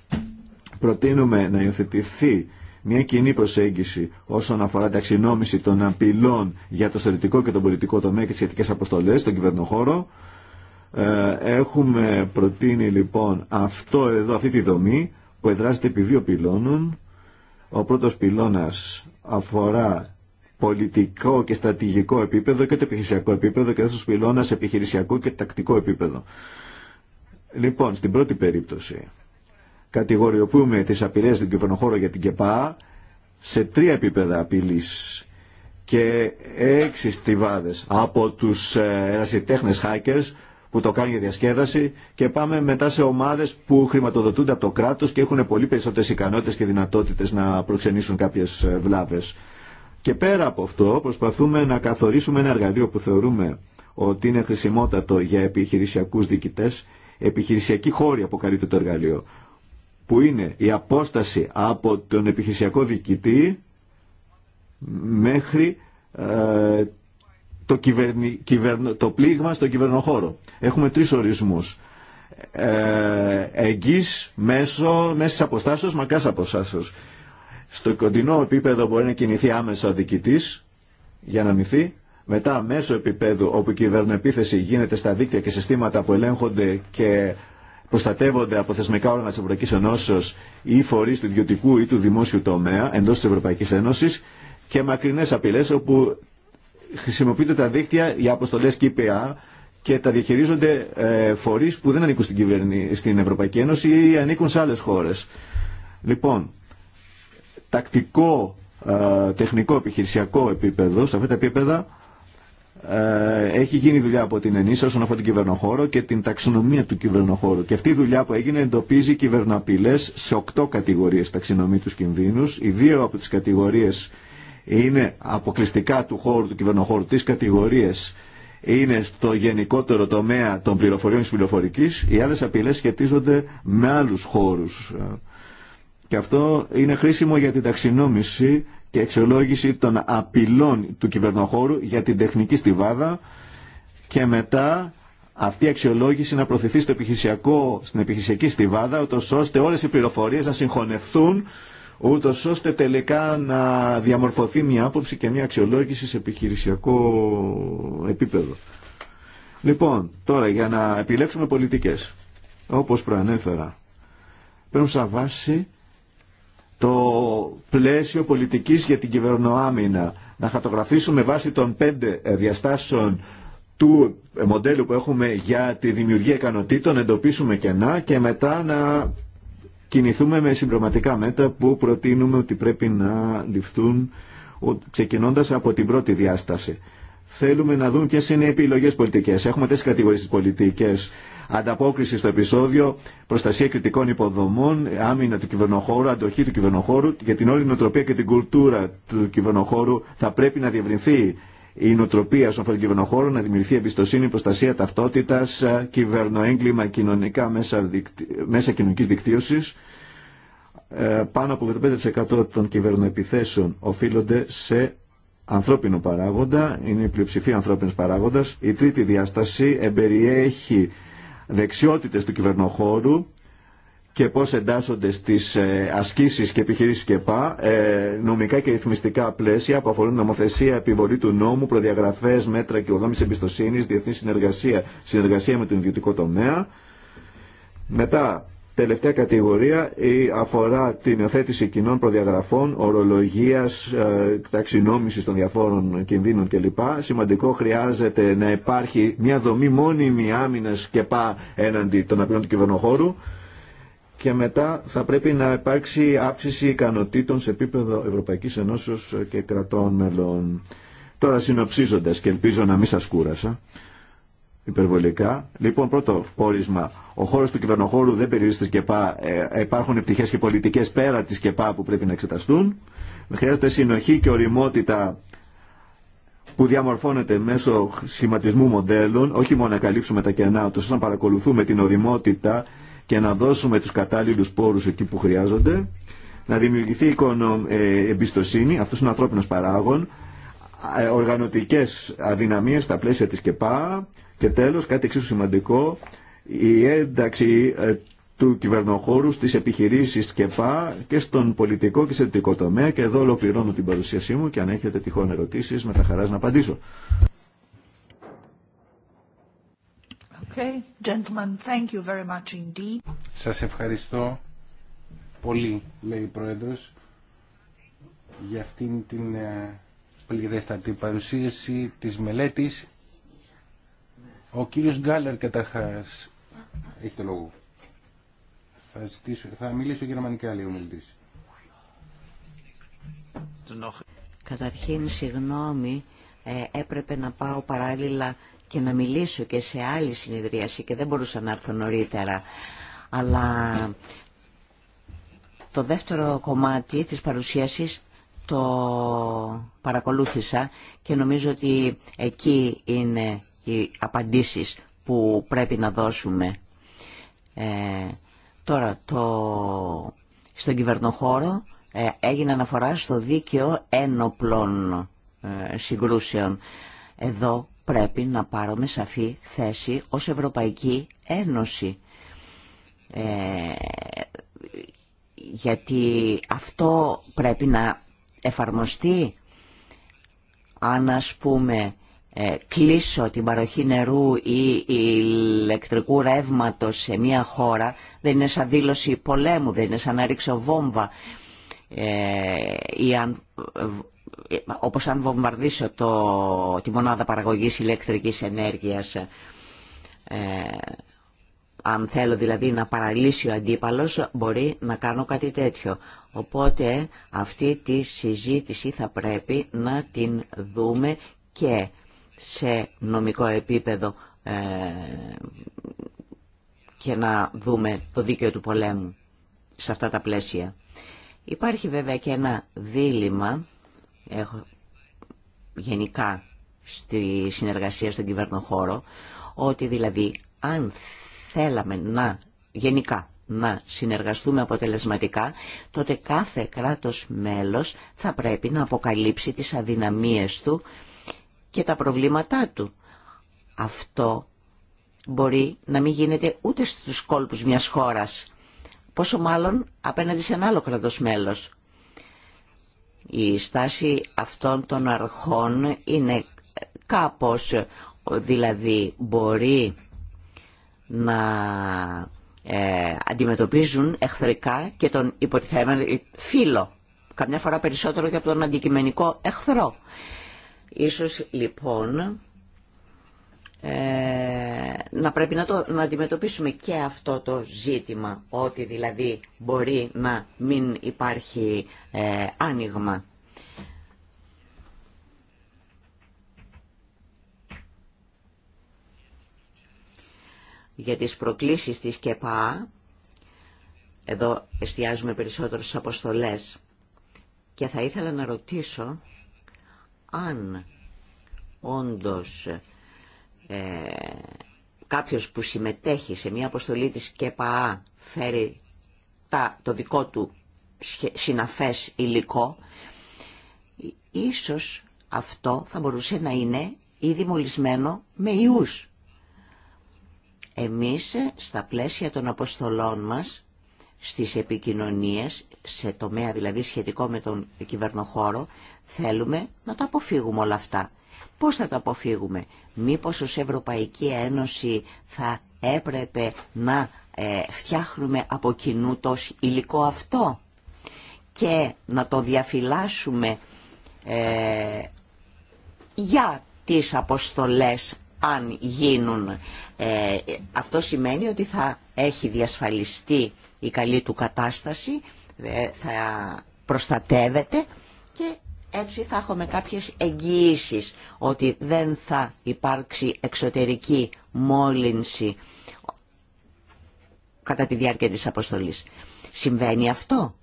Προτείνουμε να υιοθετηθεί μια κοινή προσέγγιση όσον αφορά την αξινόμηση των απειλών για το στρατιωτικό και τον πολιτικό τομέα και τι σχετικές αποστολέ στον κυβερνοχώρο, ε, έχουμε προτείνει λοιπόν αυτό εδώ, αυτή τη δομή που εδράζεται επί δύο πυλώνων. Ο πρώτος πυλώνας αφορά πολιτικό και στρατηγικό επίπεδο και το επιχειρησιακό επίπεδο και δεύτερος πυλώνας επιχειρησιακό και τακτικό επίπεδο. Λοιπόν, στην πρώτη περίπτωση κατηγοριοποιούμε τις απειλές του κυβερνοχώρου για την ΚΕΠΑ σε τρία επίπεδα απειλής και έξι στιβάδες από τους ε, ερασιτέχνες hackers που το κάνει για διασκέδαση και πάμε μετά σε ομάδες που χρηματοδοτούνται από το κράτος και έχουν πολύ περισσότερες ικανότητες και δυνατότητες να προξενήσουν κάποιες ε, βλάβες. Και πέρα από αυτό προσπαθούμε να καθορίσουμε ένα εργαλείο που θεωρούμε ότι είναι χρησιμότατο για επιχειρησιακούς διοικητές, επιχειρησιακή χώρη αποκαλείται το εργαλείο, που είναι η απόσταση από τον επιχειρησιακό διοικητή μέχρι ε, το, κυβερνη, το πλήγμα στον κυβερνοχώρο. Έχουμε τρεις ορισμούς. Ε, εγγύς, μέσο, μέσης αποστάσεως, μακράς αποστάσεως. Στο κοντινό επίπεδο μπορεί να κινηθεί άμεσα ο διοικητής για να μυθεί. Μετά μέσο επίπεδο όπου η κυβερνοεπίθεση γίνεται στα δίκτυα και συστήματα που ελέγχονται και προστατεύονται από θεσμικά όργανα της Ευρωπαϊκής Ενώσεως ή φορείς του ιδιωτικού ή του δημόσιου τομέα εντός της Ευρωπαϊκής Ένωσης και μακρινές απειλές όπου Χρησιμοποιείται τα δίκτυα για αποστολέ ΚΠΑ και τα διαχειρίζονται ε, φορεί που δεν ανήκουν στην, στην Ευρωπαϊκή Ένωση ή ανήκουν σε άλλε χώρε. Λοιπόν, τακτικό, ε, τεχνικό, επιχειρησιακό επίπεδο, σε αυτά τα επίπεδα, ε, έχει γίνει δουλειά από την ΕΝΗΣΑ όσον αφορά τον κυβερνοχώρο και την ταξινομία του κυβερνοχώρου. Και αυτή η δουλειά που έγινε εντοπίζει κυβερνοαπειλέ σε οκτώ κατηγορίε ταξινομή του κινδύνου. Οι δύο από τι κατηγορίε είναι αποκλειστικά του χώρου, του κυβερνοχώρου, Τι κατηγορίες είναι στο γενικότερο τομέα των πληροφοριών τη πληροφορική. οι άλλες απειλέ σχετίζονται με άλλους χώρου. Και αυτό είναι χρήσιμο για την ταξινόμηση και αξιολόγηση των απειλών του κυβερνοχώρου για την τεχνική στιβάδα και μετά αυτή η αξιολόγηση να προωθηθεί στο στην επιχειρησιακή στιβάδα, ώστε όλες οι πληροφορίες να συγχωνευτούν ούτω ώστε τελικά να διαμορφωθεί μια άποψη και μια αξιολόγηση σε επιχειρησιακό επίπεδο. Λοιπόν, τώρα για να επιλέξουμε πολιτικές, όπως προανέφερα, πρέπει να βάση το πλαίσιο πολιτικής για την κυβερνοάμυνα, να χατογραφήσουμε βάσει των πέντε ε, διαστάσεων του ε, μοντέλου που έχουμε για τη δημιουργία ικανοτήτων, εντοπίσουμε κενά και μετά να κινηθούμε με συμπροματικά μέτρα που προτείνουμε ότι πρέπει να ληφθούν ξεκινώντας από την πρώτη διάσταση. Θέλουμε να δούμε ποιε είναι οι επιλογέ πολιτικέ. Έχουμε τέσσερι κατηγορίε τη πολιτικέ. Ανταπόκριση στο επεισόδιο, προστασία κριτικών υποδομών, άμυνα του κυβερνοχώρου, αντοχή του κυβερνοχώρου. Για την όλη νοοτροπία και την κουλτούρα του κυβερνοχώρου θα πρέπει να διευρυνθεί η νοοτροπία στον αφορά να δημιουργηθεί εμπιστοσύνη, προστασία ταυτότητα, ε, κυβερνοέγκλημα, κοινωνικά μέσα, μέσα κοινωνική δικτύωση. Ε, πάνω από 55% των κυβερνοεπιθέσεων οφείλονται σε ανθρώπινο παράγοντα, είναι η πλειοψηφία ανθρώπινο παράγοντα. Η τρίτη διάσταση εμπεριέχει δεξιότητες του κυβερνοχώρου και πώς εντάσσονται στις ε, ασκήσεις και επιχειρήσεις και πά, ε, νομικά και ρυθμιστικά πλαίσια που αφορούν νομοθεσία, επιβολή του νόμου, προδιαγραφές, μέτρα και οδόμηση εμπιστοσύνης, διεθνή συνεργασία, συνεργασία με τον ιδιωτικό τομέα. Μετά, τελευταία κατηγορία η αφορά την υιοθέτηση κοινών προδιαγραφών, ορολογίας, ε, ταξινόμησης των διαφόρων κινδύνων κλπ. Σημαντικό χρειάζεται να υπάρχει μια δομή μόνιμη άμυνας και πά εναντί των απειλών του και μετά θα πρέπει να υπάρξει αύξηση ικανοτήτων σε επίπεδο Ευρωπαϊκής Ενώσεως και κρατών μελών. Τώρα συνοψίζοντας και ελπίζω να μην σας κούρασα υπερβολικά. Λοιπόν, πρώτο πόρισμα. Ο χώρος του κυβερνοχώρου δεν περιορίζεται στις ΚΕΠΑ. Ε, υπάρχουν επιτυχές και πολιτικές πέρα τη ΚΕΠΑ που πρέπει να εξεταστούν. Χρειάζεται συνοχή και οριμότητα που διαμορφώνεται μέσω σχηματισμού μοντέλων, όχι μόνο να καλύψουμε τα κενά, ώστε να παρακολουθούμε την οριμότητα και να δώσουμε τους κατάλληλους πόρους εκεί που χρειάζονται, να δημιουργηθεί ε, εμπιστοσύνη, αυτός είναι ο ανθρώπινος παράγων, ε, οργανωτικές αδυναμίες στα πλαίσια της ΚΕΠΑ και τέλος κάτι εξίσου σημαντικό, η ένταξη ε, του κυβερνοχώρου στις επιχειρήσεις ΚΕΠΑ και στον πολιτικό και σε τομέα και εδώ ολοκληρώνω την παρουσίασή μου και αν έχετε τυχόν ερωτήσεις με τα χαράς να απαντήσω. Okay. Σας ευχαριστώ πολύ, λέει η Πρόεδρος, για αυτήν την ε, πληρέστατη παρουσίαση της μελέτης. Ο κύριος Γκάλερ καταρχάς έχει το λόγο. Θα, ζητήσω, θα μιλήσω γερμανικά, λέει ο μιλητής. Καταρχήν, συγγνώμη, ε, έπρεπε να πάω παράλληλα και να μιλήσω και σε άλλη συνεδρίαση και δεν μπορούσα να έρθω νωρίτερα. Αλλά το δεύτερο κομμάτι της παρουσίασης το παρακολούθησα και νομίζω ότι εκεί είναι οι απαντήσεις που πρέπει να δώσουμε. Ε, τώρα, το, στον κυβερνοχώρο ε, έγινε αναφορά στο δίκαιο ένοπλων ε, συγκρούσεων. Εδώ πρέπει να πάρουμε σαφή θέση ως Ευρωπαϊκή Ένωση. Ε, γιατί αυτό πρέπει να εφαρμοστεί αν ας πούμε ε, κλείσω την παροχή νερού ή ηλεκτρικού ρεύματος σε μια χώρα δεν είναι σαν δήλωση πολέμου, δεν είναι σαν να ρίξω βόμβα ε, ή αν όπως αν βομβαρδίσω το, τη μονάδα παραγωγής ηλεκτρικής ενέργειας. Ε, αν θέλω δηλαδή να παραλύσει ο αντίπαλος, μπορεί να κάνω κάτι τέτοιο. Οπότε αυτή τη συζήτηση θα πρέπει να την δούμε και σε νομικό επίπεδο ε, και να δούμε το δίκαιο του πολέμου σε αυτά τα πλαίσια. Υπάρχει βέβαια και ένα δίλημα έχω, γενικά στη συνεργασία στον κυβερνοχώρο, ότι δηλαδή αν θέλαμε να γενικά να συνεργαστούμε αποτελεσματικά, τότε κάθε κράτος μέλος θα πρέπει να αποκαλύψει τις αδυναμίες του και τα προβλήματά του. Αυτό μπορεί να μην γίνεται ούτε στους κόλπους μιας χώρας, πόσο μάλλον απέναντι σε ένα άλλο κράτος μέλος. Η στάση αυτών των αρχών είναι κάπως, δηλαδή μπορεί να ε, αντιμετωπίζουν εχθρικά και τον υποτιθέμενο φίλο, καμιά φορά περισσότερο και από τον αντικειμενικό εχθρό. Ίσως λοιπόν ε, να πρέπει να, το, να αντιμετωπίσουμε και αυτό το ζήτημα, ότι δηλαδή μπορεί να μην υπάρχει ε, άνοιγμα. Για τις προκλήσεις της ΚΕΠΑ, εδώ εστιάζουμε περισσότερο στις αποστολές, και θα ήθελα να ρωτήσω αν όντως ε, κάποιος που συμμετέχει σε μια αποστολή της ΚΕΠΑΑ φέρει τα, το δικό του συναφές υλικό, ίσως αυτό θα μπορούσε να είναι ήδη μολυσμένο με ιούς. Εμείς ε, στα πλαίσια των αποστολών μας, στις επικοινωνίες, σε τομέα δηλαδή σχετικό με τον κυβερνοχώρο, θέλουμε να τα αποφύγουμε όλα αυτά. Πώς θα το αποφύγουμε. Μήπως ως Ευρωπαϊκή Ένωση θα έπρεπε να ε, φτιάχνουμε από κοινού υλικό αυτό και να το διαφυλάσσουμε ε, για τις αποστολές αν γίνουν. Ε, αυτό σημαίνει ότι θα έχει διασφαλιστεί η καλή του κατάσταση, θα προστατεύεται και έτσι θα έχουμε κάποιες εγγυήσει ότι δεν θα υπάρξει εξωτερική μόλυνση κατά τη διάρκεια της αποστολής. Συμβαίνει αυτό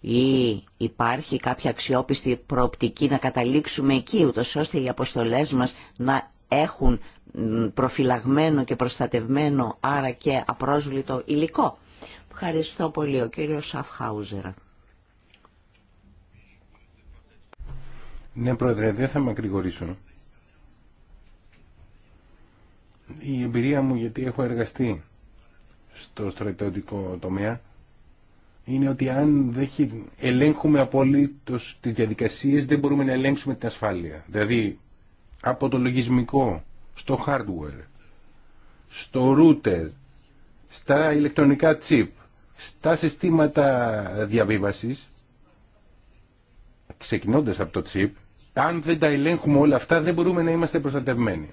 ή υπάρχει κάποια αξιόπιστη προοπτική να καταλήξουμε εκεί ούτως ώστε οι αποστολές μας να έχουν προφυλαγμένο και προστατευμένο άρα και απρόσβλητο υλικό. Ευχαριστώ πολύ ο κύριος Σαφχάουζερα. Ναι, Πρόεδρε, δεν θα με ακρηγορήσω. Η εμπειρία μου, γιατί έχω εργαστεί στο στρατιωτικό τομέα, είναι ότι αν δεν ελέγχουμε απολύτως τις διαδικασίες, δεν μπορούμε να ελέγξουμε την ασφάλεια. Δηλαδή, από το λογισμικό, στο hardware, στο router, στα ηλεκτρονικά chip, στα συστήματα διαβίβασης, ξεκινώντας από το chip, αν δεν τα ελέγχουμε όλα αυτά δεν μπορούμε να είμαστε προστατευμένοι.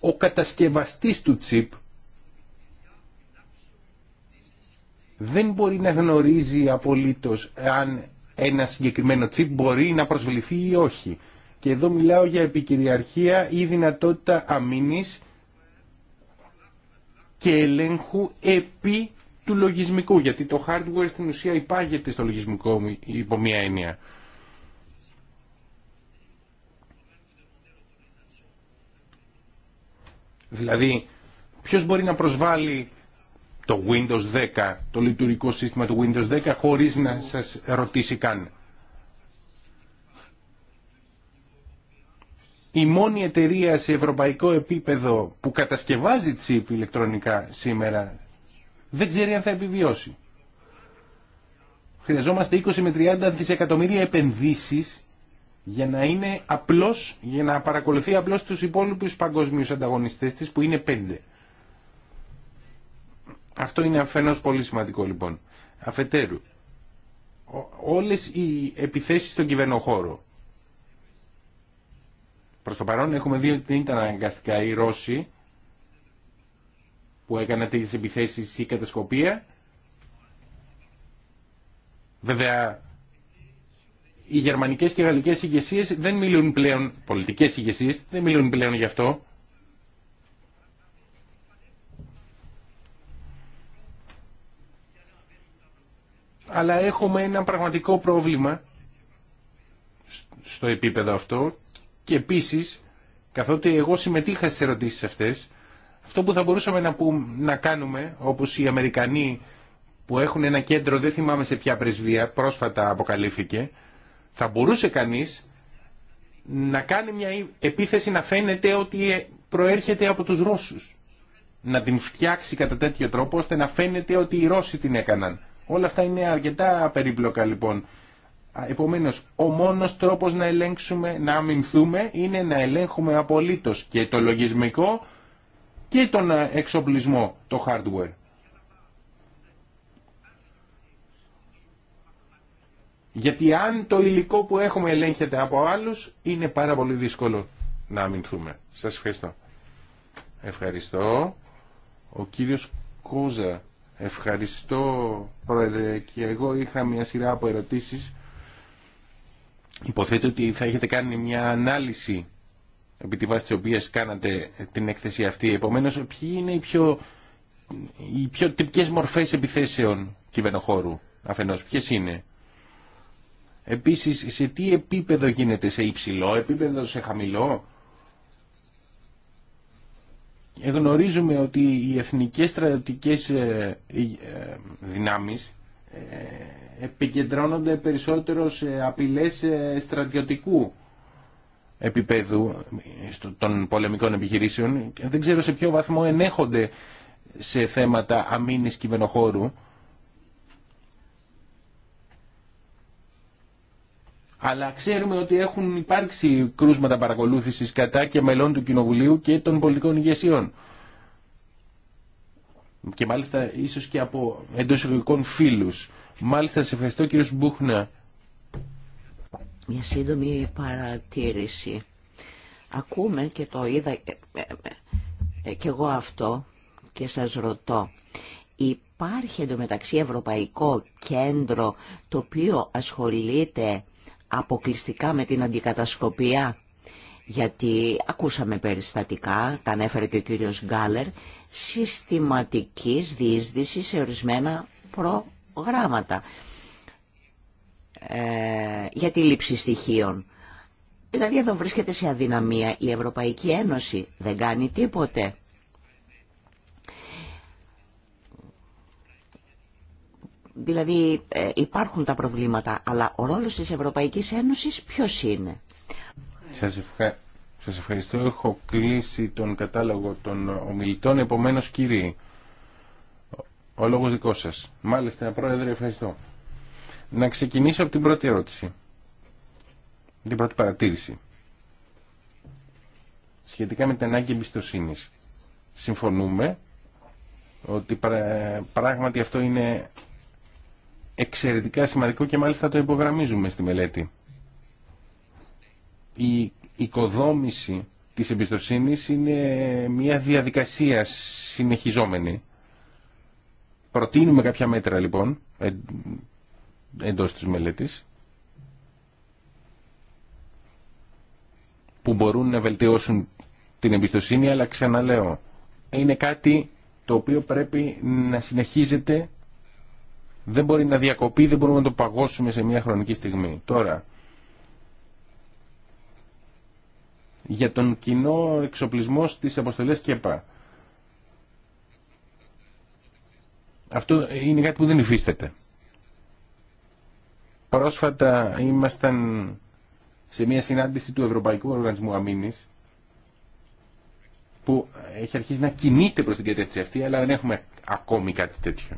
Ο κατασκευαστής του τσιπ δεν μπορεί να γνωρίζει απολύτως αν ένα συγκεκριμένο τσιπ μπορεί να προσβληθεί ή όχι. Και εδώ μιλάω για επικυριαρχία ή δυνατότητα αμήνης και ελέγχου επί του λογισμικού, γιατί το hardware στην ουσία υπάγεται στο λογισμικό υπό μία έννοια. Δηλαδή, ποιος μπορεί να προσβάλλει το Windows 10, το λειτουργικό σύστημα του Windows 10, χωρίς να σας ρωτήσει καν. Η μόνη εταιρεία σε ευρωπαϊκό επίπεδο που κατασκευάζει τσίπ ηλεκτρονικά σήμερα δεν ξέρει αν θα επιβιώσει. Χρειαζόμαστε 20 με 30 δισεκατομμύρια επενδύσεις για να είναι απλώς, για να παρακολουθεί απλώς τους υπόλοιπους παγκοσμίους ανταγωνιστές της που είναι πέντε. Αυτό είναι αφενός πολύ σημαντικό λοιπόν. Αφετέρου, όλες οι επιθέσεις στον κυβερνοχώρο. Προς το παρόν έχουμε δει ότι ήταν αναγκαστικά οι Ρώσοι που έκανα τις επιθέσεις ή κατασκοπία. Βέβαια, οι γερμανικές και γαλλικές ηγεσίε δεν μιλούν πλέον, πολιτικές ηγεσίε δεν μιλούν πλέον γι' αυτό. Αλλά έχουμε ένα πραγματικό πρόβλημα στο επίπεδο αυτό και επίσης καθότι εγώ συμμετείχα στις ερωτήσεις αυτές αυτό που θα μπορούσαμε να, που, να κάνουμε, όπως οι Αμερικανοί που έχουν ένα κέντρο, δεν θυμάμαι σε ποια πρεσβεία, πρόσφατα αποκαλύφθηκε, θα μπορούσε κανείς να κάνει μια επίθεση να φαίνεται ότι ε, προέρχεται από τους Ρώσους. Να την φτιάξει κατά τέτοιο τρόπο ώστε να φαίνεται ότι οι Ρώσοι την έκαναν. Όλα αυτά είναι αρκετά περίπλοκα λοιπόν. Επομένως, ο μόνος τρόπος να ελέγξουμε, να αμυνθούμε είναι να ελέγχουμε απολύτως και το λογισμικό και τον ε, εξοπλισμό, το hardware. Γιατί αν το υλικό που έχουμε ελέγχεται από άλλους, είναι πάρα πολύ δύσκολο να αμυνθούμε. Σας ευχαριστώ. Ευχαριστώ. Ο κύριος Κούζα. Ευχαριστώ, Πρόεδρε. Και εγώ είχα μια σειρά από ερωτήσεις. Υποθέτω ότι θα έχετε κάνει μια ανάλυση επί τη βάση τη οποία κάνατε την έκθεση αυτή. επομένω, ποιοι είναι οι πιο, οι πιο τυπικές μορφές επιθέσεων κυβερνοχώρου αφενός, Ποιε είναι. Επίσης, σε τι επίπεδο γίνεται, σε υψηλό επίπεδο, σε χαμηλό. Εγνωρίζουμε ότι οι εθνικές στρατιωτικές ε, ε, δυνάμεις ε, επικεντρώνονται περισσότερο σε απειλές στρατιωτικού επίπεδου των πολεμικών επιχειρήσεων. Δεν ξέρω σε ποιο βαθμό ενέχονται σε θέματα αμήνης κυβερνοχώρου. Αλλά ξέρουμε ότι έχουν υπάρξει κρούσματα παρακολούθησης κατά και μελών του Κοινοβουλίου και των πολιτικών ηγεσιών. Και μάλιστα ίσως και από εντός εγωγικών φίλους. Μάλιστα σε ευχαριστώ κύριο Μπούχνα μια σύντομη παρατήρηση. Ακούμε και το είδα ε, ε, ε, και εγώ αυτό και σας ρωτώ. Υπάρχει εντωμεταξύ Ευρωπαϊκό Κέντρο το οποίο ασχολείται αποκλειστικά με την αντικατασκοπία γιατί ακούσαμε περιστατικά, τα ανέφερε και ο κύριος Γκάλερ, συστηματικής διείσδυσης σε ορισμένα προγράμματα. Ε, για τη λήψη στοιχείων. Δηλαδή εδώ βρίσκεται σε αδυναμία η Ευρωπαϊκή Ένωση. Δεν κάνει τίποτε. Δηλαδή ε, υπάρχουν τα προβλήματα, αλλά ο ρόλος της Ευρωπαϊκής Ένωσης ποιος είναι. Σας, Σας ευχαριστώ. Έχω κλείσει τον κατάλογο των ομιλητών. Επομένως, κύριοι, ο λόγος δικός σας. Μάλιστα, πρόεδρε, ευχαριστώ. Να ξεκινήσω από την πρώτη ερώτηση. Την πρώτη παρατήρηση. Σχετικά με την ανάγκη εμπιστοσύνη. Συμφωνούμε ότι πράγματι αυτό είναι εξαιρετικά σημαντικό και μάλιστα το υπογραμμίζουμε στη μελέτη. Η οικοδόμηση της εμπιστοσύνης είναι μια διαδικασία συνεχιζόμενη. Προτείνουμε κάποια μέτρα λοιπόν ε, εντός της μελέτης που μπορούν να βελτιώσουν την εμπιστοσύνη αλλά ξαναλέω είναι κάτι το οποίο πρέπει να συνεχίζεται δεν μπορεί να διακοπεί, δεν μπορούμε να το παγώσουμε σε μια χρονική στιγμή. Τώρα, για τον κοινό εξοπλισμό της αποστολές ΚΕΠΑ. Αυτό είναι κάτι που δεν υφίσταται. Πρόσφατα ήμασταν σε μια συνάντηση του Ευρωπαϊκού Οργανισμού Αμήνης που έχει αρχίσει να κινείται προς την κατεύθυνση αυτή αλλά δεν έχουμε ακόμη κάτι τέτοιο.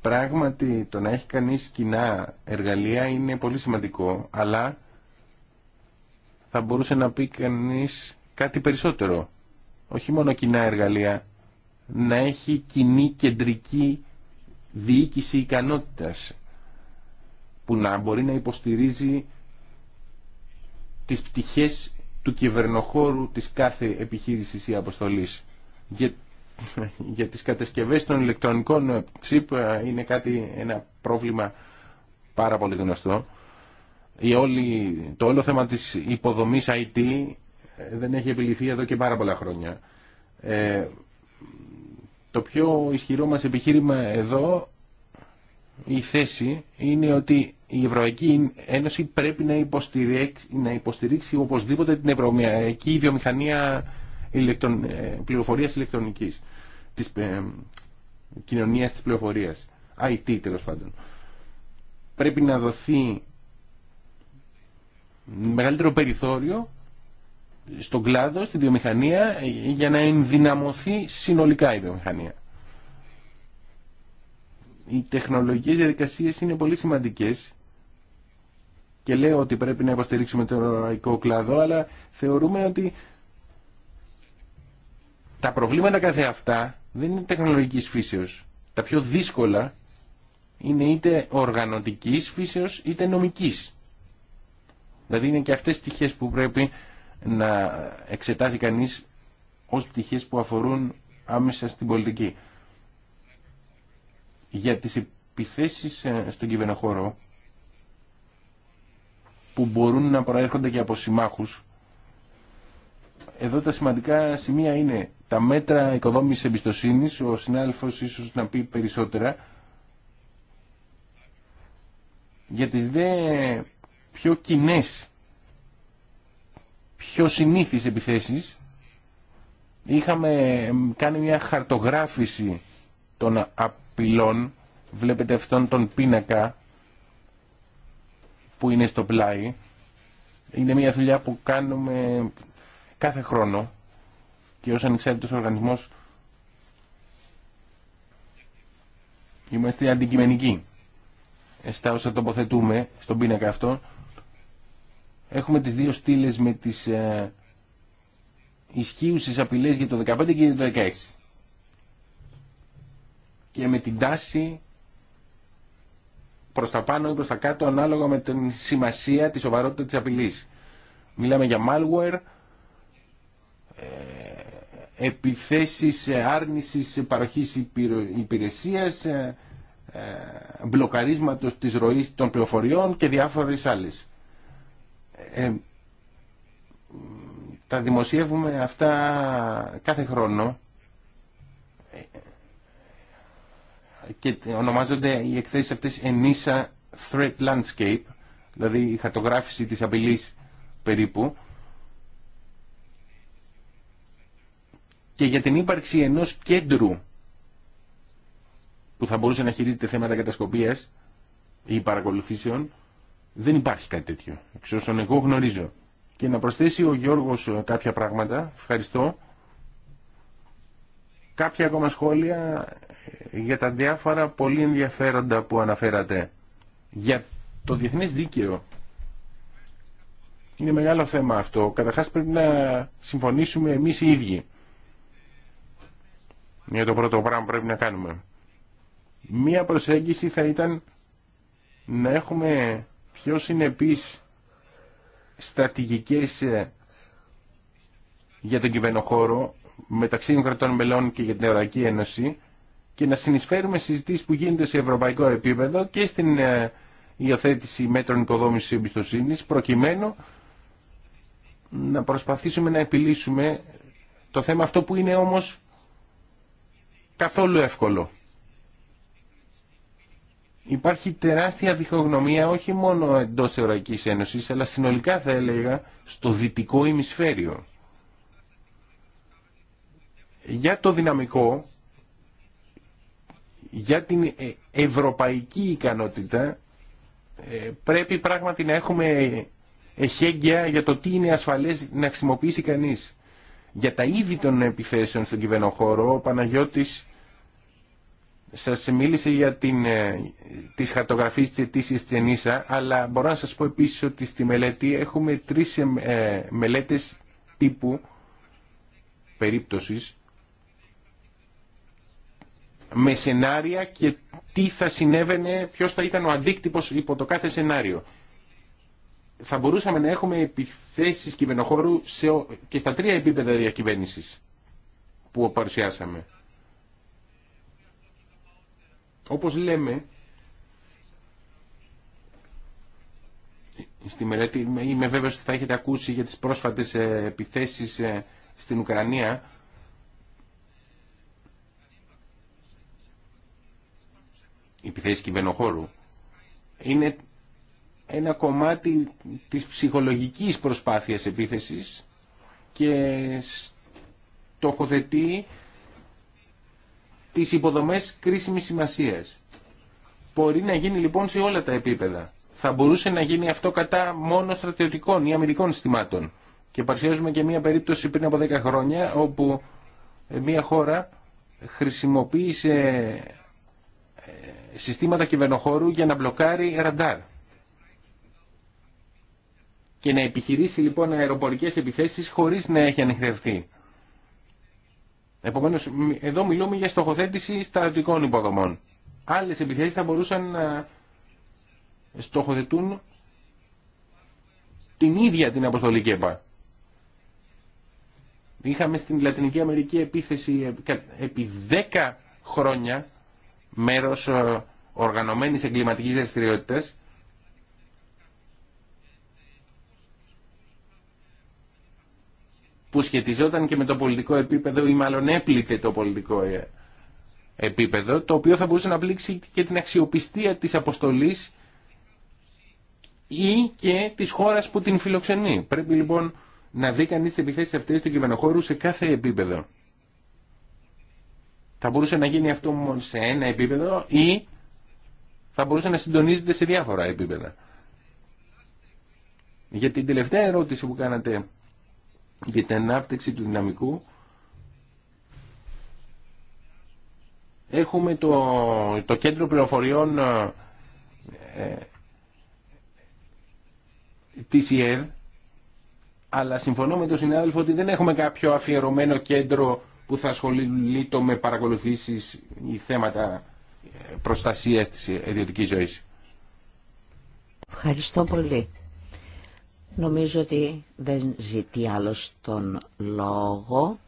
Πράγματι το να έχει κανείς κοινά εργαλεία είναι πολύ σημαντικό αλλά θα μπορούσε να πει κανείς κάτι περισσότερο. Όχι μόνο κοινά εργαλεία, να έχει κοινή κεντρική διοίκηση ικανότητας που να μπορεί να υποστηρίζει τις πτυχές του κυβερνοχώρου της κάθε επιχείρησης ή αποστολής. Για, για τις κατασκευές των ηλεκτρονικών τσίπ ε, είναι κάτι, ένα πρόβλημα πάρα πολύ γνωστό. Η όλη, το όλο θέμα της υποδομής IT ε, δεν έχει επιληθεί εδώ και πάρα πολλά χρόνια. Ε, το πιο ισχυρό μας επιχείρημα εδώ, η θέση, είναι ότι η Ευρωπαϊκή Ένωση πρέπει να υποστηρίξει, να υποστηρίξει οπωσδήποτε την Ευρωπαϊκή βιομηχανία ηλεκτρον, ε, πληροφορίας ηλεκτρονικής, της ε, κοινωνίας της πληροφορίας, IT τέλο πάντων. Πρέπει να δοθεί μεγαλύτερο περιθώριο στον κλάδο, στη βιομηχανία, για να ενδυναμωθεί συνολικά η βιομηχανία. Οι τεχνολογικές διαδικασίες είναι πολύ σημαντικές και λέω ότι πρέπει να υποστηρίξουμε το ευρωπαϊκό κλάδο, αλλά θεωρούμε ότι τα προβλήματα κάθε αυτά δεν είναι τεχνολογικής φύσεως. Τα πιο δύσκολα είναι είτε οργανωτικής φύσεως είτε νομικής. Δηλαδή είναι και αυτές τις πτυχές που πρέπει να εξετάσει κανείς ως πτυχές που αφορούν άμεσα στην πολιτική. Για τις επιθέσεις ε, στον κυβερνοχώρο που μπορούν να προέρχονται και από συμμάχους. Εδώ τα σημαντικά σημεία είναι τα μέτρα οικοδόμησης εμπιστοσύνης, ο συνάδελφος ίσως να πει περισσότερα, για τις δε πιο κοινέ, πιο συνήθεις επιθέσεις, είχαμε κάνει μια χαρτογράφηση των απειλών, βλέπετε αυτόν τον πίνακα, που είναι στο πλάι. Είναι μια δουλειά που κάνουμε κάθε χρόνο και ως ανεξάρτητος οργανισμός είμαστε αντικειμενικοί στα όσα τοποθετούμε στον πίνακα αυτό. Έχουμε τις δύο στήλες με τις ε, ισχύουσες απειλές για το 2015 και για το 2016. και με την τάση Προ τα πάνω ή προς τα κάτω ανάλογα με την σημασία, τη σοβαρότητα τη απειλή. Μιλάμε για malware, ε, επιθέσεις ε, άρνησης ε, παροχής υπηρεσίας, μπλοκαρίσματος της ροής των πληροφοριών και διάφορες άλλες. τα δημοσιεύουμε αυτά κάθε χρόνο και ονομάζονται οι εκθέσεις αυτές ENISA Threat Landscape, δηλαδή η χαρτογράφηση της απειλής περίπου, και για την ύπαρξη ενός κέντρου που θα μπορούσε να χειρίζεται θέματα κατασκοπίας ή παρακολουθήσεων, δεν υπάρχει κάτι τέτοιο, εξ όσων εγώ γνωρίζω. Και να προσθέσει ο Γιώργος κάποια πράγματα, ευχαριστώ. Κάποια ακόμα σχόλια για τα διάφορα πολύ ενδιαφέροντα που αναφέρατε. Για το διεθνές δίκαιο είναι μεγάλο θέμα αυτό. Καταρχάς πρέπει να συμφωνήσουμε εμείς οι ίδιοι. Είναι το πρώτο πράγμα πρέπει να κάνουμε. Μία προσέγγιση θα ήταν να έχουμε πιο συνεπείς στρατηγικές ε, για τον κυβερνοχώρο μεταξύ των κρατών μελών και για την Ευρωπαϊκή Ένωση και να συνεισφέρουμε συζητήσεις που γίνονται σε ευρωπαϊκό επίπεδο και στην ε, υιοθέτηση μέτρων οικοδόμησης εμπιστοσύνη, προκειμένου να προσπαθήσουμε να επιλύσουμε το θέμα αυτό που είναι όμως καθόλου εύκολο. Υπάρχει τεράστια διχογνωμία όχι μόνο εντός Ευρωπαϊκής Ένωσης αλλά συνολικά θα έλεγα στο δυτικό ημισφαίριο. Για το δυναμικό για την ε, ευρωπαϊκή ικανότητα ε, πρέπει πράγματι να έχουμε εχέγγυα για το τι είναι ασφαλές να χρησιμοποιήσει κανείς. Για τα είδη των επιθέσεων στον κυβερνοχώρο, ο Παναγιώτης σας μίλησε για την, ε, τις χαρτογραφίες της αιτήσεις της ΕΝΗΣΑ, αλλά μπορώ να σας πω επίσης ότι στη μελέτη έχουμε τρεις μελέτες τύπου περίπτωσης με σενάρια και τι θα συνέβαινε, ποιο θα ήταν ο αντίκτυπος υπό το κάθε σενάριο. Θα μπορούσαμε να έχουμε επιθέσεις κυβερνοχώρου και στα τρία επίπεδα διακυβέρνηση που παρουσιάσαμε. Όπως λέμε, στη μελέτη, είμαι βέβαιος ότι θα έχετε ακούσει για τις πρόσφατες ε, επιθέσεις ε, στην Ουκρανία, η επιθέσεις κυβερνοχώρου. Είναι ένα κομμάτι της ψυχολογικής προσπάθειας επίθεσης και στοχοθετεί τις υποδομές κρίσιμης σημασίας. Μπορεί να γίνει λοιπόν σε όλα τα επίπεδα. Θα μπορούσε να γίνει αυτό κατά μόνο στρατιωτικών ή αμυντικών συστημάτων. Και παρουσιάζουμε και μία περίπτωση πριν από 10 χρόνια όπου μία χώρα χρησιμοποίησε συστήματα κυβερνοχώρου για να μπλοκάρει ραντάρ. Και να επιχειρήσει λοιπόν αεροπορικές επιθέσεις χωρίς να έχει ανεχρευτεί. Επομένως, εδώ μιλούμε για στοχοθέτηση στρατιωτικών υποδομών. Άλλες επιθέσεις θα μπορούσαν να στοχοθετούν την ίδια την αποστολή ΚΕΠΑ. Είχαμε στην Λατινική Αμερική επίθεση επί 10 χρόνια μέρος ε, οργανωμένης εγκληματικής δραστηριότητα. που σχετιζόταν και με το πολιτικό επίπεδο ή μάλλον έπληκε το πολιτικό ε, επίπεδο, το οποίο θα μπορούσε να πλήξει και την αξιοπιστία της αποστολής ή και της χώρας που την φιλοξενεί. Πρέπει λοιπόν να δει κανείς τις επιθέσεις αυτές του κυβερνοχώρου σε κάθε επίπεδο. Θα μπορούσε να γίνει αυτό μόνο σε ένα επίπεδο ή θα μπορούσε να συντονίζεται σε διάφορα επίπεδα. Για την τελευταία ερώτηση που κάνατε για την ανάπτυξη του δυναμικού έχουμε το, το κέντρο πληροφοριών ε, ε της ΙΕΔ αλλά συμφωνώ με τον συνάδελφο ότι δεν έχουμε κάποιο αφιερωμένο κέντρο που θα το με παρακολουθήσεις ή θέματα ε, προστασίας της ιδιωτικής ζωής. Ευχαριστώ πολύ. Νομίζω ότι δεν ζητεί άλλο τον λόγο.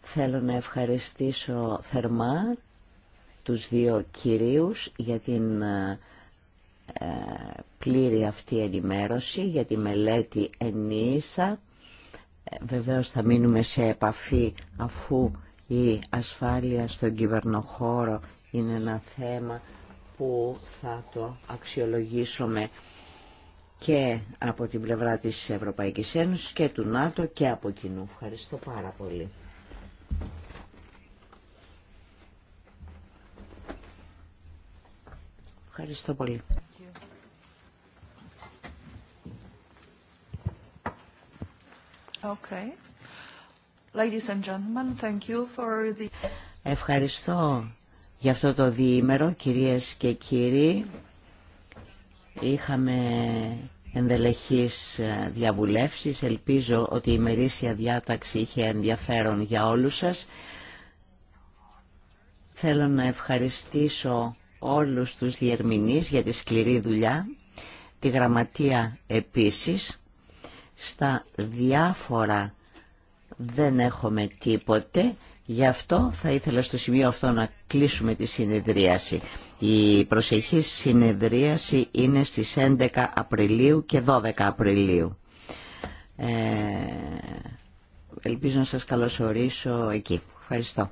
Θέλω να ευχαριστήσω θερμά τους δύο κυρίους για την ε, ε, πλήρη αυτή ενημέρωση, για τη μελέτη ενίσα ε, βεβαίως θα μείνουμε σε επαφή αφού η ασφάλεια στον κυβερνοχώρο είναι ένα θέμα που θα το αξιολογήσουμε και από την πλευρά της Ευρωπαϊκής Ένωσης και του ΝΑΤΟ και από κοινού. Ευχαριστώ πάρα πολύ. Ευχαριστώ πολύ. Ευχαριστώ για αυτό το διήμερο, κυρίες και κύριοι. Είχαμε ενδελεχείς ε, διαβουλεύσεις. Ελπίζω ότι η μερίσια διάταξη είχε ενδιαφέρον για όλους σας. Θέλω να ευχαριστήσω όλους τους διερμηνείς για τη σκληρή δουλειά, τη γραμματεία επίσης. Στα διάφορα δεν έχουμε τίποτε, γι' αυτό θα ήθελα στο σημείο αυτό να κλείσουμε τη συνεδρίαση. Η προσεχή συνεδρίαση είναι στις 11 Απριλίου και 12 Απριλίου. Ε, ελπίζω να σας καλωσορίσω εκεί. Ευχαριστώ.